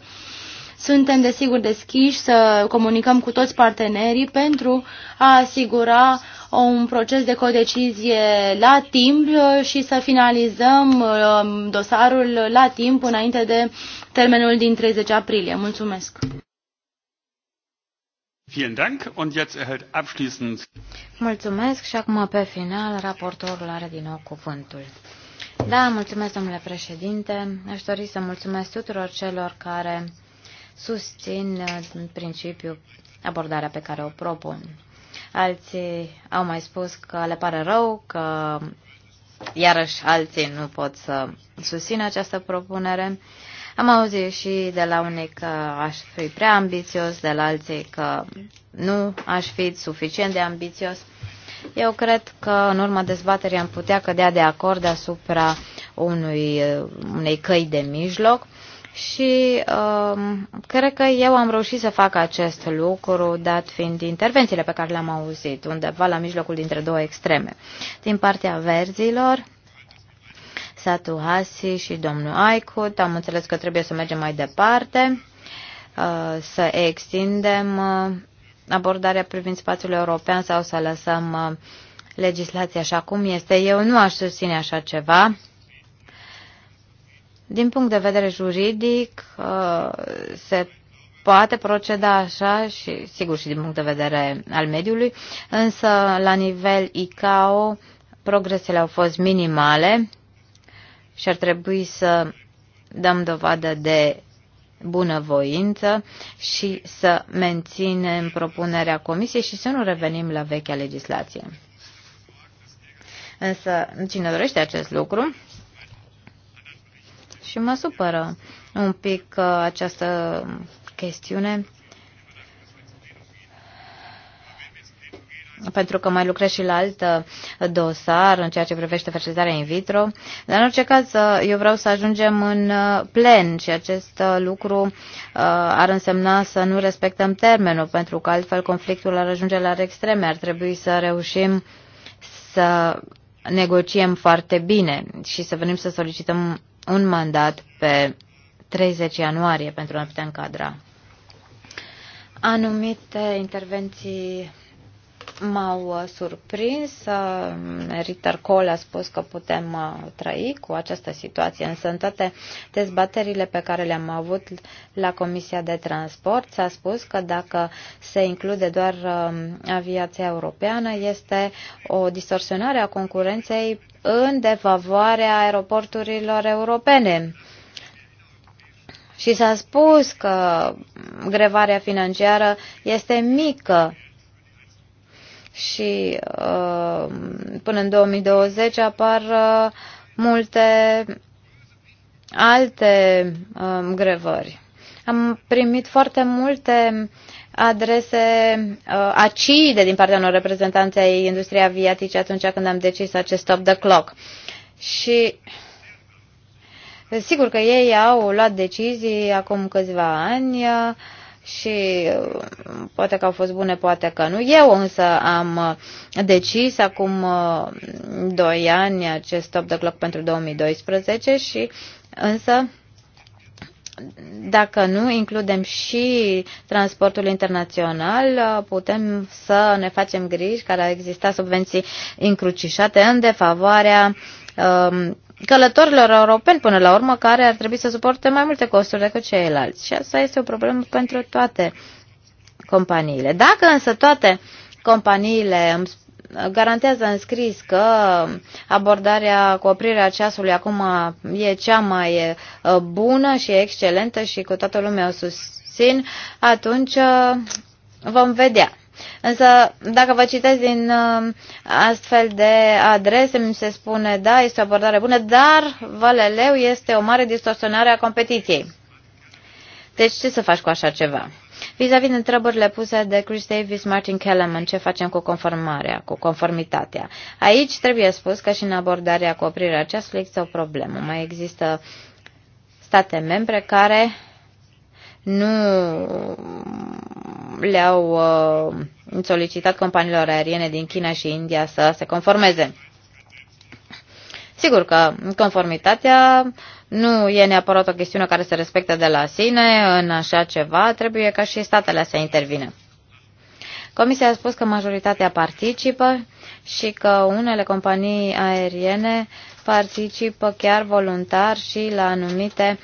Suntem, desigur, deschiși să comunicăm cu toți partenerii pentru a asigura un proces de codecizie la timp și să finalizăm um, dosarul la timp înainte de termenul din 30 aprilie. Mulțumesc!
Mulțumesc și acum pe final raportorul are din nou cuvântul. Da, mulțumesc, domnule președinte. Aș dori să mulțumesc tuturor celor care susțin uh, în principiu abordarea pe care o propun. Alții au mai spus că le pare rău că iarăși alții nu pot să susțină această propunere. Am auzit și de la unii că aș fi prea ambițios, de la alții că nu aș fi suficient de ambițios. Eu cred că în urma dezbaterii am putea cădea de acord asupra unui, unei căi de mijloc și um, cred că eu am reușit să fac acest lucru, dat fiind intervențiile pe care le-am auzit, undeva la mijlocul dintre două extreme. Din partea verzilor, Satu Hasi și domnul Aicut, am înțeles că trebuie să mergem mai departe, uh, să extindem uh, abordarea privind spațiul european sau să lăsăm uh, legislația așa cum este. Eu nu aș susține așa ceva din punct de vedere juridic, uh, se poate proceda așa și, sigur, și din punct de vedere al mediului, însă la nivel ICAO progresele au fost minimale și ar trebui să dăm dovadă de bunăvoință și să menținem propunerea comisiei și să nu revenim la vechea legislație. Însă, cine dorește acest lucru, și mă supără un pic uh, această chestiune. pentru că mai lucrez și la alt uh, dosar în ceea ce privește fertilizarea in vitro. Dar în orice caz, uh, eu vreau să ajungem în plen și acest lucru ar însemna să nu respectăm termenul, pentru că altfel conflictul ar ajunge la extreme. Ar trebui să reușim să negociem foarte bine și să venim să solicităm un mandat pe 30 ianuarie pentru a putea încadra. Anumite intervenții m-au uh, surprins. Uh, Ritter Cole a spus că putem uh, trăi cu această situație, însă în toate dezbaterile pe care le-am avut la Comisia de Transport s-a spus că dacă se include doar aviația europeană, este o distorsionare a concurenței în defavoarea aeroporturilor europene. Și s-a spus că grevarea financiară este mică și uh, până în 2020 apar uh, multe alte uh, grevări. Am primit foarte multe adrese uh, acide din partea unor reprezentanți ai industriei aviatice atunci când am decis acest stop the clock. Și sigur că ei au luat decizii acum câțiva ani uh, și uh, poate că au fost bune, poate că nu. Eu însă am uh, decis acum 2 ani acest stop the clock pentru 2012 și însă dacă nu includem și transportul internațional, putem să ne facem griji că ar exista subvenții încrucișate în defavoarea um, călătorilor europeni până la urmă, care ar trebui să suporte mai multe costuri decât ceilalți. Și asta este o problemă pentru toate companiile. Dacă însă toate companiile îmi garantează în scris că abordarea cu oprirea ceasului acum e cea mai bună și excelentă și că toată lumea o susțin, atunci uh, vom vedea. Însă, dacă vă citesc din uh, astfel de adrese, mi se spune, da, este o abordare bună, dar, Valeleu este o mare distorsionare a competiției. Deci ce să faci cu așa ceva? Vis-a-vis de întrebările puse de Chris Davis, Martin Kellerman, ce facem cu conformarea, cu conformitatea? Aici trebuie spus că și în abordarea cu oprirea aceasta există o problemă. Mai există state membre care nu le-au uh, solicitat companiilor aeriene din China și India să se conformeze. Sigur că conformitatea uh, nu e neapărat o chestiune care se respectă de la sine în așa ceva, trebuie ca și statele să intervină. Comisia a spus că majoritatea participă și că unele companii aeriene participă chiar voluntar și la anumite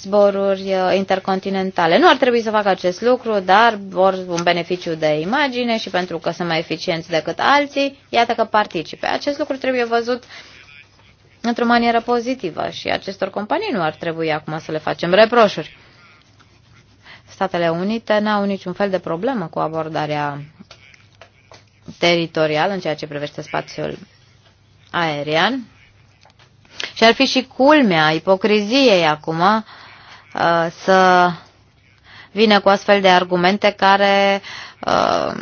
zboruri uh, intercontinentale. Nu ar trebui să facă acest lucru, dar vor un beneficiu de imagine și pentru că sunt mai eficienți decât alții, iată că participe. Acest lucru trebuie văzut uh, într-o manieră pozitivă și acestor companii nu ar trebui acum să le facem reproșuri. Statele Unite n-au niciun fel de problemă cu abordarea teritorială în ceea ce privește spațiul aerian și ar fi și culmea ipocriziei acum uh, să vine cu astfel de argumente care, uh,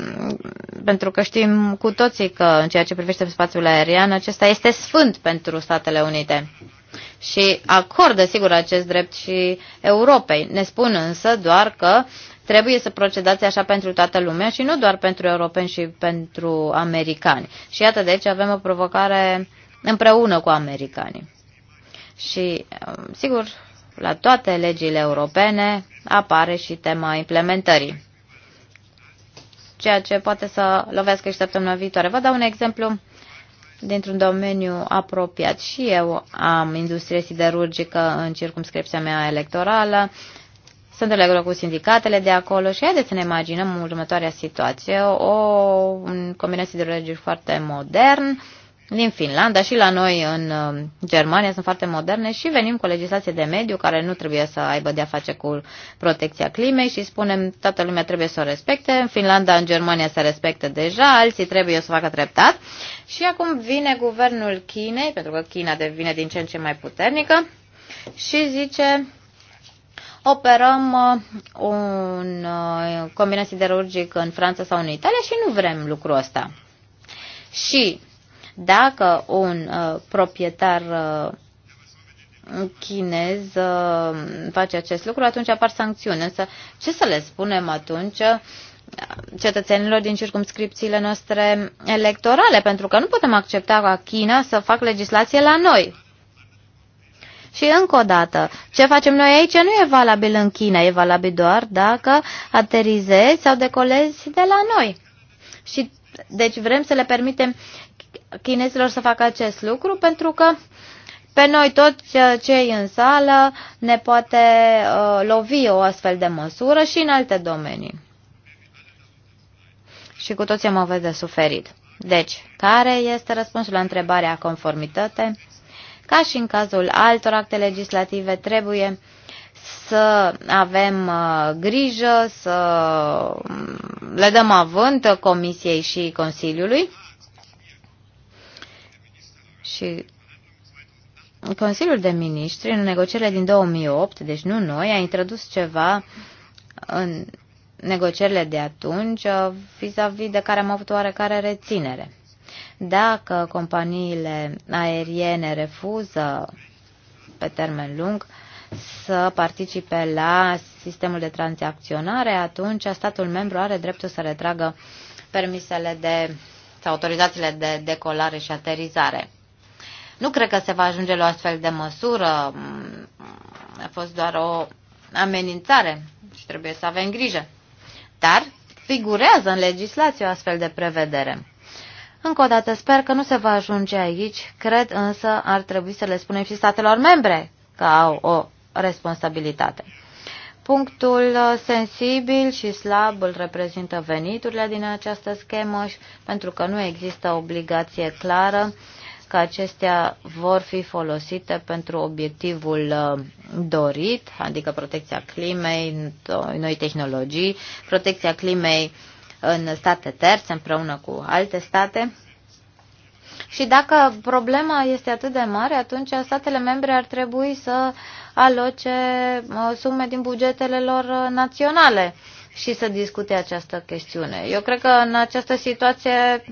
pentru că știm cu toții că în ceea ce privește spațiul aerian, acesta este sfânt pentru Statele Unite. Și acordă, sigur, acest drept și Europei. Ne spun însă doar că trebuie să procedați așa pentru toată lumea și nu doar pentru europeni și pentru americani. Și iată, deci, avem o provocare împreună cu americanii. Și, uh, sigur, la toate legile europene apare și tema implementării, ceea ce poate să lovească și săptămâna viitoare. Vă dau un exemplu dintr-un domeniu apropiat. Și eu am industrie siderurgică în circumscripția mea electorală, sunt în legătură cu sindicatele de acolo și haideți să ne imaginăm următoarea situație. O, un combinat foarte modern, din Finlanda și la noi în um, Germania sunt foarte moderne și venim cu legislație de mediu care nu trebuie să aibă de-a face cu protecția climei și spunem toată lumea trebuie să o respecte. În Finlanda, în Germania se respectă deja, alții trebuie să facă treptat. Și acum vine guvernul Chinei, pentru că China devine din ce în ce mai puternică și zice operăm uh, un uh, combinat siderurgic în Franța sau în Italia și nu vrem lucrul ăsta. Și dacă un uh, proprietar uh, chinez uh, face acest lucru, atunci apar sancțiuni. Însă ce să le spunem atunci uh, cetățenilor din circumscripțiile noastre electorale? Pentru că nu putem accepta ca China să facă legislație la noi. Și încă o dată, ce facem noi aici nu e valabil în China, e valabil doar dacă aterizezi sau decolezi de la noi. Și deci vrem să le permitem chinezilor să facă acest lucru, pentru că pe noi toți cei în sală ne poate uh, lovi o astfel de măsură și în alte domenii. Și cu toții am avut de suferit. Deci, care este răspunsul la întrebarea conformitate? Ca și în cazul altor acte legislative, trebuie să avem uh, grijă, să mm, le dăm avânt Comisiei și Consiliului și Consiliul de Ministri, în negocierile din 2008, deci nu noi, a introdus ceva în negocierile de atunci uh, vis-a-vis -vis de care am avut oarecare reținere. Dacă companiile aeriene refuză pe termen lung să participe la sistemul de tranzacționare, atunci statul membru are dreptul să retragă permisele de sau autorizațiile de decolare și aterizare. Nu cred că se va ajunge la o astfel de măsură. A fost doar o amenințare și trebuie să avem grijă. Dar figurează în legislație o astfel de prevedere. Încă o dată sper că nu se va ajunge aici, cred însă ar trebui să le spunem și statelor membre că au o responsabilitate. Punctul sensibil și slab îl reprezintă veniturile din această schemă pentru că nu există obligație clară că acestea vor fi folosite pentru obiectivul uh, dorit, adică protecția climei, noi tehnologii, protecția climei în state terțe împreună cu alte state. Și dacă problema este atât de mare, atunci statele membre ar trebui să aloce uh, sume din bugetele lor uh, naționale și să discute această chestiune. Eu cred că în această situație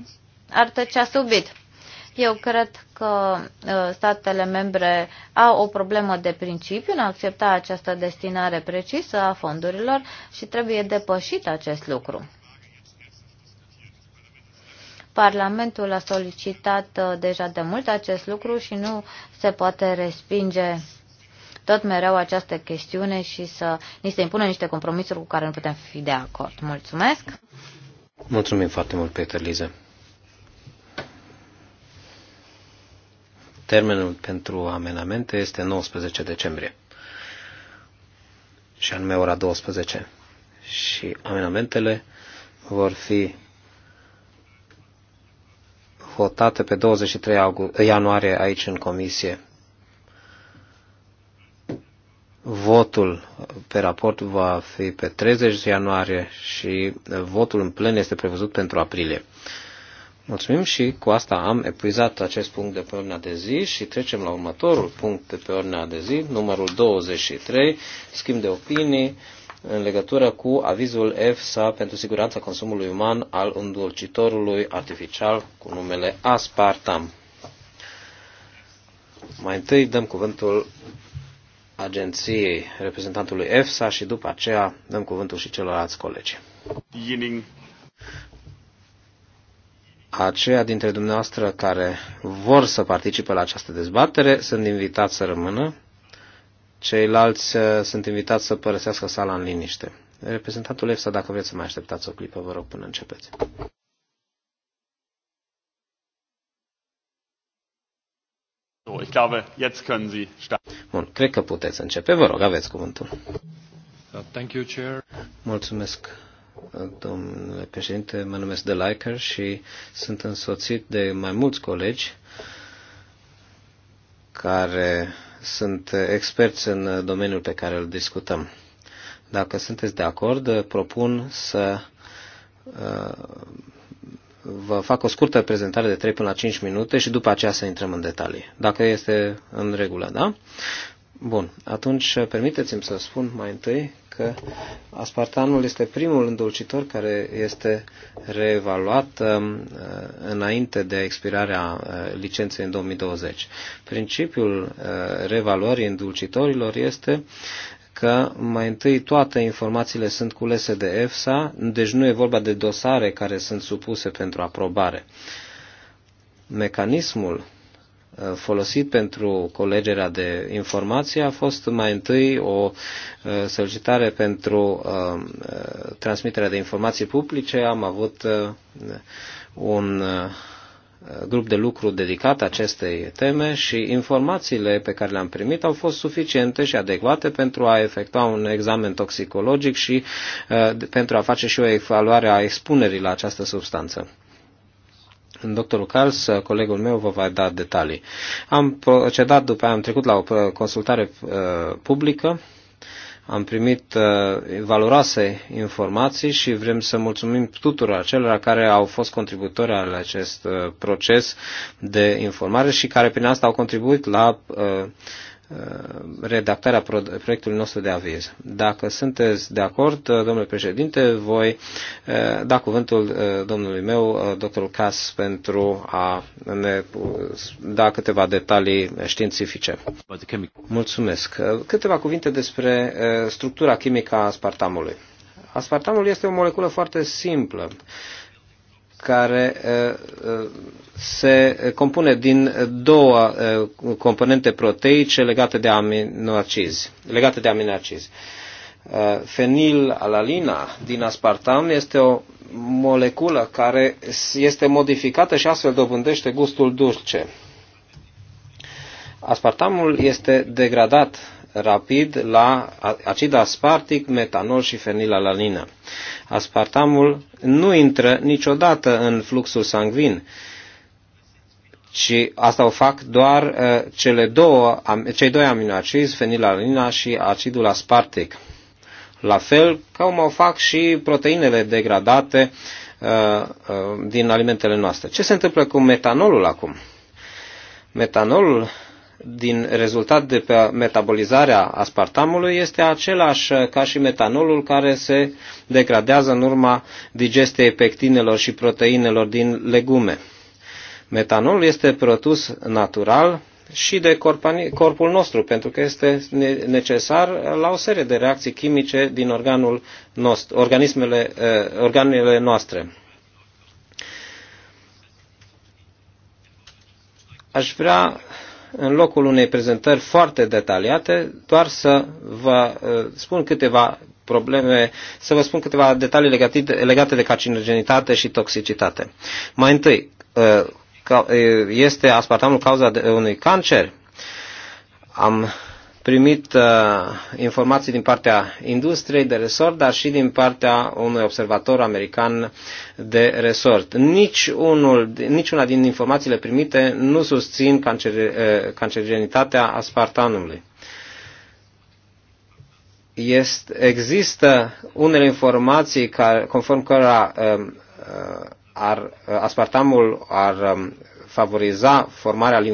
ar tăcea subit. Eu cred că ă, statele membre au o problemă de principiu în a accepta această destinare precisă a fondurilor și trebuie depășit acest lucru. Parlamentul a solicitat ă, deja de mult acest lucru și nu se poate respinge tot mereu această chestiune și să ni se impună niște compromisuri cu care nu putem fi de acord. Mulțumesc!
Mulțumim foarte mult, Peter Lize! Termenul pentru amenamente este 19 decembrie. Și anume ora 12. Și amenamentele vor fi votate pe 23 august, ianuarie aici în comisie. Votul pe raport va fi pe 30 ianuarie și votul în plen este prevăzut pentru aprilie. Mulțumim și cu asta am epuizat acest punct de pe ordinea de zi și trecem la următorul punct de pe ordinea de zi, numărul 23, schimb de opinii în legătură cu avizul EFSA pentru siguranța consumului uman al îndulcitorului artificial cu numele Aspartam. Mai întâi dăm cuvântul agenției reprezentantului EFSA și după aceea dăm cuvântul și celorlalți colegi aceia dintre dumneavoastră care vor să participe la această dezbatere sunt invitați să rămână, ceilalți uh, sunt invitați să părăsească sala în liniște. Reprezentantul EFSA, dacă vreți să mai așteptați o clipă, vă rog până începeți.
Ich glaube, jetzt können Sie
Bun, cred că puteți începe. Vă rog, aveți cuvântul.
Uh, thank you, Chair.
Mulțumesc, domnule președinte, mă numesc de Liker și sunt însoțit de mai mulți colegi care sunt experți în domeniul pe care îl discutăm. Dacă sunteți de acord, propun să uh, vă fac o scurtă prezentare de 3 până la 5 minute și după aceea să intrăm în detalii. Dacă este în regulă, da? Bun, atunci permiteți-mi să spun mai întâi că aspartanul este primul îndulcitor care este reevaluat um, uh, înainte de expirarea uh, licenței în 2020. Principiul uh, reevaluării îndulcitorilor este că mai întâi toate informațiile sunt culese de EFSA, deci nu e vorba de dosare care sunt supuse pentru aprobare. Mecanismul Uh, folosit pentru colegerea de informații a fost mai întâi o uh, solicitare pentru uh, transmiterea de informații publice. Am avut un grup de lucru dedicat acestei teme și informațiile pe care le-am primit au fost suficiente și adecvate pentru a efectua un examen toxicologic și uh, pentru a face și o evaluare a expunerii la această substanță. Doctorul Carls, colegul meu, vă va da detalii. Am procedat după aia, am trecut la o consultare uh, publică, am primit uh, valoroase informații și vrem să mulțumim tuturor acelora care au fost contributori al acest uh, proces de informare și care prin asta au contribuit la Uh, redactarea proiectului nostru de aviz. Dacă sunteți de acord, uh, domnule președinte, voi uh, da cuvântul domnului meu, doctorul Cas, pentru a ne da câteva detalii științifice. Mulțumesc. Câteva cuvinte despre structura chimică a aspartamului. Aspartamul este o moleculă foarte simplă care uh, uh, se compune din două uh, componente proteice legate de aminoacizi. Legate de aminoacizi. Fenilalalina din aspartam este o moleculă care este modificată și astfel dobândește gustul dulce. Aspartamul este degradat rapid la acid aspartic, metanol și fenilalanină. Aspartamul nu intră niciodată în fluxul sanguin, și asta o fac doar uh, cele două, cei doi aminoacizi, fenilalanina și acidul aspartic. La fel cum o fac și proteinele degradate uh, uh, din alimentele noastre. Ce se întâmplă cu metanolul acum? Metanolul din rezultat de pe metabolizarea aspartamului este același ca și metanolul care se degradează în urma digestiei pectinelor și proteinelor din legume. Metanolul este produs natural și de corpul nostru, pentru că este necesar la o serie de reacții chimice din organul nostru, organismele, eh, organele noastre. Aș vrea în locul unei prezentări foarte detaliate, doar să vă uh, spun câteva probleme, să vă spun câteva detalii legate, legate de carcinogenitate și toxicitate. Mai întâi, uh, uh, este aspartamul cauza de unui cancer? Am primit uh, informații din partea industriei de resort, dar și din partea unui observator american de resort. Nici, unul, niciuna una din informațiile primite nu susțin cancer, uh, cancerigenitatea aspartanului. Este, există unele informații care, conform cărora um, uh, ar, uh, aspartamul ar um, favoriza formarea uh,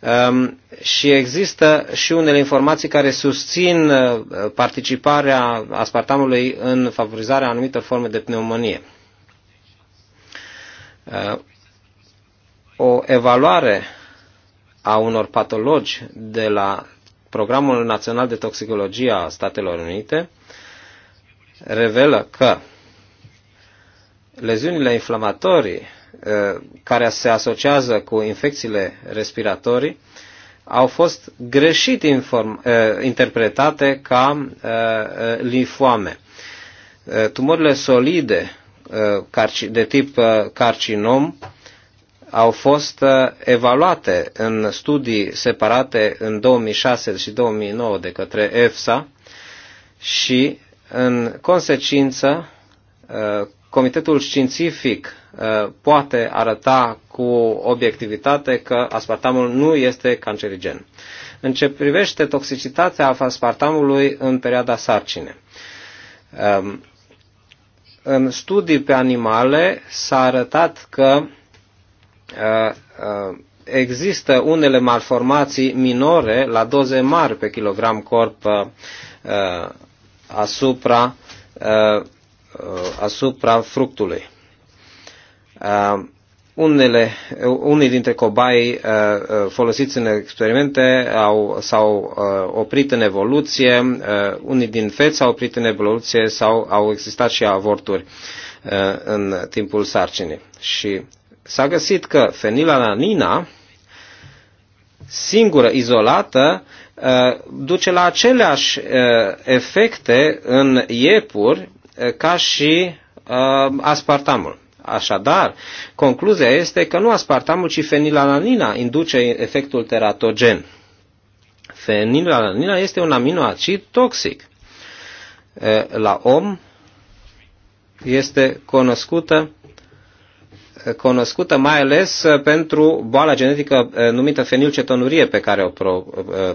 Um, și există și unele informații care susțin uh, participarea aspartamului în favorizarea anumitor forme de pneumonie. Uh, o evaluare a unor patologi de la Programul Național de Toxicologie a Statelor Unite revelă că leziunile inflamatorii Eh, care se asociază cu infecțiile respiratorii au fost greșit inform, eh, interpretate ca eh, linfoame. Tumorile solide de tip carcinom au fost evaluate în studii separate în 2006 și 2009 de către EFSA și, în consecință, Comitetul științific uh, poate arăta cu obiectivitate că aspartamul nu este cancerigen. În ce privește toxicitatea aspartamului în perioada sarcine, um, în studii pe animale s-a arătat că uh, uh, există unele malformații minore la doze mari pe kilogram corp asupra Uh, asupra fructului. Uh, unele, uh, unii dintre cobai folosiți în experimente au, s-au oprit în evoluție, unii din feți s-au oprit în evoluție sau au existat și avorturi în timpul sarcinii. Și s-a găsit că fenilalanina, singură, izolată, duce la aceleași efecte în iepuri ca și uh, aspartamul. Așadar, concluzia este că nu aspartamul, ci fenilalanina induce efectul teratogen. Fenilalanina este un aminoacid toxic. Uh, la om este cunoscută cunoscută mai ales uh, pentru boala genetică uh, numită fenilcetonurie pe care o uh,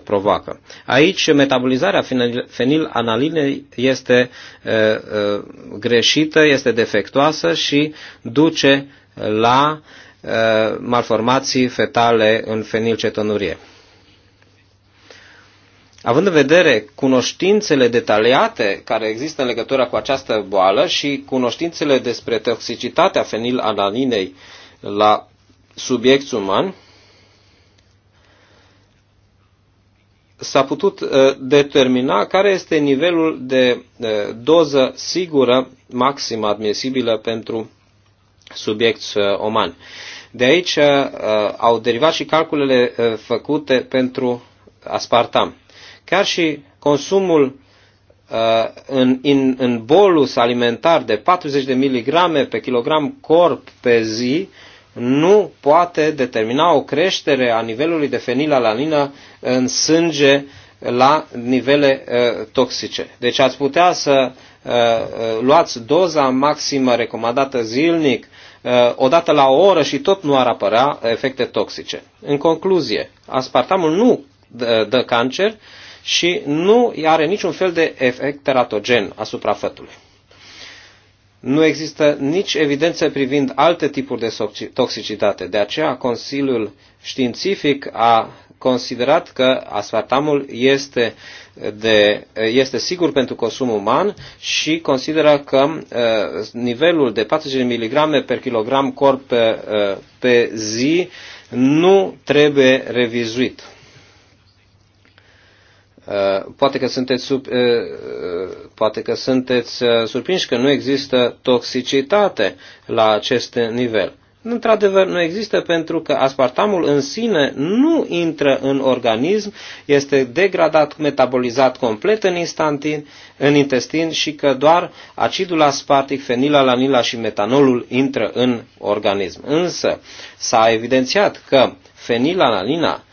provoacă. Aici metabolizarea fenilanalinei este greșită, este defectuoasă și duce la malformații fetale în fenilcetonurie. Având în vedere cunoștințele detaliate care există în legătură cu această boală și cunoștințele despre toxicitatea fenilalaninei la subiect uman, s-a putut uh, determina care este nivelul de uh, doză sigură maximă admisibilă pentru uh, uman. De aici uh, au derivat și calculele făcute pentru aspartam. Chiar și consumul uh, în, în, în bolus alimentar de 40 de miligrame pe kilogram corp pe zi nu poate determina o creștere a nivelului de fenilalanină în sânge la nivele uh, toxice. Deci ați putea să uh, uh luați doza maximă recomandată zilnic uh, odată la o oră și tot nu ar apărea efecte toxice. În concluzie, aspartamul nu uh, dă cancer, uh, și nu are niciun fel de efect teratogen asupra fătului. Nu există nici evidențe privind alte tipuri de toxicitate. De aceea, Consiliul Științific a considerat că aspartamul este, de, este sigur pentru consum uman și consideră că uh, nivelul de 40 mg per kilogram corp pe, uh, pe zi nu trebuie revizuit. Uh, poate că sunteți, sub, uh, uh, poate că sunteți surprinși că nu există toxicitate la acest nivel. Într-adevăr, nu există pentru că aspartamul în sine nu intră în organism, este degradat, metabolizat complet în, instantin, în intestin și că doar acidul aspartic, fenilalanila și metanolul intră în organism. Însă s-a evidențiat că fenilalanina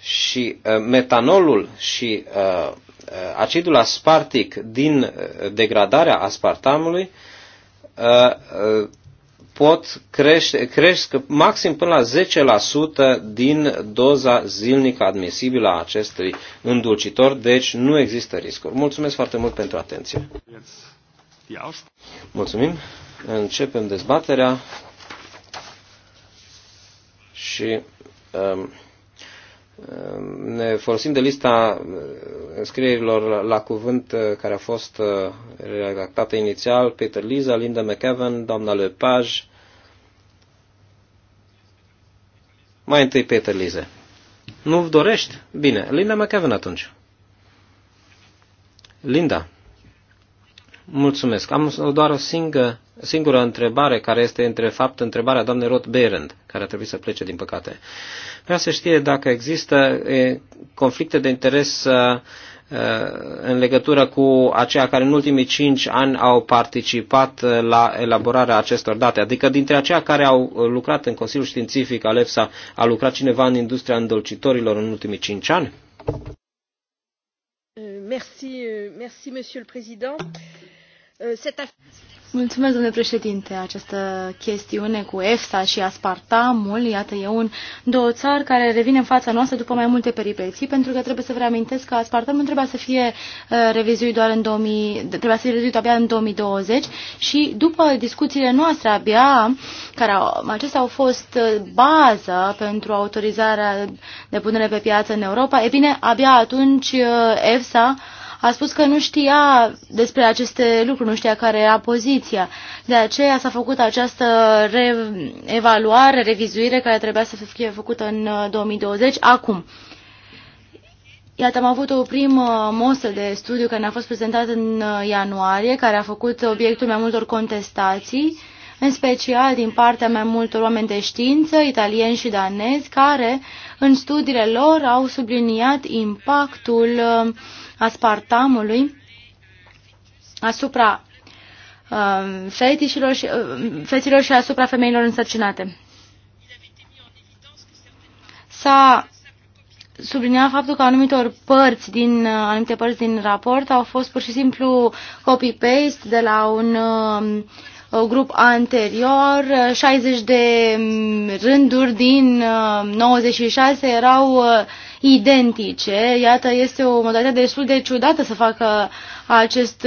și uh, metanolul și uh, uh, acidul aspartic din degradarea aspartamului pot crește, cresc maxim până la 10% din doza zilnică admisibilă a acestui îndulcitor, deci nu există riscuri. Mulțumesc foarte mult pentru atenție. Mulțumim. Începem dezbaterea și um, ne folosim de lista uh, scrierilor la cuvânt uh, care a fost uh, redactată inițial, Peter Liza, Linda McEvan, doamna Lepage. Mai întâi Peter Lize. Nu dorești? Bine, Linda McEvan atunci. Linda. Mulțumesc. Am doar o singură singura întrebare care este între fapt întrebarea doamnei Roth Behrend, care a trebuit să plece din păcate. Vrea să știe dacă există conflicte de interes uh, uh, în legătură cu aceia care în ultimii cinci ani au participat uh, la elaborarea acestor date. Adică dintre aceia care au lucrat în Consiliul Științific al EFSA, a lucrat cineva în industria îndolcitorilor în ultimii cinci ani?
Euh, merci, euh, merci, monsieur le président. Euh, cette
Mulțumesc, domnule președinte. Această chestiune cu EFSA și aspartamul, iată, e un două țar care revine în fața noastră după mai multe peripeții, pentru că trebuie să vă reamintesc că aspartamul trebuia să fie uh, revizuit doar în 2000, trebuia să fie revizuit abia în 2020 și după discuțiile noastre abia, care au, acestea au fost uh, bază pentru autorizarea de punere pe piață în Europa, e bine, abia atunci uh, EFSA uh, a spus că nu știa despre aceste lucruri, nu știa care era poziția. De aceea s-a făcut această re evaluare, revizuire care trebuia să fie făcută în 2020, uh, acum. Iată, am avut o primă mosă de studiu care ne-a fost prezentată în uh, ianuarie, care a făcut obiectul mai multor contestații, în special din partea mai multor oameni de știință, italieni și danezi, care în studiile lor au subliniat impactul uh, aspartamului asupra uh, fetișilor și, uh, feților și asupra femeilor însărcinate. S-a subliniat faptul că anumitor părți din, uh, anumite părți din raport au fost pur și simplu copy-paste de la un uh, Uh, grup anterior, 60 uh, de mm, rânduri din 96 uh, erau identice. Iată, este o modalitate destul de ciudată să facă acest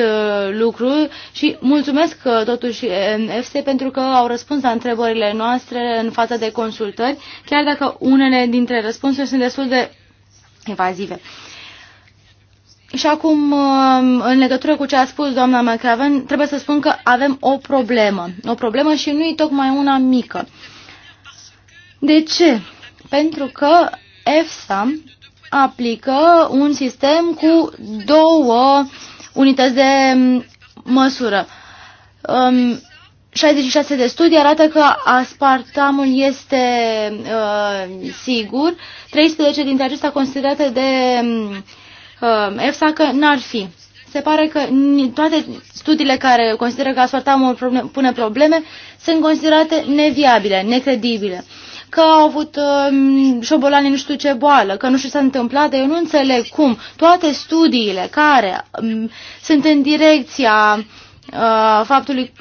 lucru și mulțumesc totuși NFC pentru că au răspuns la întrebările noastre în fața de consultări, chiar dacă unele dintre răspunsuri sunt destul de evazive. Și acum, um, în legătură cu ce a spus doamna McCraven, trebuie să spun că avem o problemă. O problemă și nu e tocmai una mică. De ce? Pentru că EFSA aplică un sistem cu două unități de măsură. 66 um, de studii arată că aspartamul este uh, sigur, 13 dintre acestea considerate de um, Um, EFSA că n-ar fi. Se pare că toate studiile care consideră că asfaltamul pune probleme sunt considerate neviabile, necredibile că au avut um, șobolani nu știu ce boală, că nu știu ce s-a întâmplat, eu nu înțeleg cum toate studiile care um, sunt în direcția uh, faptului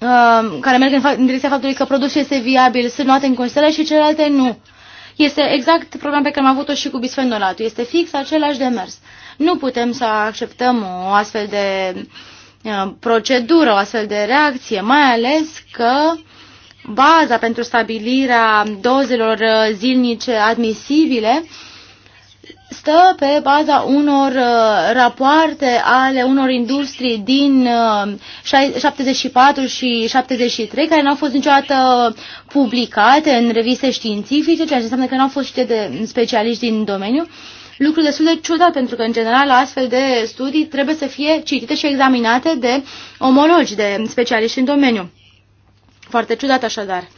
uh, care merg în, în direcția faptului că produsul este viabil, sunt luate în considerare și celelalte nu. Este exact problema pe care am avut-o și cu bisfenolatul. Este fix același demers. Nu putem să acceptăm o astfel de uh, procedură, o astfel de reacție, mai ales că baza pentru stabilirea dozelor uh, zilnice admisibile stă pe baza unor uh, rapoarte ale unor industrii din 74 uh, și 73 care nu au fost niciodată publicate în reviste științifice, ceea ce înseamnă că nu au fost știte de specialiști din domeniu. Lucru destul de ciudat, pentru că, în general, astfel de studii trebuie să fie citite și examinate de omologi, de specialiști în domeniu. Foarte ciudat, așadar.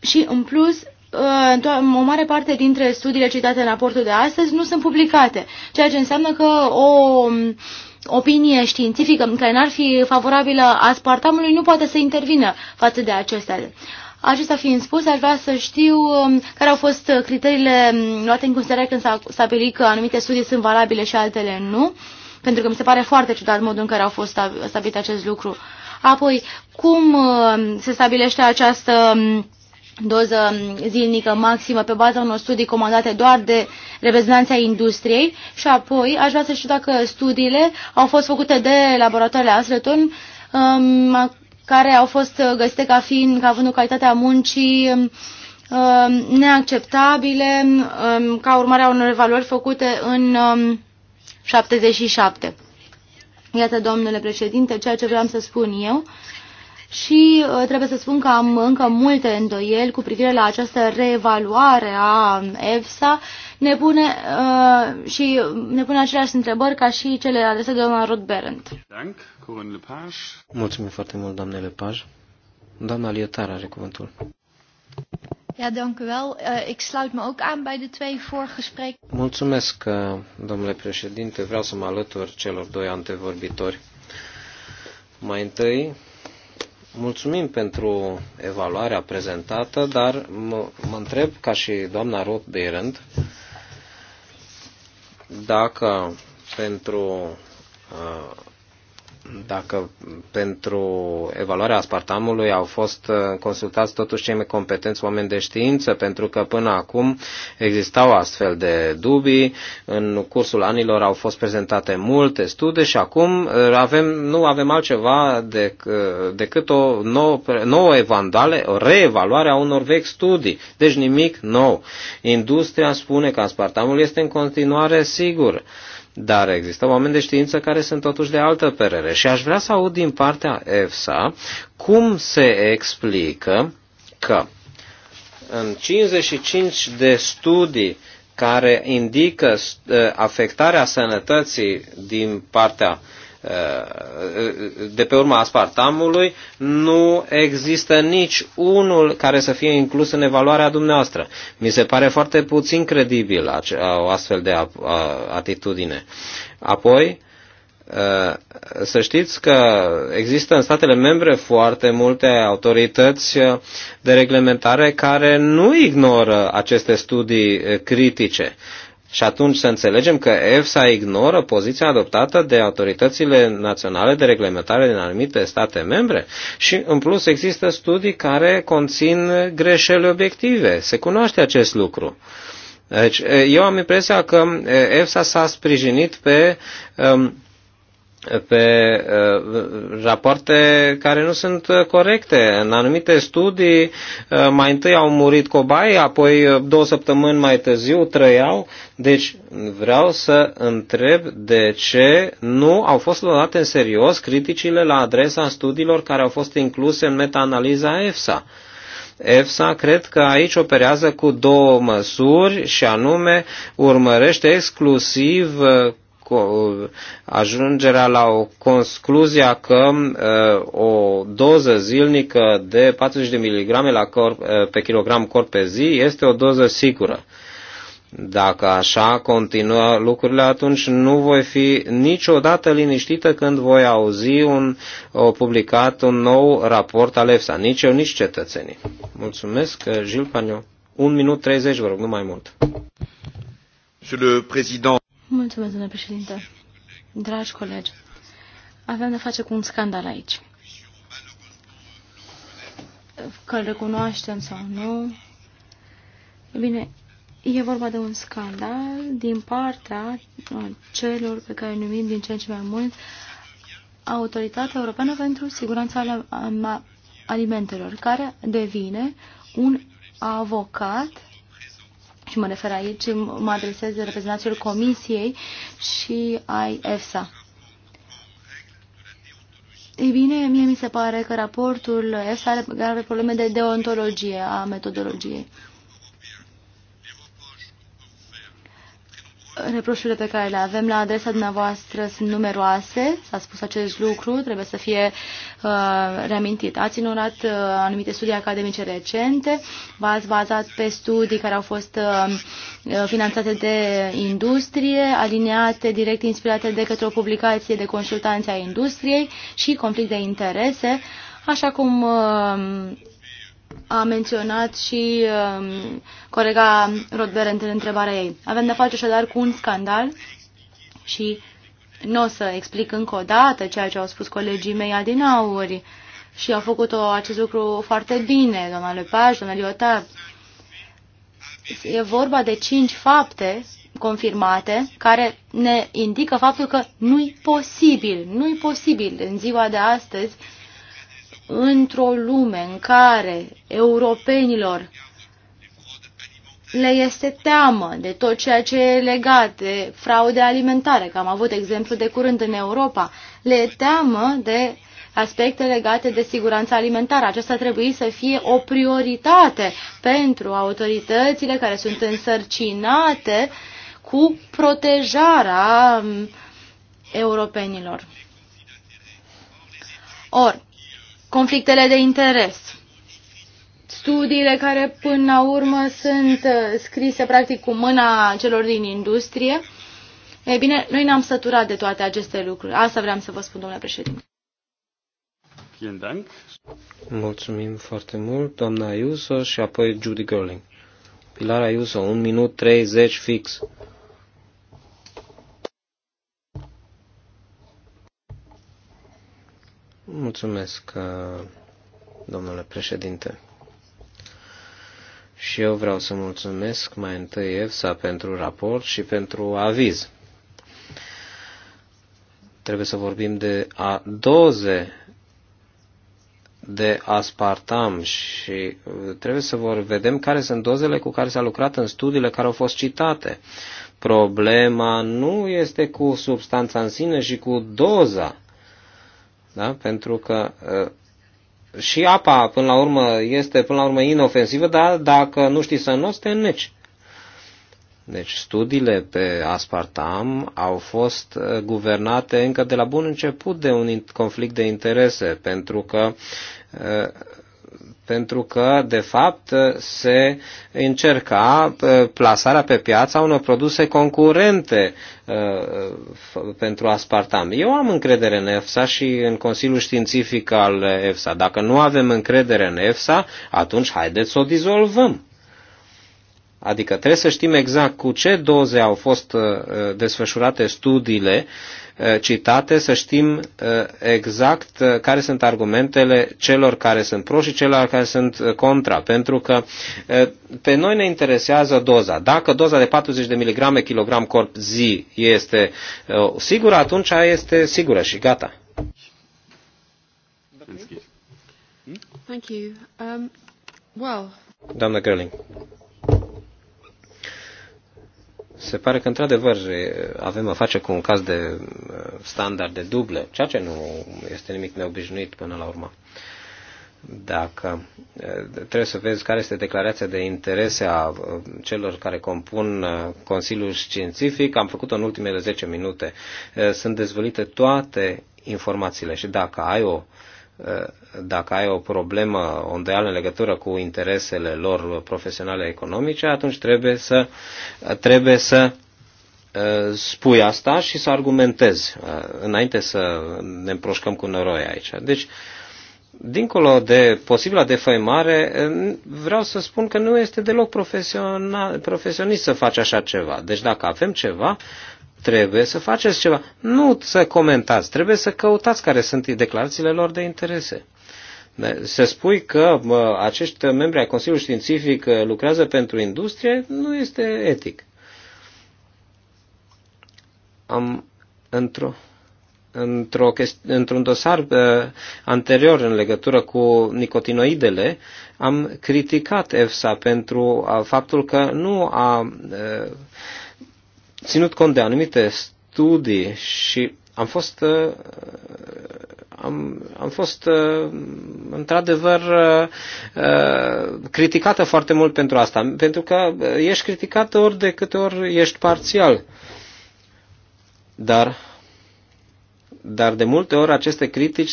Și, în plus, Uh, o mare parte dintre studiile citate în raportul de astăzi nu sunt publicate, ceea ce înseamnă că o um, opinie științifică care n-ar fi favorabilă aspartamului nu poate să intervină față de acestea. Acesta fiind spus, aș vrea să știu um, care au fost criteriile um, luate în considerare când s-a stabilit că anumite studii sunt valabile și altele nu, pentru că mi se pare foarte ciudat modul în care au fost stabilit acest lucru. Apoi, cum se stabilește această doză zilnică maximă pe baza unor studii comandate doar de reprezentanța industriei și apoi aș vrea să știu dacă studiile au fost făcute de laboratoarele Asleton um, care au fost găsite ca fiind, ca având o calitate a muncii um, um neacceptabile um, ca urmare a unor evaluări făcute în um, 77. Iată, domnule președinte, ceea ce vreau să spun eu și uh, trebuie să spun că am încă multe îndoieli cu privire la această reevaluare a EFSA. Ne pune, uh, și ne pune aceleași întrebări ca și cele adrese de doamna Ruth Berend.
Mulțumim foarte mult, doamne Lepaj. Doamna Lietar are cuvântul.
Ja, dank u wel. Uh, ik sluit me ook aan bij de twee vorige sprekers.
Mulțumesc, eh, domnule președinte. Vreau să mă alătur celor doi antevorbitori. Mai întâi, Mulțumim pentru evaluarea prezentată, dar mă, mă întreb, ca și doamna Roth Berend, dacă pentru uh, dacă pentru evaluarea aspartamului au fost uh, consultați totuși cei mai competenți oameni de știință, pentru că până acum existau astfel de dubii, în cursul anilor au fost prezentate multe studii și acum uh, avem, nu avem altceva dec, uh, decât o nouă, nouă evandale, o reevaluare a unor vechi studii, deci nimic nou. Industria spune că aspartamul este în continuare sigur dar există oameni de știință care sunt totuși de altă părere și aș vrea să aud din partea EFSA cum se explică că în 55 de studii care indică uh, afectarea sănătății din partea uh, de pe urma aspartamului, nu există nici unul care să fie inclus în evaluarea dumneavoastră. Mi se pare foarte puțin credibil o astfel de atitudine. Apoi, să știți că există în statele membre foarte multe autorități de reglementare care nu ignoră aceste studii critice. Și atunci să înțelegem că EFSA ignoră poziția adoptată de autoritățile naționale de reglementare din anumite state membre și în plus există studii care conțin greșeli obiective. Se cunoaște acest lucru. Deci, eu am impresia că eh, EFSA s-a sprijinit pe um, pe uh, rapoarte care nu sunt corecte. În anumite studii uh, mai întâi au murit cobai, apoi uh, două săptămâni mai târziu trăiau. Deci vreau să întreb de ce nu au fost luate în serios criticile la adresa studiilor care au fost incluse în meta analiza EFSA. EFSA cred că aici operează cu două măsuri și anume urmărește exclusiv ajungerea la o concluzia că uh, o doză zilnică de 40 de mg la corp, uh, pe kilogram corp pe zi este o doză sigură. Dacă așa continuă lucrurile, atunci nu voi fi niciodată liniștită când voi auzi un, o publicat un nou raport al EFSA. Nici eu, nici cetățenii. Mulțumesc, Gil Pagnon. Un minut 30, vă rog, nu mai mult. Monsieur le Président,
Mulțumesc, domnule președinte. Dragi colegi, avem de face cu un scandal aici. Că îl recunoaștem sau nu. Bine, e vorba de un scandal din partea celor pe care îi numim din ce în ce mai mult Autoritatea Europeană pentru Siguranța Alimentelor, care devine un avocat și mă refer aici, mă adresez reprezentanților Comisiei și ai EFSA. Ei bine, mie mi se pare că raportul EFSA are, are probleme de deontologie a metodologiei. Reproșurile pe care le avem la adresa dumneavoastră sunt numeroase, s-a spus acest lucru, trebuie să fie uh, reamintit. Ați ignorat uh, anumite studii academice recente, v-ați bazat pe studii care au fost uh, uh finanțate de industrie, aliniate direct inspirate de către o publicație de consultanță a industriei și conflict de interese, așa cum uh, a menționat și um, colega Rodberent în întrebarea ei. Avem de-a face așadar cu un scandal și nu o să explic încă o dată ceea ce au spus colegii mei adinauri și au făcut -o, acest lucru foarte bine, doamna Lepaj, doamna Liotard. E vorba de cinci fapte confirmate care ne indică faptul că nu-i posibil, nu-i posibil în ziua de astăzi uh, într-o lume în care europenilor le este teamă de tot ceea ce e legat de fraude alimentare, că am avut exemplu de curând în Europa, le e teamă de aspecte legate de siguranța alimentară. Aceasta trebuie să fie o prioritate pentru autoritățile care sunt însărcinate cu protejarea mm, europenilor. Or, conflictele de interes. Studiile care până la urmă sunt uh, scrise practic cu mâna celor din industrie. Ei bine, noi ne-am săturat de toate aceste lucruri. Asta vreau să vă spun, domnule președinte.
Mulțumim foarte mult, doamna Iuso și apoi Judy Gerling. Pilar Ayuso, un minut 30 fix. Mulțumesc, uh, domnule președinte. Și eu vreau să mulțumesc mai întâi EFSA pentru raport și pentru aviz. Trebuie să vorbim de a doze de aspartam și uh, trebuie să vor vedem care sunt dozele cu care s-a lucrat în studiile care au fost citate. Problema nu este cu substanța în sine și cu doza da? Pentru că și apa, până la urmă, este până la urmă inofensivă, dar dacă nu știi să nu, te înneci. Deci studiile pe aspartam au fost guvernate încă de la bun început de un conflict de interese, pentru că pentru că, de fapt, se încerca plasarea pe piața unor produse concurente uh, pentru aspartam. Eu am încredere în EFSA și în Consiliul Științific al EFSA. Dacă nu avem încredere în EFSA, atunci haideți să o dizolvăm. Adică trebuie să știm exact cu ce doze au fost uh, desfășurate studiile uh, Eh, citate, să știm eh, exact eh, care sunt argumentele celor care sunt pro și celor care sunt contra, pentru că pe noi ne interesează doza. Dacă doza de 40 de miligrame kilogram corp zi este sigură, atunci este sigură și gata. Thank you. Um, well. Doamna Gerling se pare că, într-adevăr, avem a face cu un caz de uh, de duble, ceea ce nu este nimic neobișnuit până la urmă. Dacă uh, trebuie să vezi care este declarația de interese a uh, celor care compun Consiliul Științific, am făcut-o în ultimele 10 minute. Sunt dezvălite toate informațiile și dacă ai o dacă ai o problemă, ondeală în legătură cu interesele lor profesionale economice, atunci trebuie să, trebuie să uh, spui asta și să argumentezi uh, înainte să ne împroșcăm cu noroi aici. Deci, dincolo de posibila defăimare, uh, vreau să spun că nu este deloc profesional, profesionist să faci așa ceva. Deci dacă avem ceva, trebuie să faceți ceva. Nu să comentați, trebuie să căutați care sunt declarațiile lor de interese. Să spui că acești membri ai Consiliului Științific uh, lucrează pentru industrie nu este etic. Am într-o într-o, într-un dosar uh, anterior în legătură cu nicotinoidele, am criticat EFSA pentru uh, faptul că nu a uh, ținut cont de anumite studii și am fost, uh, am, am fost uh, într-adevăr uh, criticată foarte mult pentru asta, pentru că ești criticată ori de câte ori ești parțial. Dar, dar de multe ori aceste critici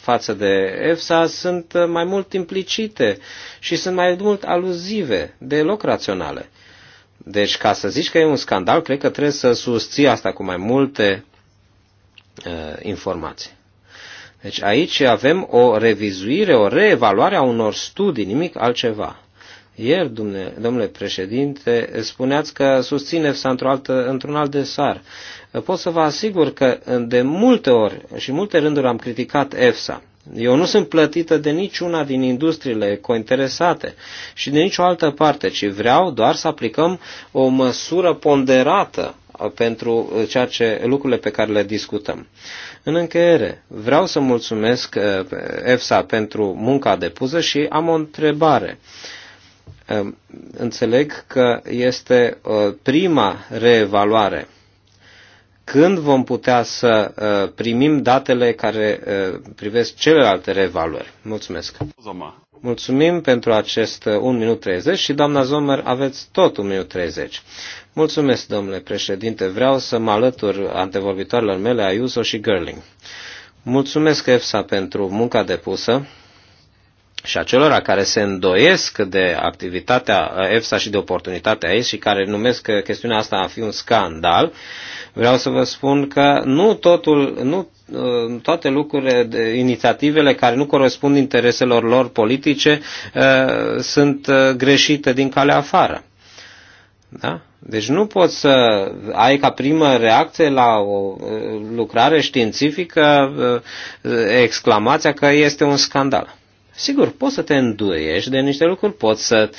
față de EFSA sunt mai mult implicite și sunt mai mult aluzive, deloc raționale. Deci, ca să zici că e un scandal, cred că trebuie să susții asta cu mai multe uh, informații. Deci aici avem o revizuire, o reevaluare a unor studii, nimic altceva. Ieri, domnule, domnule președinte, spuneați că susțineți într-un alt, într alt desar. Pot să vă asigur că de multe ori și multe rânduri am criticat EFSA. Eu nu sunt plătită de niciuna din industriile cointeresate și de nicio altă parte, ci vreau doar să aplicăm o măsură ponderată uh, pentru uh, ceea ce, lucrurile pe care le discutăm. În încheiere, vreau să mulțumesc uh, EFSA pentru munca depusă și am o întrebare. Înțeleg că este prima reevaluare când vom putea să uh, primim datele care uh, privesc celelalte revaluări. Mulțumesc! Zoma. Mulțumim pentru acest 1 uh, minut 30 și, doamna Zomer, aveți tot 1 minut 30. Mulțumesc, domnule președinte. Vreau să mă alătur antevorbitoarelor mele, Ayuso și Gerling. Mulțumesc EFSA pentru munca depusă și acelora care se îndoiesc de activitatea EFSA și de oportunitatea ei și care numesc chestiunea asta a fi un scandal, Vreau să vă spun că nu totul, nu uh, toate lucrurile, inițiativele care nu corespund intereselor lor politice uh, sunt uh, greșite din calea afară. Da? Deci nu poți să ai ca primă reacție la o lucrare științifică exclamația că este un scandal. Sigur, poți să te înduiești de niște lucruri, poți să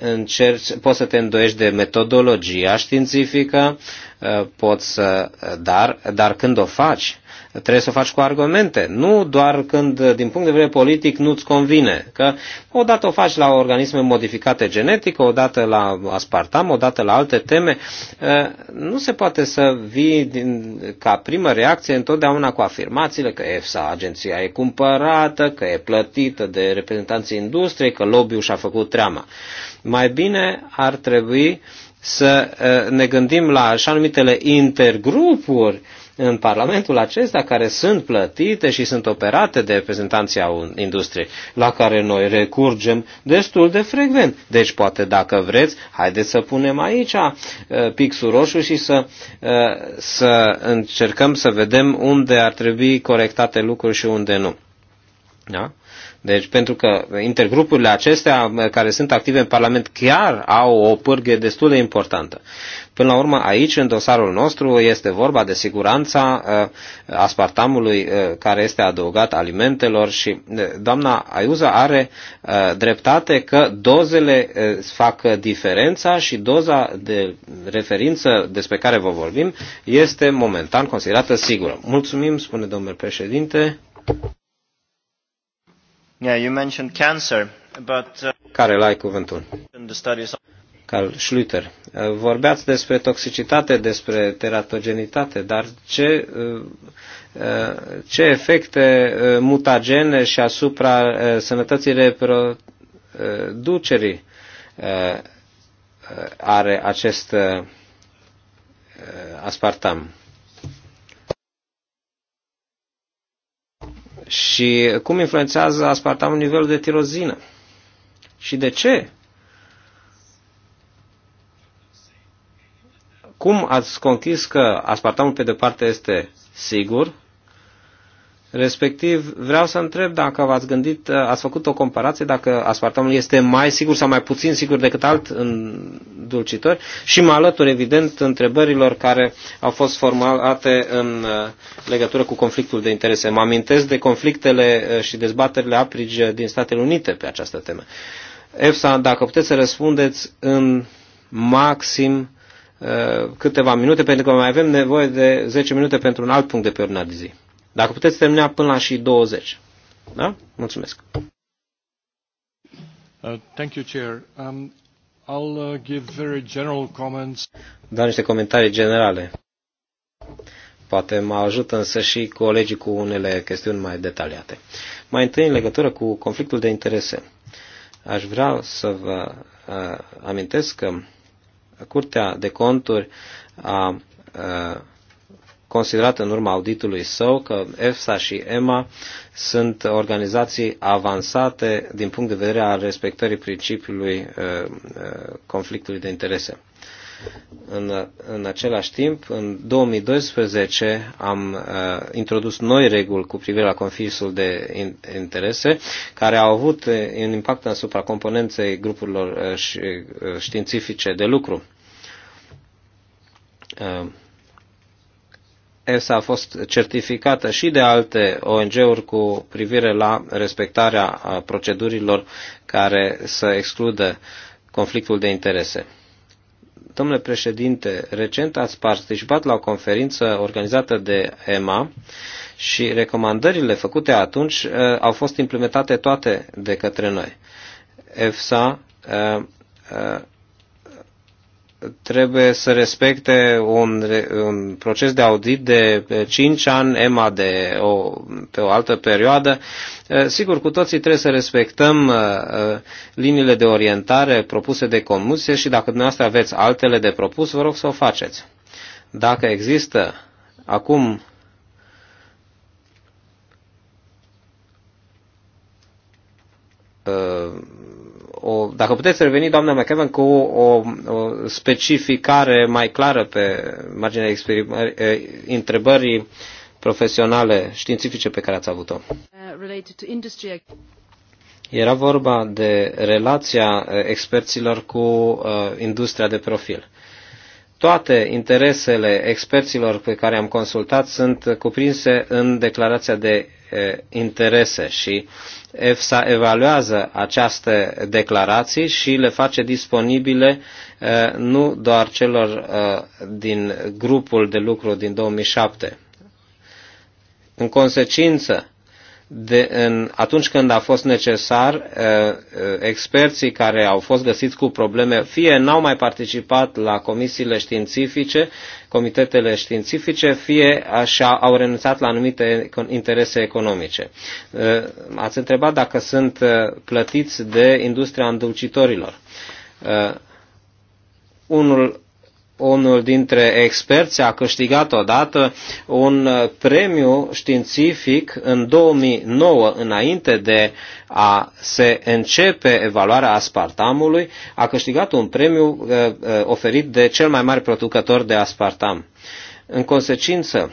încerci, poți să te îndoiești de metodologia științifică, uh, poți să, dar, dar când o faci, trebuie să o faci cu argumente, nu doar când din punct de vedere politic nu-ți convine, că odată o faci la organisme modificate genetic, odată la aspartam, odată la alte teme, nu se poate să vii din, ca primă reacție întotdeauna cu afirmațiile că EFSA, agenția e cumpărată, că e plătită de reprezentanții industriei, că lobby-ul și-a făcut treama. Mai bine ar trebui să ne gândim la așa numitele intergrupuri în Parlamentul acesta care sunt plătite și sunt operate de reprezentanția industriei, la care noi recurgem destul de frecvent. Deci poate dacă vreți, haideți să punem aici uh, pixul roșu și să, uh, să încercăm să vedem unde ar trebui corectate lucruri și unde nu. Da? Deci, pentru că intergrupurile acestea uh, care sunt active în Parlament chiar au o pârghie destul de importantă. Până la urmă, aici, în dosarul nostru, este vorba de siguranța uh, aspartamului uh, care este adăugat alimentelor și uh, doamna Aiuza are dreptate că dozele fac diferența și doza de referință despre care vă vorbim este momentan considerată sigură. Mulțumim, spune domnul președinte. Yeah, you mentioned cancer, but, uh, care la ai cuvântul? Carl Schlüter. Vorbeați despre toxicitate, despre teratogenitate, dar ce, ce efecte mutagene și asupra sănătății reproducerii are acest aspartam? Și cum influențează aspartamul nivelul de tirozină? Și de ce cum ați conchis că aspartamul pe de parte este sigur? Respectiv, vreau să întreb dacă v-ați gândit, ați făcut o comparație dacă aspartamul este mai sigur sau mai puțin sigur decât alt dulcitor? și mă alătur, evident, întrebărilor care au fost formulate în uh, legătură cu conflictul de interese. Mă amintesc de conflictele uh, și dezbaterile aprige din Statele Unite pe această temă. EFSA, dacă puteți să răspundeți în maxim Uh, câteva minute, pentru că mai avem nevoie de 10 minute pentru un alt punct de pe ordinea de zi. Dacă puteți termina până la și 20. Da? Mulțumesc. Uh,
thank you, Chair. Um, I'll uh, give very general comments.
Da, niște comentarii generale. Poate mă ajută însă și colegii cu unele chestiuni mai detaliate. Mai întâi, în legătură cu conflictul de interese, aș vrea să vă uh, amintesc că Curtea de Conturi a considerat în urma auditului său că EFSA și EMA sunt organizații avansate din punct de vedere al respectării principiului conflictului de interese. În, în același timp, în 2012 am uh, introdus noi reguli cu privire la conflictul de in, interese, care au avut uh, un impact asupra componenței grupurilor uh, uh, științifice de lucru. Uh, ESA a fost certificată și de alte ONG-uri cu privire la respectarea uh, procedurilor care să excludă conflictul de interese. Domnule președinte, recent ați participat la o conferință organizată de EMA și recomandările făcute atunci uh, au fost implementate toate de către noi. EFSA uh, uh, trebuie să respecte un, un proces de audit de 5 ani, EMA de o, pe o altă perioadă. Eh, sigur, cu toții trebuie să respectăm eh, eh, liniile de orientare propuse de comisie și dacă dumneavoastră aveți altele de propus, vă rog să o faceți. Dacă există acum uh, o, dacă puteți reveni, doamna McEvan, cu o, o specificare mai clară pe marginea întrebării profesionale, științifice pe care ați avut-o.
Uh,
Era vorba de relația uh, experților cu uh, industria de profil. Toate interesele experților pe care am consultat sunt cuprinse în declarația de uh, interese și uh, EFSA evaluează aceste declarații și le face disponibile nu doar celor din grupul de lucru din 2007. În consecință, de, în, atunci când a fost necesar, uh, uh, experții care au fost găsiți cu probleme, fie n-au mai participat la comisiile științifice, comitetele științifice, fie așa au renunțat la anumite interese economice. Uh, ați întrebat dacă sunt plătiți de industria îndulcitorilor. Unul unul dintre experți a câștigat odată un uh, premiu științific în 2009, înainte de a se începe evaluarea aspartamului, a câștigat un premiu uh, uh, oferit de cel mai mare producător de aspartam. În consecință,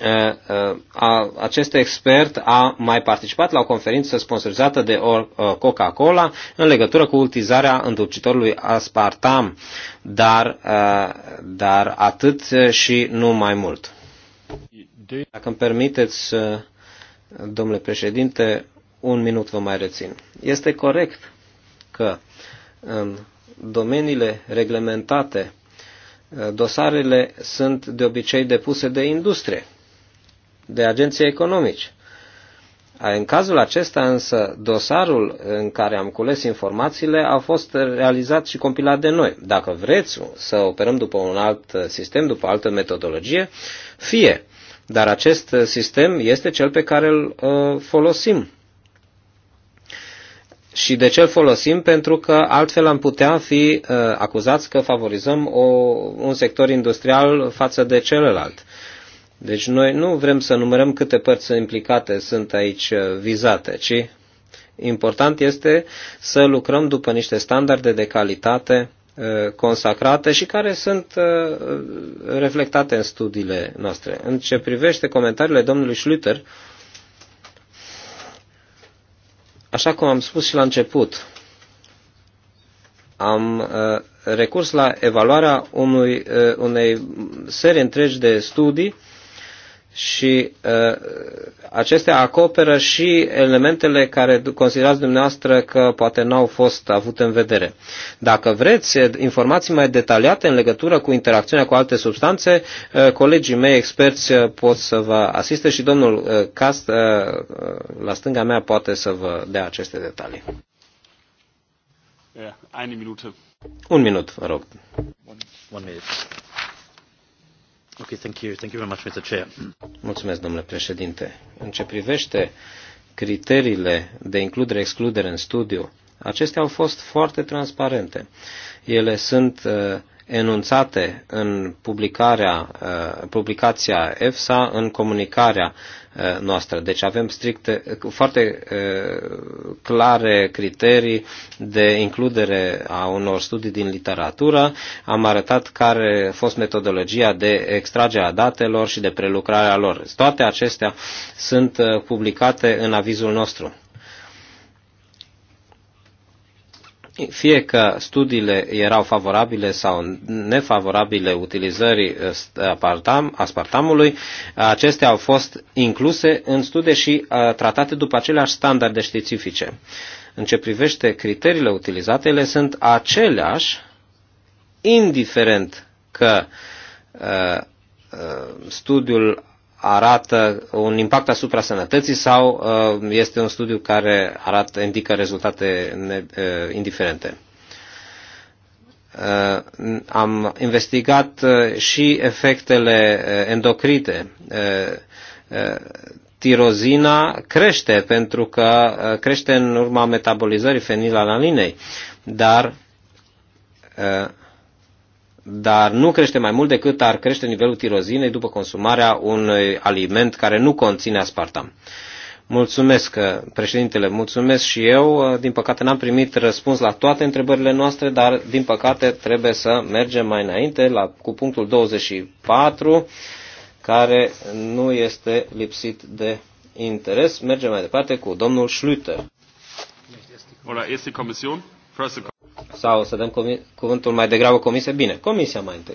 Eh, eh, a, acest expert a mai participat la o conferință sponsorizată de eh, Coca-Cola în legătură cu utilizarea îndulcitorului aspartam, dar, dar atât și nu mai mult. Dacă îmi permiteți, domnule președinte, un minut vă mai rețin. Este corect că în domeniile reglementate dosarele sunt de obicei depuse de industrie de agenții economici. În cazul acesta însă, dosarul în care am cules informațiile a fost realizat și compilat de noi. Dacă vreți să operăm după un alt sistem, după altă metodologie, fie. Dar acest sistem este cel pe care îl uh, folosim. Și de ce îl folosim? Pentru că altfel am putea fi uh, acuzați că favorizăm o, un sector industrial față de celălalt. Deci noi nu vrem să numărăm câte părți implicate sunt aici uh, vizate, ci important este să lucrăm după niște standarde de calitate uh, consacrate și care sunt uh, reflectate în studiile noastre. În ce privește comentariile domnului Schlüter, așa cum am spus și la început, am recurs la evaluarea unui, unei serii întregi de studii și uh, acestea acoperă și elementele care considerați dumneavoastră că poate n-au fost avute în vedere. Dacă vreți informații mai detaliate în legătură cu interacțiunea cu alte substanțe, uh, colegii mei experți uh, pot să vă asiste și domnul uh, Cast uh, uh, la stânga mea poate să vă dea aceste detalii. Yeah, Un minut, vă rog. One, one minute. Okay, thank you. Thank you very much, Mr. Chair. Mulțumesc, domnule președinte. În ce privește criteriile de includere-excludere în studiu, acestea au fost foarte transparente. Ele sunt uh, enunțate în publicarea, uh, publicația EFSA, în comunicarea noastră. Deci avem stricte, foarte eh, clare criterii de includere a unor studii din literatură. Am arătat care a fost metodologia de extragere a datelor și de prelucrare a lor. Toate acestea sunt eh, publicate în avizul nostru. fie că studiile erau favorabile sau nefavorabile utilizării ă, aspartamului, acestea au fost incluse în studii și ă, tratate după aceleași standarde științifice. În ce privește criteriile utilizate, ele sunt aceleași, indiferent că ă, studiul arată un impact asupra sănătății sau uh, este un studiu care arată, indică rezultate uh, indiferente. Uh, am investigat și efectele endocrite. Tirozina crește pentru că crește în urma metabolizării fenilalaninei, dar dar nu crește mai mult decât ar crește nivelul tirozinei după consumarea unui aliment care nu conține aspartam. Mulțumesc, uh, președintele, mulțumesc și eu. Uh, din păcate n-am primit răspuns la toate întrebările noastre, dar din păcate trebuie să mergem mai înainte la, cu punctul 24, care nu este lipsit de interes. Mergem mai departe cu domnul Schlüter.
Oder este Kommission,
first sau să dăm cuvântul mai degrabă comisie? Bine, comisia mai întâi.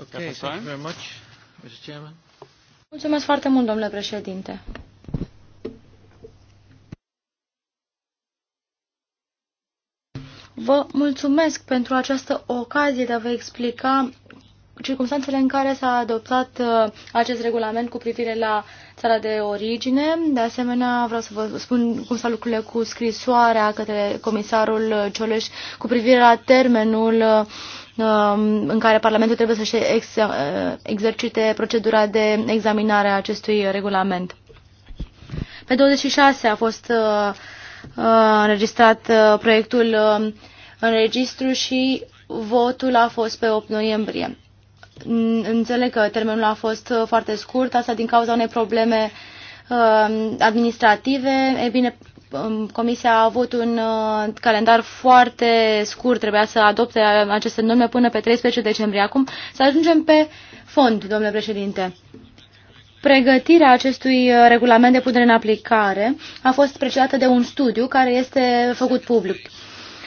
Okay, thank you very much, Mr. Chairman.
Mulțumesc foarte mult, domnule președinte. Vă mulțumesc pentru această ocazie de a vă explica circunstanțele în care s-a adoptat uh, acest regulament cu privire la țara de origine. De asemenea, vreau să vă spun cum s-au s-au lucrurile cu scrisoarea către comisarul Cioleș cu privire la termenul uh, um, în care Parlamentul trebuie să-și ex uh, exercite procedura de examinare a acestui regulament. Pe 26 a fost înregistrat proiectul în registru și votul a fost pe 8 noiembrie. Înțeleg că termenul a fost foarte scurt, asta din cauza unei probleme administrative. E bine, um, Comisia a avut un calendar foarte scurt, trebuia să adopte aceste norme până pe 13 decembrie. Acum să ajungem pe fond, domnule președinte. Pregătirea acestui uh, regulament de punere în aplicare a fost precedată de un studiu care este făcut public.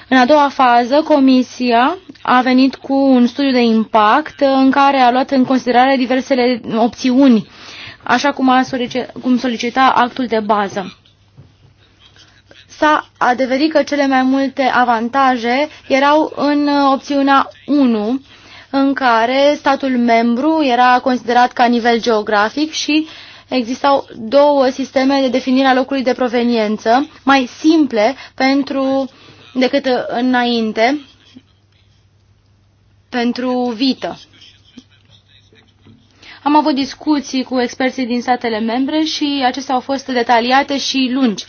În a doua fază, Comisia a venit cu un studiu de impact uh, în care a luat în considerare diversele opțiuni, așa cum, a solicita, cum solicita actul de bază. S-a adeverit că cele mai multe avantaje erau în uh, opțiunea 1, în care statul membru era considerat ca nivel geografic și existau două sisteme de definire a locului de proveniență mai simple pentru decât înainte pentru vită. Am avut discuții cu experții din statele membre și acestea au fost detaliate și lungi.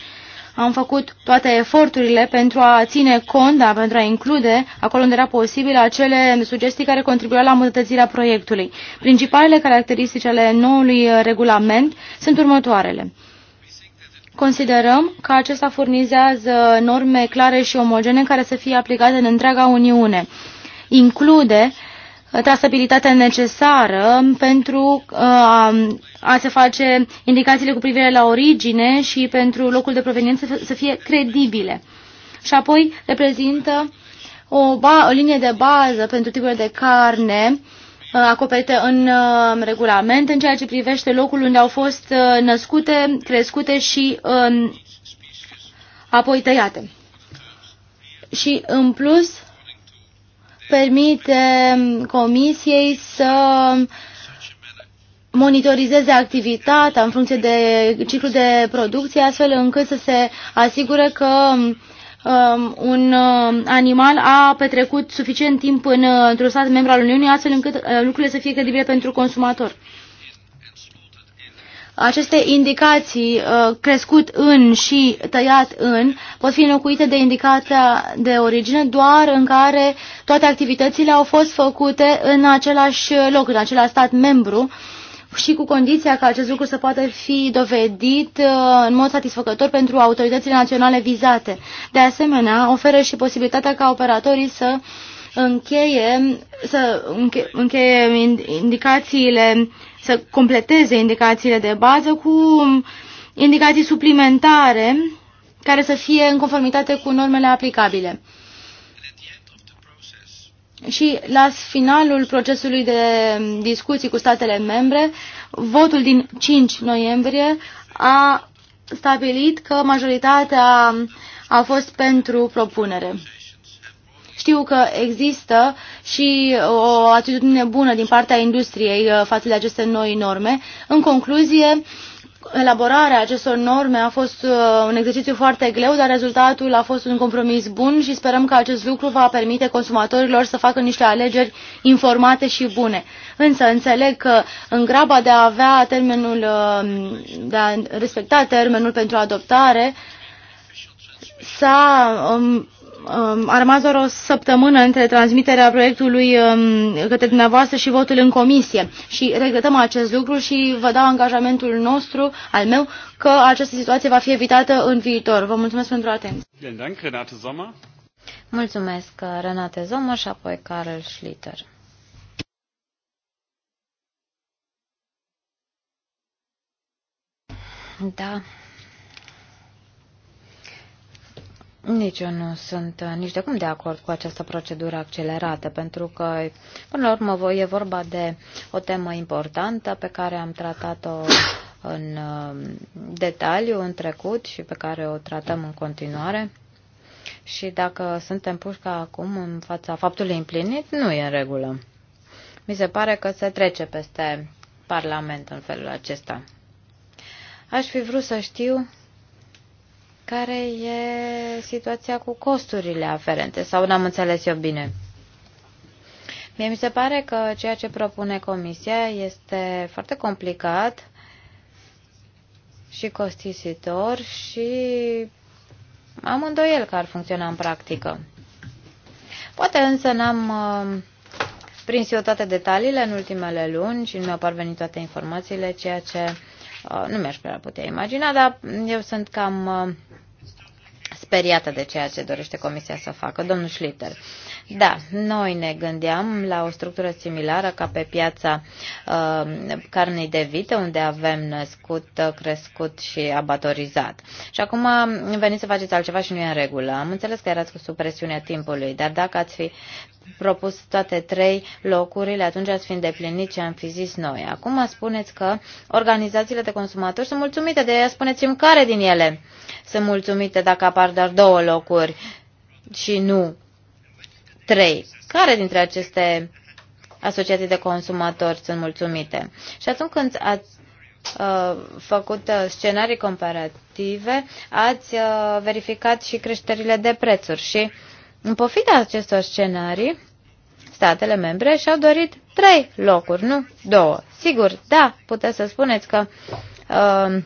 Am făcut toate eforturile pentru a ține cont, da, pentru a include, acolo unde era posibil, acele sugestii care contribuiau la îmbunătățirea proiectului. Principalele caracteristici ale noului regulament sunt următoarele. Considerăm că acesta furnizează norme clare și omogene care să fie aplicate în întreaga Uniune. Include uh, trasabilitatea necesară pentru uh, a se face indicațiile cu privire la origine și pentru locul de proveniență să fie credibile. Și apoi reprezintă o, o linie de bază pentru tipurile de carne uh, acoperite în uh, regulament în ceea ce privește locul unde au fost născute, crescute și um, apoi tăiate. Și în plus, permite comisiei să monitorizeze activitatea în funcție de ciclul de producție, astfel încât să se asigure că um, un uh, animal a petrecut suficient timp în, uh, într-un stat membru al Uniunii, astfel încât uh, lucrurile să fie credibile pentru consumator aceste indicații uh, crescut în și tăiat în pot fi înlocuite de indicația de origine doar în care toate activitățile au fost făcute în același loc, în același stat membru și cu condiția ca acest lucru să poată fi dovedit uh, în mod satisfăcător pentru autoritățile naționale vizate. De asemenea, oferă și posibilitatea ca operatorii să încheie, să încheie indicațiile să completeze indicațiile de bază cu indicații suplimentare care să fie în conformitate cu normele aplicabile. Și la finalul procesului de discuții cu statele membre, votul din 5 noiembrie a stabilit că majoritatea a fost pentru propunere. Știu că există și o atitudine bună din partea industriei uh, față de aceste noi norme. În concluzie, elaborarea acestor norme a fost uh, un exercițiu foarte greu, dar rezultatul a fost un compromis bun și sperăm că acest lucru va permite consumatorilor să facă niște alegeri informate și bune. Însă înțeleg că în graba de a avea termenul, uh, de a respecta termenul pentru adoptare, s-a um, Um, a rămas doar o săptămână între transmiterea proiectului um, către dumneavoastră și votul în comisie și regretăm acest lucru și vă dau angajamentul nostru, al meu, că această situație va fi evitată în viitor. Vă mulțumesc pentru atenție.
Mulțumesc, uh, Renate Zomă și apoi Karel Schlitter. Da. Nici eu nu sunt uh, nici de cum de acord cu această procedură accelerată, pentru că, până la urmă, e vorba de o temă importantă pe care am tratat-o în uh, detaliu în trecut și pe care o tratăm în continuare. Și dacă suntem puși ca acum în fața faptului împlinit, nu e în regulă. Mi se pare că se trece peste Parlament în felul acesta. Aș fi vrut să știu care e situația cu costurile aferente, sau n-am înțeles eu bine? Mie mi se pare că ceea ce propune Comisia este foarte complicat și costisitor și am îndoiel că ar funcționa în practică. Poate însă n-am uh, prins eu toate detaliile în ultimele luni și nu mi-au parvenit toate informațiile, ceea ce nu mi-aș prea putea imagina, dar eu sunt cam uh, speriată de ceea ce dorește Comisia să facă. Domnul Schlitter, da, noi ne gândeam la o structură similară ca pe piața uh, carnei de vită, unde avem născut, crescut și abatorizat. Și acum veniți să faceți altceva și nu e în regulă. Am înțeles că erați cu supresiunea timpului, dar dacă ați fi propus toate trei locurile, atunci ați fi îndeplinit ce am fi zis noi. Acum spuneți că organizațiile de consumatori sunt mulțumite de aia Spuneți-mi care din ele sunt mulțumite dacă apar doar două locuri și nu 3. Care dintre aceste asociații de consumatori sunt mulțumite? Și atunci când ați uh, făcut uh, scenarii comparative, ați uh, verificat și creșterile de prețuri și în pofida acestor scenarii, statele membre și-au dorit trei locuri, nu două. Sigur, da, puteți să spuneți că uh,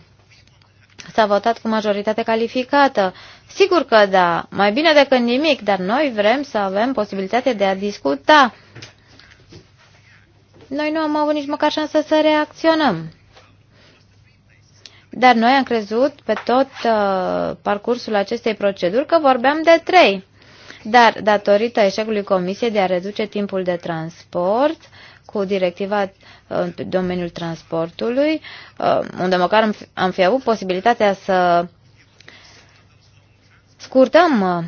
S-a votat cu majoritate calificată. Sigur că da, mai bine decât nimic, dar noi vrem să avem posibilitatea de a discuta. Noi nu am avut nici măcar șansa să reacționăm. Dar noi am crezut pe tot uh, parcursul acestei proceduri că vorbeam de trei. Dar, datorită eșecului Comisiei de a reduce timpul de transport, uh, cu directiva în uh, domeniul transportului, uh, unde măcar am fi avut posibilitatea să scurtăm uh,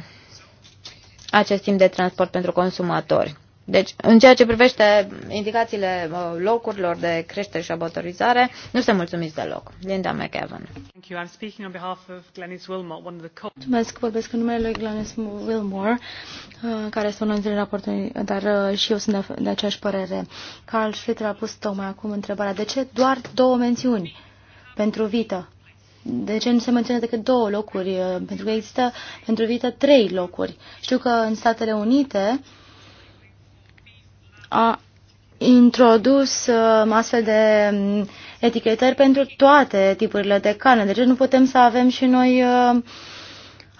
acest timp de transport pentru consumatori. Deci, în ceea ce privește indicațiile uh, locurilor de creștere și abatorizare, nu se mulțumiți deloc. Linda McEvan. Mulțumesc,
vorbesc în numele lui Glenis Wilmore, uh, care este unul dintre raportori, dar uh, și eu sunt de, de aceeași părere. Carl Schlitter a pus tocmai acum întrebarea, de ce doar două mențiuni pentru vită? De ce nu se menționează decât două locuri? Pentru că există pentru vită trei locuri. Știu că în Statele Unite, a introdus uh, astfel de mm, etichetări pentru toate tipurile de carne. De deci ce nu putem să avem și noi uh,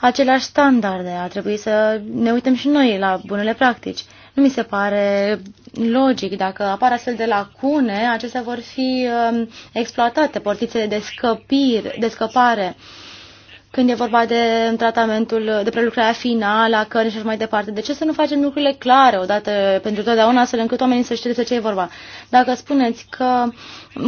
aceleași standarde? A trebuit să ne uităm și noi la bunele practici. Nu mi se pare logic. Dacă apar astfel de lacune, acestea vor fi uh, exploatate, portițele de, scăpir, de scăpare când e vorba de tratamentul, de prelucrarea finală a cărnii și așa mai departe. De ce să nu facem lucrurile clare odată pentru totdeauna, astfel încât oamenii să știe despre ce e vorba? Dacă spuneți că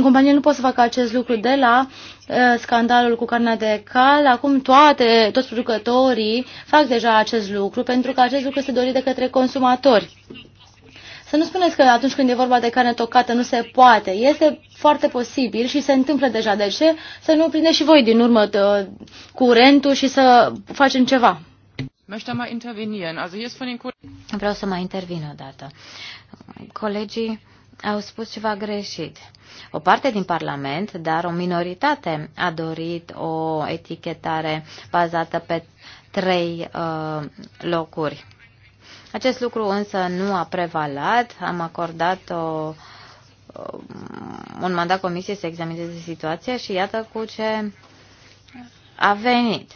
compania nu poate să facă acest lucru de la uh, scandalul cu carnea de cal, acum toate, toți producătorii fac deja acest lucru pentru că acest lucru este dorit de către consumatori. Să nu spuneți că atunci când e vorba de carne tocată nu se poate. Este foarte posibil și se întâmplă deja. De ce? Să nu prindeți și voi din urmă uh, curentul și să facem
ceva. Vreau să mai intervin o dată. Colegii au spus ceva greșit. O parte din Parlament, dar o minoritate a dorit o etichetare bazată pe trei uh, locuri. Acest lucru însă nu a prevalat. Am acordat o, um, un mandat comisiei să examineze situația și iată cu ce a venit.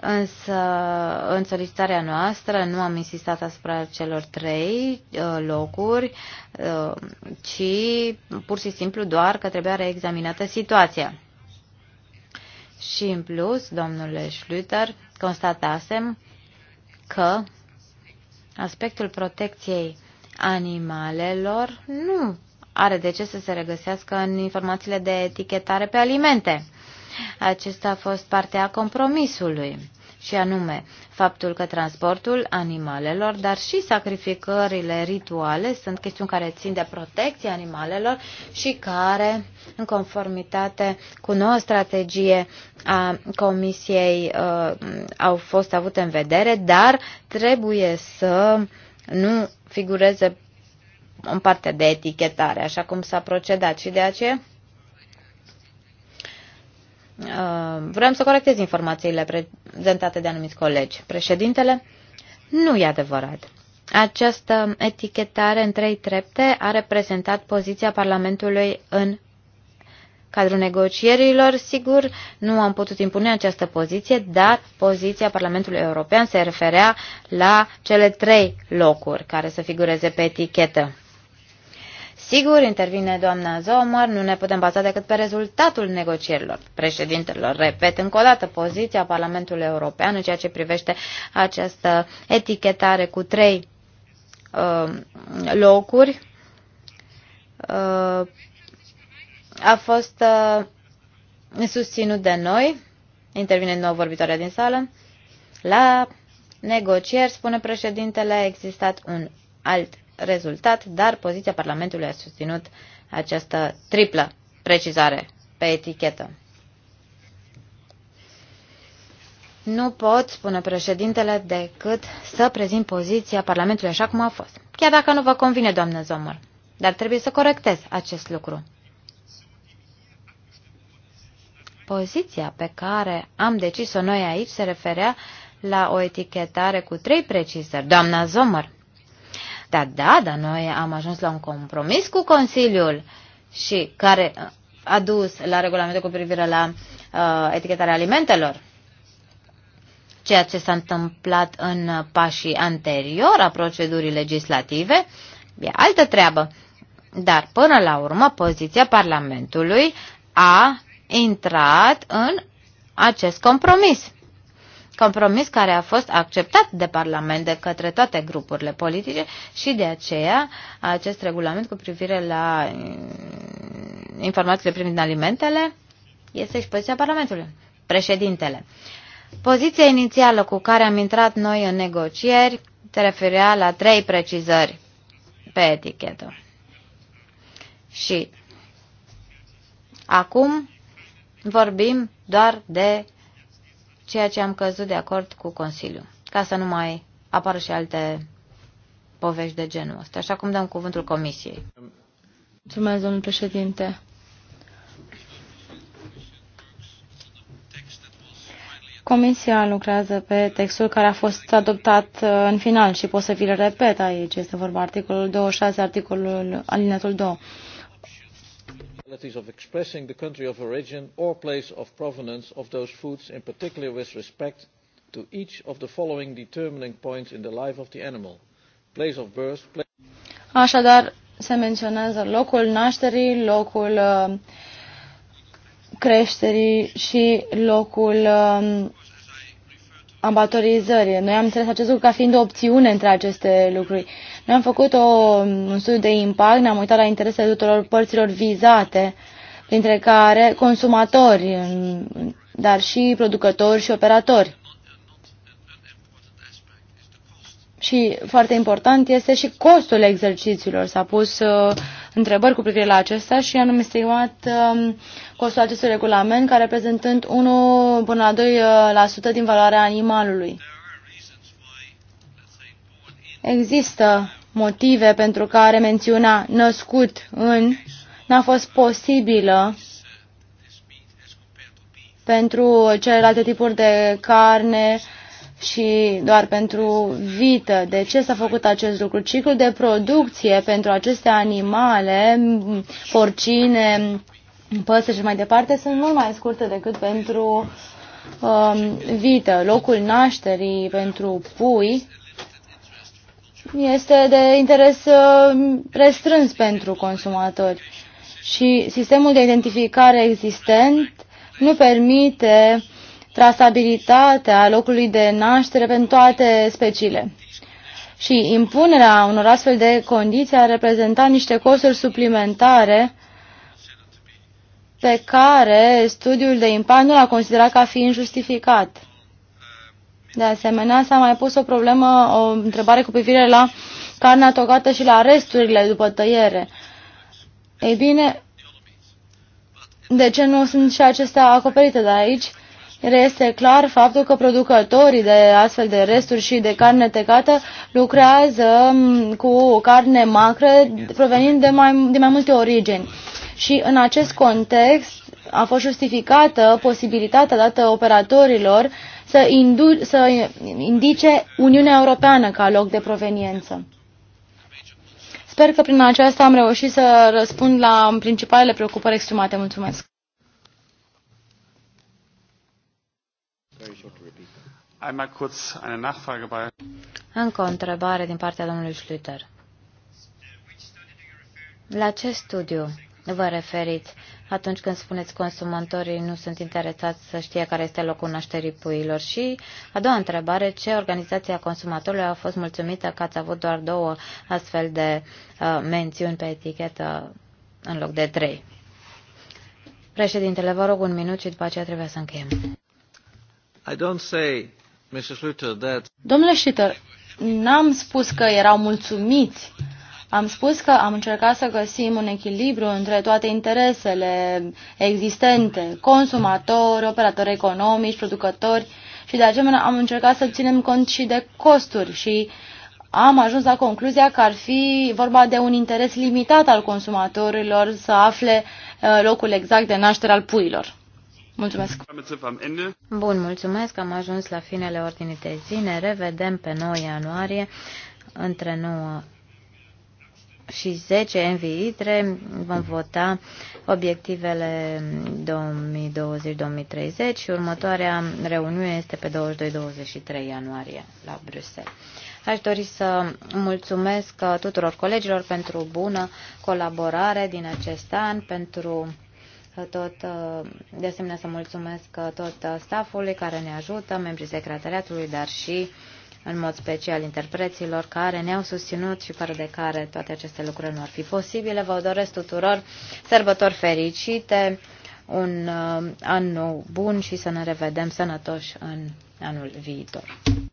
Însă, în solicitarea noastră, nu am insistat asupra celor trei uh, locuri, uh, ci pur și simplu doar că trebuia reexaminată situația. Și în plus, domnule Schlüter, constatasem că aspectul protecției animalelor nu are de ce să se regăsească în informațiile de etichetare pe alimente. Acesta a fost partea compromisului și anume faptul că transportul animalelor, dar și sacrificările rituale sunt chestiuni care țin de protecția animalelor și care, în conformitate cu noua strategie a Comisiei, uh, au fost avute în vedere, dar trebuie să nu figureze în partea de etichetare, așa cum s-a procedat și de aceea Uh, vrem să corectez informațiile prezentate de anumiți colegi. Președintele, nu e adevărat. Această etichetare în trei trepte a reprezentat poziția Parlamentului în cadrul negocierilor. Sigur, nu am putut impune această poziție, dar poziția Parlamentului European se referea la cele trei locuri care să figureze pe etichetă. Sigur, intervine doamna Zomar, nu ne putem baza decât pe rezultatul negocierilor președintelor. Repet încă o dată poziția Parlamentului European în ceea ce privește această etichetare cu trei uh, locuri uh, a fost uh, susținut de noi, intervine nouă vorbitoarea din sală, la negocieri, spune președintele, a existat un alt rezultat, dar poziția Parlamentului a susținut această triplă precizare pe etichetă. Nu pot, spune președintele, decât să prezint poziția Parlamentului așa cum a fost. Chiar dacă nu vă convine, doamnă Zomăr, dar trebuie să corectez acest lucru. Poziția pe care am decis-o noi aici se referea la o etichetare cu trei precizări. Doamna Zomăr, da, da, dar noi am ajuns la un compromis cu Consiliul și care a dus la regulamentul cu privire la uh, etichetarea alimentelor. Ceea ce s-a întâmplat în pașii anterior a procedurii legislative e altă treabă. Dar până la urmă poziția Parlamentului a intrat în acest compromis compromis care a fost acceptat de Parlament de către toate grupurile politice și de aceea acest regulament cu privire la mm, informațiile privind alimentele este și poziția Parlamentului, președintele. Poziția inițială cu care am intrat noi în negocieri se referea la trei precizări pe etichetă. Și acum vorbim doar de ceea ce am căzut de acord cu Consiliul, ca să nu mai apară și alte povești de genul ăsta. Așa cum dăm cuvântul Comisiei. Mulțumesc, domnul președinte.
Comisia lucrează pe textul care a fost adoptat uh, în final și pot să vi-l repet aici. Este vorba articolul 26, articolul alineatul 2
that is of expressing the country of origin or place of provenance of those foods in particular with respect to each of the following determining points in the life of the animal place of birth place
Așadar se menționează locul nașterii, locul uh, creșterii și locul uh, ambatorizări. Noi am înțeles acest lucru ca fiind o opțiune între aceste lucruri. Noi am făcut o, un studiu de impact, ne-am uitat la interesele tuturor părților vizate, printre care consumatori, dar și producători și operatori. și foarte important este și costul exercițiilor. S-a pus uh, întrebări cu privire la acesta și am estimat uh, costul acestui regulament ca reprezentând 1 până la 2% uh, din valoarea animalului. Există motive pentru care mențiunea născut în n-a fost posibilă pentru celelalte tipuri de carne uh, și doar pentru vită. De ce s-a făcut acest lucru? Ciclul de producție pentru aceste animale, porcine, păsări și mai departe, sunt mult mai scurte decât pentru um, vită. Locul nașterii pentru pui este de interes um, restrâns pentru consumatori și sistemul de identificare existent nu permite trasabilitatea locului de naștere pentru toate speciile. Și impunerea unor astfel de condiții a reprezentat niște costuri suplimentare pe care studiul de impact nu l-a considerat ca fiind justificat. De asemenea, s-a mai pus o problemă, o întrebare cu privire la carnea tocată și la resturile după tăiere. Ei bine, de ce nu sunt și acestea acoperite? Dar aici este clar faptul că producătorii de astfel de resturi și de carne tecată lucrează mm, cu carne macră provenind de mai, de mai multe origini. Și în acest context a fost justificată posibilitatea dată operatorilor să, indu- să indice Uniunea Europeană ca loc de proveniență. Sper că prin aceasta am reușit să răspund la principalele preocupări
exprimate. Mulțumesc!
Einmal kurz eine Nachfrage bei.
Încă o întrebare din partea domnului Schlüter. La ce studiu vă referiți atunci când spuneți consumatorii nu sunt interesați să știe care este locul nașterii puiilor? Și a doua întrebare, ce organizația consumatorilor a fost mulțumită că ați avut doar două astfel de uh, mențiuni pe etichetă în loc de trei? Președintele, vă rog un minut și după aceea trebuie să încheiem.
I don't say
Domnule Schlitter, n-am spus că erau
mulțumiți. Am spus că am încercat să găsim un echilibru între toate interesele existente, consumatori, operatori economici, producători și de asemenea am încercat să ținem cont și de costuri și am ajuns la concluzia că ar fi vorba de un interes limitat al consumatorilor să afle uh,
locul exact de naștere al puilor. Mulțumesc. Bun, mulțumesc. Am ajuns la finele ordinii de zi. Ne revedem pe 9 ianuarie între 9 și 10 în viitre. vom vota obiectivele 2020-2030 și următoarea reuniune este pe 22-23 ianuarie la Bruxelles. Aș dori să mulțumesc tuturor colegilor pentru bună colaborare din acest an, pentru tot, uh, de asemenea să mulțumesc uh, tot uh, staffului care ne ajută, membrii secretariatului, dar și în mod special interpreților care ne-au susținut și fără de care toate aceste lucruri nu ar fi posibile. Vă doresc tuturor sărbători fericite, un an nou bun și să ne revedem sănătoși în anul viitor.